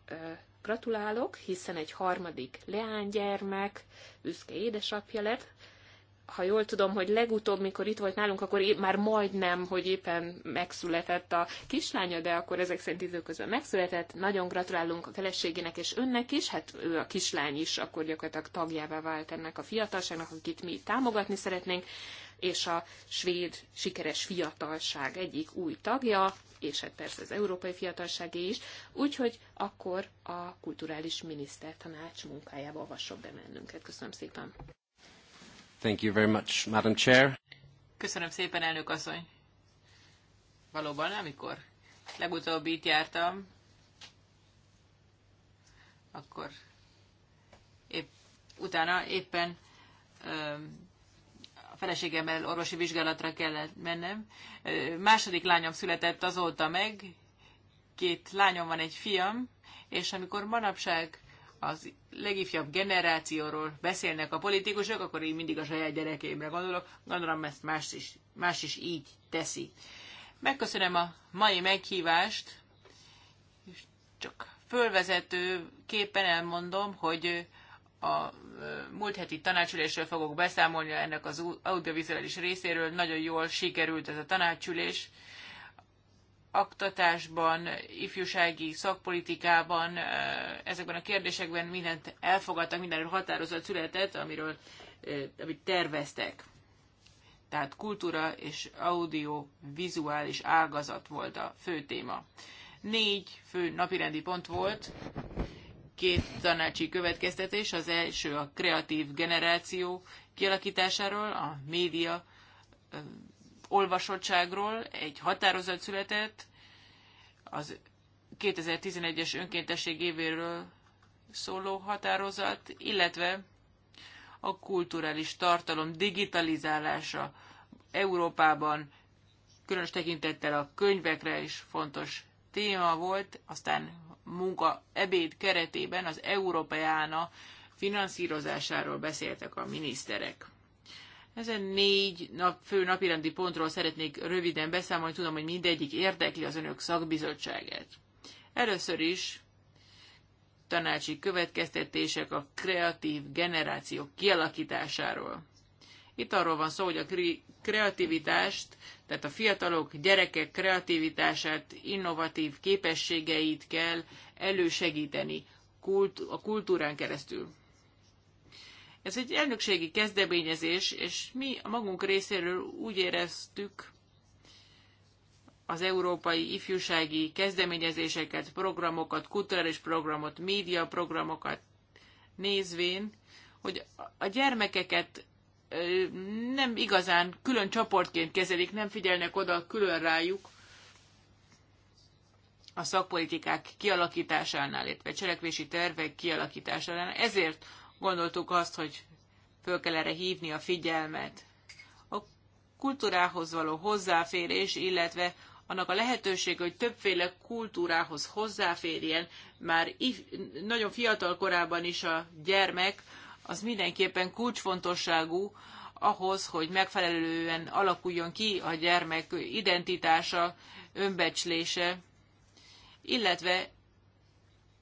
Speaker 5: gratulálok, hiszen egy harmadik leánygyermek büszke édesapja lett, ha jól tudom, hogy legutóbb, mikor itt volt nálunk, akkor épp már majdnem, hogy éppen megszületett a kislánya, de akkor ezek szerint időközben megszületett. Nagyon gratulálunk a feleségének és önnek is, hát ő a kislány is, akkor gyakorlatilag tagjává vált ennek a fiatalságnak, akit mi támogatni szeretnénk, és a svéd sikeres fiatalság egyik új tagja, és hát persze az európai fiatalságé is, úgyhogy akkor a kulturális minisztertanács munkájába avassok be mennünket. Köszönöm szépen! Thank you very much, Madam
Speaker 2: Chair.
Speaker 3: Köszönöm szépen, elnök asszony. Valóban, amikor legutóbb itt jártam, akkor épp, utána éppen ö, a feleségemmel orvosi vizsgálatra kellett mennem. Ö, második lányom született azóta meg, két lányom van, egy fiam, és amikor manapság az legifjabb generációról beszélnek a politikusok, akkor én mindig a saját gyerekeimre gondolok, gondolom ezt más is, más is így teszi. Megköszönöm a mai meghívást, és csak fölvezető képen elmondom, hogy a múlt heti tanácsülésről fogok beszámolni ennek az audiovizuális részéről. Nagyon jól sikerült ez a tanácsülés aktatásban, ifjúsági szakpolitikában, ezekben a kérdésekben mindent elfogadtak, mindenről határozott született, amiről amit terveztek. Tehát kultúra és audio-vizuális ágazat volt a fő téma. Négy fő napirendi pont volt, két tanácsi következtetés, az első a kreatív generáció kialakításáról, a média olvasottságról egy határozat született, az 2011-es önkéntesség évéről szóló határozat, illetve a kulturális tartalom digitalizálása Európában, különös tekintettel a könyvekre is fontos téma volt, aztán munka ebéd keretében az Európeána finanszírozásáról beszéltek a miniszterek. Ezen négy nap, fő napirendi pontról szeretnék röviden beszámolni, tudom, hogy mindegyik érdekli az önök szakbizottságát. Először is tanácsi következtetések a kreatív generációk kialakításáról. Itt arról van szó, hogy a kreativitást, tehát a fiatalok, gyerekek kreativitását, innovatív képességeit kell elősegíteni a kultúrán keresztül. Ez egy elnökségi kezdeményezés, és mi a magunk részéről úgy éreztük az európai ifjúsági kezdeményezéseket, programokat, kulturális programot, média programokat nézvén, hogy a gyermekeket nem igazán külön csoportként kezelik, nem figyelnek oda külön rájuk a szakpolitikák kialakításánál, illetve cselekvési tervek kialakításánál. Ezért gondoltuk azt, hogy föl kell erre hívni a figyelmet. A kultúrához való hozzáférés, illetve annak a lehetőség, hogy többféle kultúrához hozzáférjen, már nagyon fiatal korában is a gyermek, az mindenképpen kulcsfontosságú ahhoz, hogy megfelelően alakuljon ki a gyermek identitása, önbecslése, illetve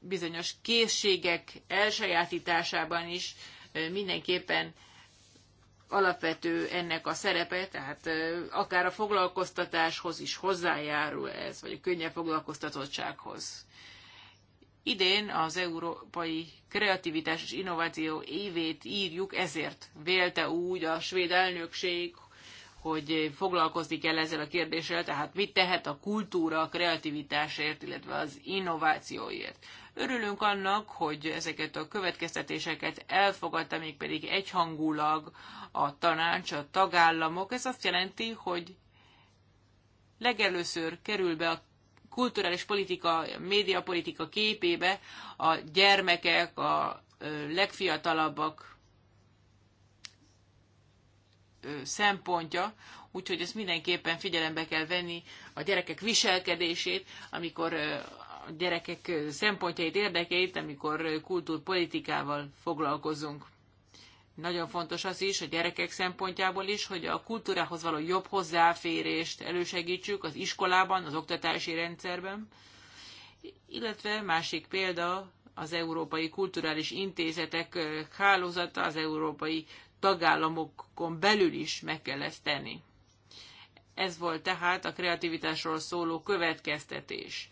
Speaker 3: bizonyos készségek elsajátításában is mindenképpen alapvető ennek a szerepe, tehát akár a foglalkoztatáshoz is hozzájárul ez, vagy a könnyebb foglalkoztatottsághoz. Idén az Európai Kreativitás és Innováció évét írjuk, ezért vélte úgy a svéd elnökség, hogy foglalkozni kell ezzel a kérdéssel, tehát mit tehet a kultúra a kreativitásért, illetve az innovációért. Örülünk annak, hogy ezeket a következtetéseket elfogadta még pedig egyhangulag a tanács, a tagállamok. Ez azt jelenti, hogy legelőször kerül be a kulturális politika, médiapolitika képébe a gyermekek, a legfiatalabbak szempontja, úgyhogy ezt mindenképpen figyelembe kell venni a gyerekek viselkedését, amikor gyerekek szempontjait, érdekeit, amikor kultúrpolitikával foglalkozunk. Nagyon fontos az is, a gyerekek szempontjából is, hogy a kultúrához való jobb hozzáférést elősegítsük az iskolában, az oktatási rendszerben, illetve másik példa az Európai Kulturális Intézetek hálózata, az európai tagállamokon belül is meg kell ezt tenni. Ez volt tehát a kreativitásról szóló következtetés.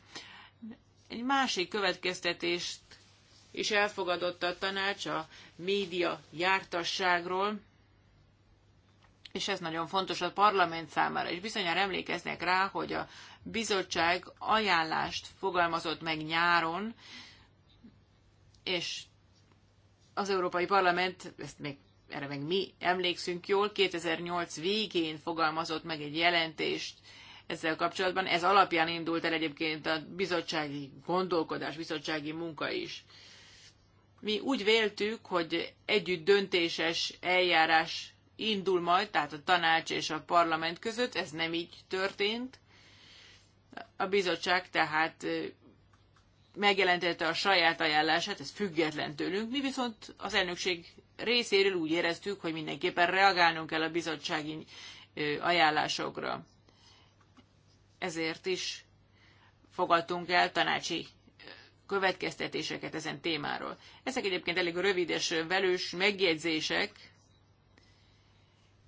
Speaker 3: Egy másik következtetést is elfogadott a tanács a média jártasságról, és ez nagyon fontos a parlament számára, és bizonyára emlékeznek rá, hogy a bizottság ajánlást fogalmazott meg nyáron, és az Európai Parlament, ezt még erre meg mi emlékszünk jól, 2008 végén fogalmazott meg egy jelentést ezzel kapcsolatban. Ez alapján indult el egyébként a bizottsági gondolkodás, bizottsági munka is. Mi úgy véltük, hogy együtt döntéses eljárás indul majd, tehát a tanács és a parlament között, ez nem így történt. A bizottság tehát megjelentette a saját ajánlását, ez független tőlünk, mi viszont az elnökség részéről úgy éreztük, hogy mindenképpen reagálnunk kell a bizottsági ajánlásokra ezért is fogadtunk el tanácsi következtetéseket ezen témáról. Ezek egyébként elég rövid és velős megjegyzések.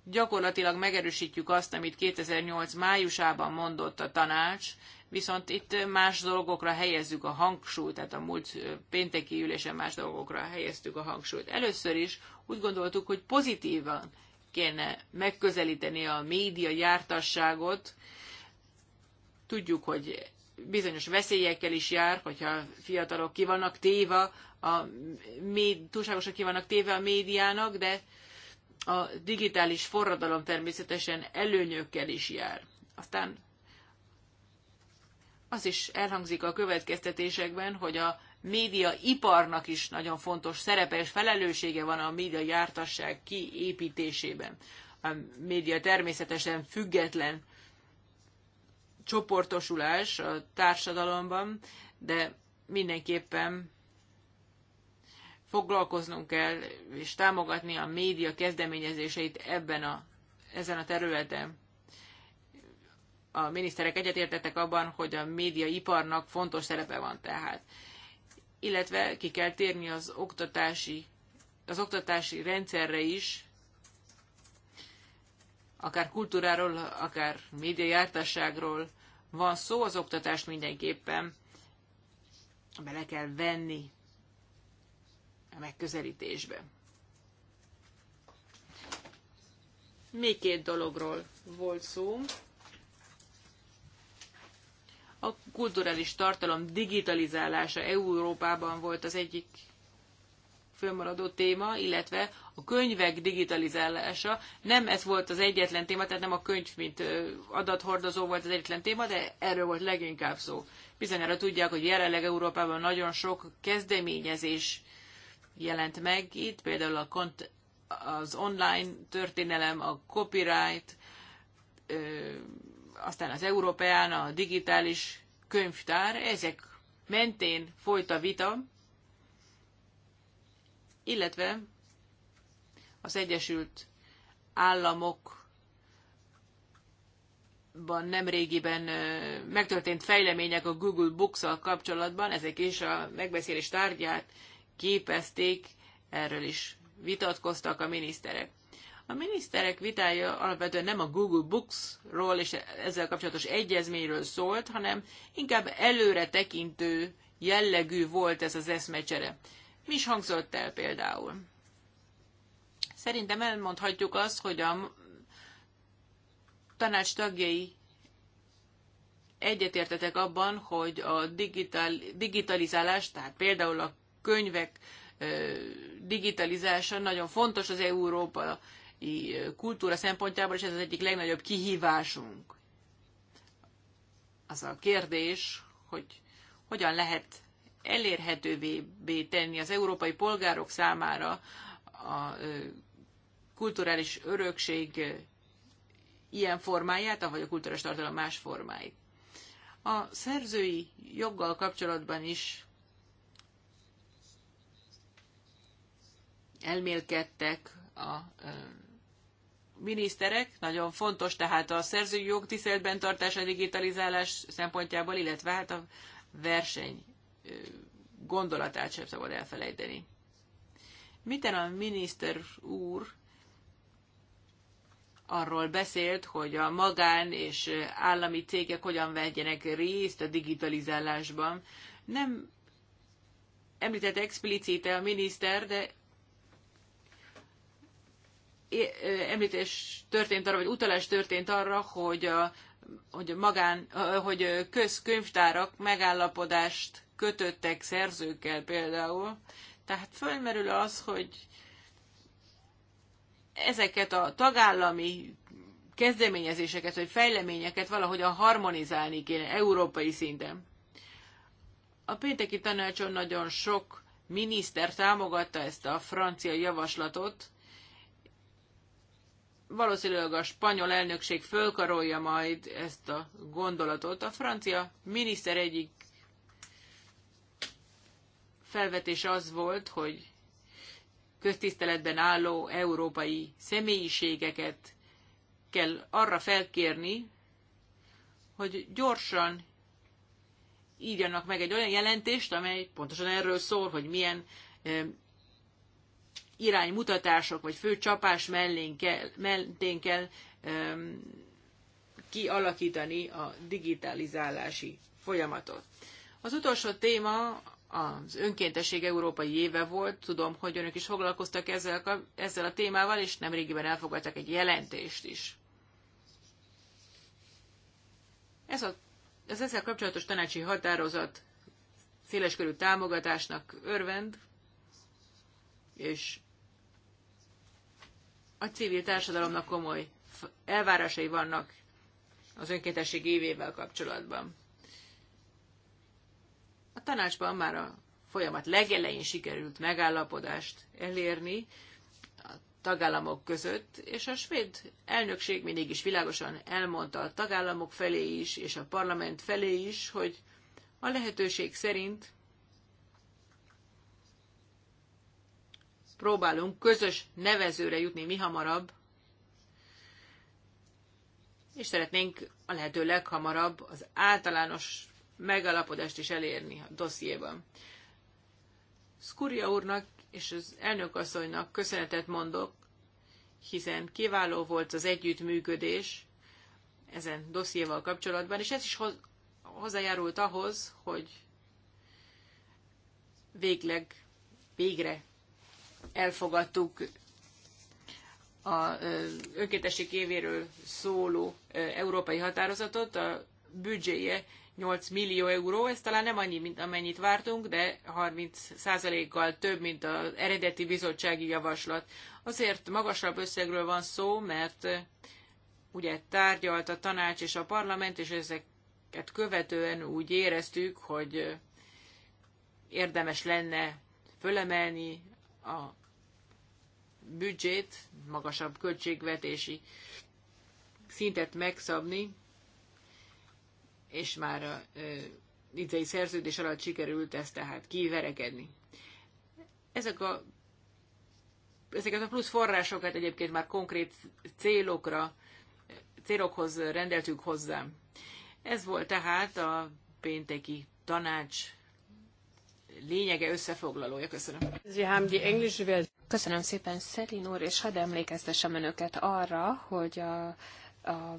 Speaker 3: Gyakorlatilag megerősítjük azt, amit 2008 májusában mondott a tanács, viszont itt más dolgokra helyezzük a hangsúlyt, tehát a múlt pénteki ülésen más dolgokra helyeztük a hangsúlyt. Először is úgy gondoltuk, hogy pozitívan kéne megközelíteni a média jártasságot, Tudjuk, hogy bizonyos veszélyekkel is jár, hogyha fiatalok ki vannak téva, a méd, túlságosan ki vannak téve a médiának, de a digitális forradalom természetesen előnyökkel is jár. Aztán az is elhangzik a következtetésekben, hogy a média iparnak is nagyon fontos szerepe és felelőssége van a média jártasság kiépítésében. A média természetesen független csoportosulás a társadalomban, de mindenképpen foglalkoznunk kell és támogatni a média kezdeményezéseit ebben a, ezen a területen. A miniszterek egyetértettek abban, hogy a médiaiparnak fontos szerepe van tehát. Illetve ki kell térni az oktatási, az oktatási rendszerre is, akár kultúráról, akár médiajártásságról, van szó, az oktatást mindenképpen bele kell venni a megközelítésbe. Még két dologról volt szó. A kulturális tartalom digitalizálása Európában volt az egyik fölmaradó téma, illetve a könyvek digitalizálása. Nem ez volt az egyetlen téma, tehát nem a könyv, mint adathordozó volt az egyetlen téma, de erről volt leginkább szó. Bizonyára tudják, hogy jelenleg Európában nagyon sok kezdeményezés jelent meg itt, például a kont- az online történelem, a copyright, aztán az Európeán, a digitális könyvtár, ezek mentén folyt a vita, illetve az Egyesült Államokban nemrégiben megtörtént fejlemények a Google Books-al kapcsolatban, ezek is a megbeszélés tárgyát képezték, erről is vitatkoztak a miniszterek. A miniszterek vitája alapvetően nem a Google Books-ról és ezzel kapcsolatos egyezményről szólt, hanem inkább előre tekintő jellegű volt ez az eszmecsere. Mi is hangzott el például? Szerintem elmondhatjuk azt, hogy a tanács tagjai egyetértetek abban, hogy a digital, digitalizálás, tehát például a könyvek digitalizálása nagyon fontos az európai kultúra szempontjából, és ez az egyik legnagyobb kihívásunk. Az a kérdés, hogy hogyan lehet elérhetővé tenni az európai polgárok számára a kulturális örökség ilyen formáját, vagy a kulturális tartalom más formáit. A szerzői joggal kapcsolatban is elmélkedtek a miniszterek, nagyon fontos tehát a szerzői jog tiszteletben tartása digitalizálás szempontjából, illetve hát a verseny gondolatát sem szabad elfelejteni. a miniszter úr arról beszélt, hogy a magán és állami cégek hogyan vegyenek részt a digitalizálásban. Nem említett explicite a miniszter, de említés történt arra, vagy utalás történt arra, hogy a, hogy magán, hogy közkönyvtárak megállapodást kötöttek szerzőkkel például. Tehát fölmerül az, hogy ezeket a tagállami kezdeményezéseket vagy fejleményeket valahogy a harmonizálni kéne európai szinten. A pénteki tanácson nagyon sok miniszter támogatta ezt a francia javaslatot. Valószínűleg a spanyol elnökség fölkarolja majd ezt a gondolatot. A francia miniszter egyik felvetés az volt, hogy köztiszteletben álló európai személyiségeket kell arra felkérni, hogy gyorsan írjanak meg egy olyan jelentést, amely pontosan erről szól, hogy milyen iránymutatások vagy fő csapás mellén kell, mentén kell kialakítani a digitalizálási folyamatot. Az utolsó téma az önkéntesség európai éve volt, tudom, hogy önök is foglalkoztak ezzel a, ezzel a témával, és nemrégiben elfogadtak egy jelentést is. Ez a, az ezzel kapcsolatos tanácsi határozat széleskörű támogatásnak örvend, és a civil társadalomnak komoly elvárásai vannak az önkéntesség évével kapcsolatban tanácsban már a folyamat legelején sikerült megállapodást elérni a tagállamok között, és a svéd elnökség mindig is világosan elmondta a tagállamok felé is, és a parlament felé is, hogy a lehetőség szerint próbálunk közös nevezőre jutni mi hamarabb, és szeretnénk a lehető leghamarabb az általános megalapodást is elérni a dossziéban. Skuria úrnak és az elnökasszonynak köszönetet mondok, hiszen kiváló volt az együttműködés ezen dossziéval kapcsolatban, és ez is hozzájárult ahhoz, hogy végleg, végre elfogadtuk a önkéntesség évéről szóló európai határozatot, a büdzséje 8 millió euró, ez talán nem annyi, mint amennyit vártunk, de 30%-kal több, mint az eredeti bizottsági javaslat. Azért magasabb összegről van szó, mert eh, ugye tárgyalt a tanács és a parlament, és ezeket követően úgy éreztük, hogy eh, érdemes lenne fölemelni a büdzsét, magasabb költségvetési szintet megszabni, és már a nicei szerződés alatt sikerült ezt tehát kiverekedni. Ezek a, ezeket a plusz forrásokat egyébként már konkrét célokra, célokhoz rendeltük hozzá. Ez volt tehát a pénteki tanács lényege összefoglalója. Köszönöm.
Speaker 5: Köszönöm szépen Szerin úr, és hadd emlékeztessem önöket arra, hogy a, a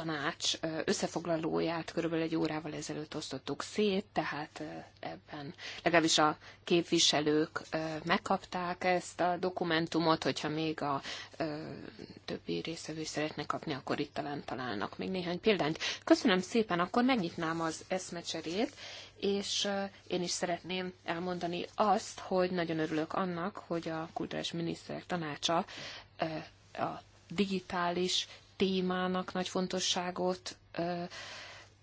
Speaker 5: tanács összefoglalóját körülbelül egy órával ezelőtt osztottuk szét, tehát ebben legalábbis a képviselők megkapták ezt a dokumentumot, hogyha még a többi részevő is szeretne kapni, akkor itt talán találnak még néhány példányt. Köszönöm szépen, akkor megnyitnám az eszmecserét, és én is szeretném elmondani azt, hogy nagyon örülök annak, hogy a Kulturális Miniszterek Tanácsa a digitális témának nagy fontosságot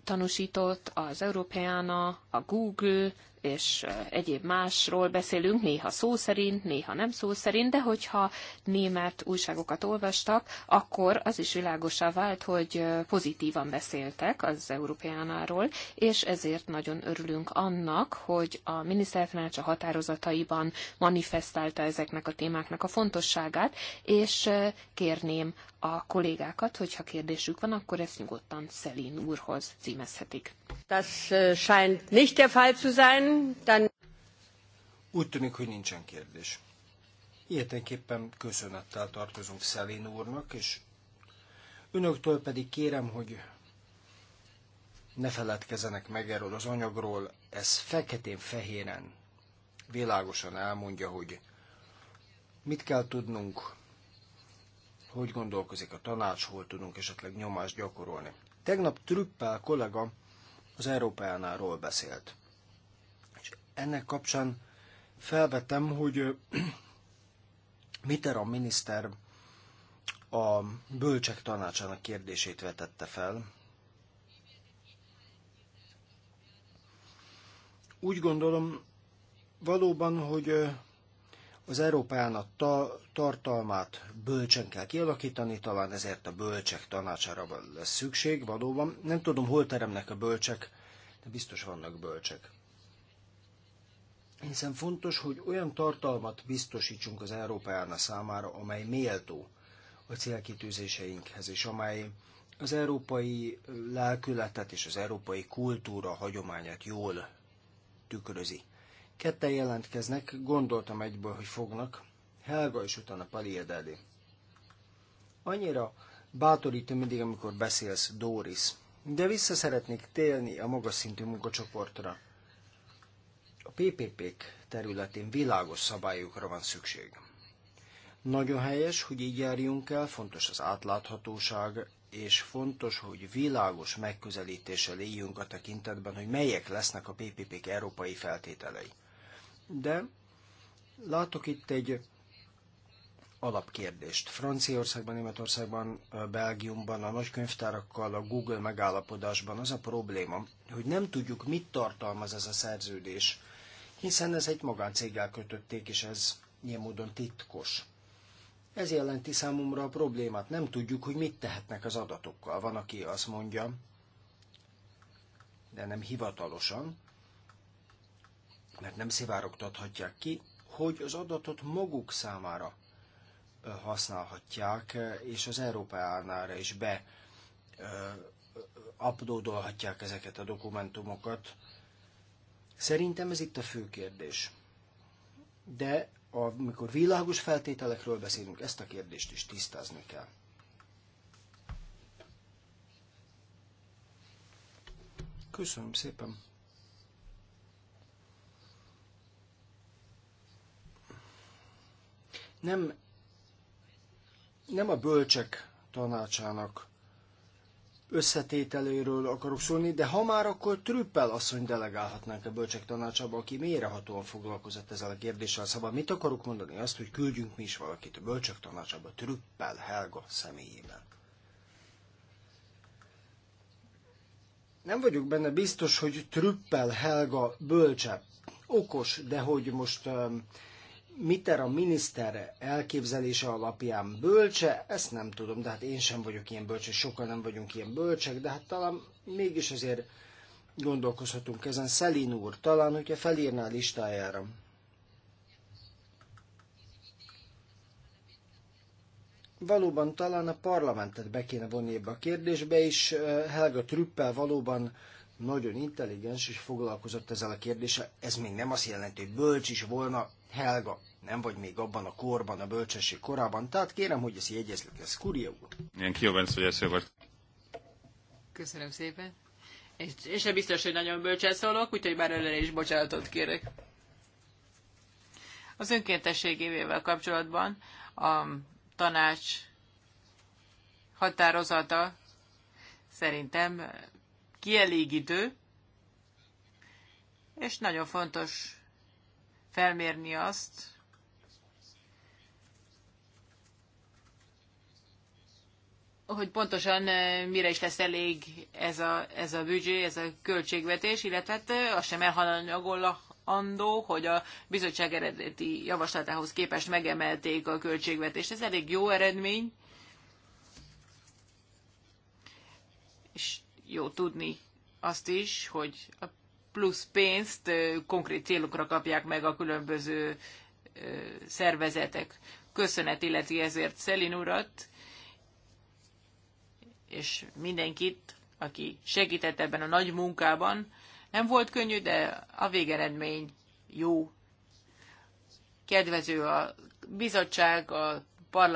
Speaker 5: tanúsított, az Európeána, a Google és egyéb másról beszélünk, néha szó szerint, néha nem szó szerint, de hogyha német újságokat olvastak, akkor az is világosá vált, hogy pozitívan beszéltek az Európeánáról, és ezért nagyon örülünk annak, hogy a minisztertanács a határozataiban manifestálta ezeknek a témáknak a fontosságát, és kérném a kollégákat, hogyha kérdésük van, akkor ezt nyugodtan Szelin úrhoz címezhetik. Das
Speaker 1: scheint nicht der Fall zu sein. Dann...
Speaker 5: Úgy tűnik, hogy nincsen
Speaker 4: kérdés. Ilyetenképpen köszönettel tartozunk Szelin úrnak, és önöktől pedig kérem, hogy ne feledkezenek meg erről az anyagról, ez feketén-fehéren világosan elmondja, hogy mit kell tudnunk hogy gondolkozik a tanács, hol tudunk esetleg nyomást gyakorolni. Tegnap Trüppel kollega az Európánáról beszélt. És ennek kapcsán felvetem, hogy a miniszter a bölcsek tanácsának kérdését vetette fel. Úgy gondolom valóban, hogy az Európának ta- tartalmát bölcsen kell kialakítani, talán ezért a bölcsek tanácsára lesz szükség, valóban. Nem tudom, hol teremnek a bölcsek, de biztos vannak bölcsek. Hiszen fontos, hogy olyan tartalmat biztosítsunk az Európána számára, amely méltó a célkitűzéseinkhez, és amely az európai lelkületet és az európai kultúra hagyományát jól tükrözi. Ketten jelentkeznek, gondoltam egyből, hogy fognak. Helga és utána Pali Edeli. Annyira bátorítom, mindig, amikor beszélsz, Doris. De vissza szeretnék télni a magas szintű munkacsoportra. A ppp területén világos szabályokra van szükség. Nagyon helyes, hogy így járjunk el, fontos az átláthatóság, és fontos, hogy világos megközelítéssel éljünk a tekintetben, hogy melyek lesznek a PPP-k európai feltételei de látok itt egy alapkérdést. Franciaországban, Németországban, Belgiumban, a nagykönyvtárakkal, a Google megállapodásban az a probléma, hogy nem tudjuk, mit tartalmaz ez a szerződés, hiszen ez egy magáncéggel kötötték, és ez ilyen módon titkos. Ez jelenti számomra a problémát. Nem tudjuk, hogy mit tehetnek az adatokkal. Van, aki azt mondja, de nem hivatalosan, mert nem szivárogtathatják ki, hogy az adatot maguk számára használhatják, és az Európánára is be uploadolhatják ezeket a dokumentumokat. Szerintem ez itt a fő kérdés. De amikor világos feltételekről beszélünk, ezt a kérdést is tisztázni kell. Köszönöm szépen! nem, nem a bölcsek tanácsának összetételéről akarok szólni, de ha már akkor Trüppel asszony delegálhatnánk a bölcsek tanácsába, aki mélyrehatóan foglalkozott ezzel a kérdéssel. Szóval mit akarok mondani? Azt, hogy küldjünk mi is valakit a bölcsek tanácsába Trüppel Helga személyében. Nem vagyok benne biztos, hogy Trüppel Helga bölcse okos, de hogy most um, Miter a miniszter elképzelése alapján bölcse, ezt nem tudom, de hát én sem vagyok ilyen és sokan nem vagyunk ilyen bölcsek, de hát talán mégis azért gondolkozhatunk ezen. Szelin úr, talán, hogyha felírná listájára. Valóban talán a parlamentet be kéne vonni ebbe a kérdésbe, és Helga Trüppel valóban nagyon intelligens és foglalkozott ezzel a kérdéssel. Ez még nem azt jelenti, hogy bölcs is volna, Helga, nem vagy még abban a korban, a bölcsesség korában, tehát kérem, hogy ezt jegyezzük, ez kurja úr.
Speaker 3: Ilyen kiobánc, hogy ezt Köszönöm szépen. És, és nem biztos, hogy nagyon bölcsen szólok, úgyhogy már előre is bocsánatot kérek. Az önkéntességével kapcsolatban a tanács határozata szerintem kielégítő, és nagyon fontos felmérni azt, hogy pontosan eh, mire is lesz elég ez a, ez a büdzsé, ez a költségvetés, illetve hát eh, azt sem andó, hogy a bizottság eredeti javaslatához képest megemelték a költségvetést. Ez elég jó eredmény, és jó tudni azt is, hogy a plusz pénzt konkrét célokra kapják meg a különböző szervezetek. Köszönet illeti ezért Szelin urat, és mindenkit, aki segített ebben a nagy munkában. Nem volt könnyű, de a végeredmény jó. Kedvező a bizottság, a parlament.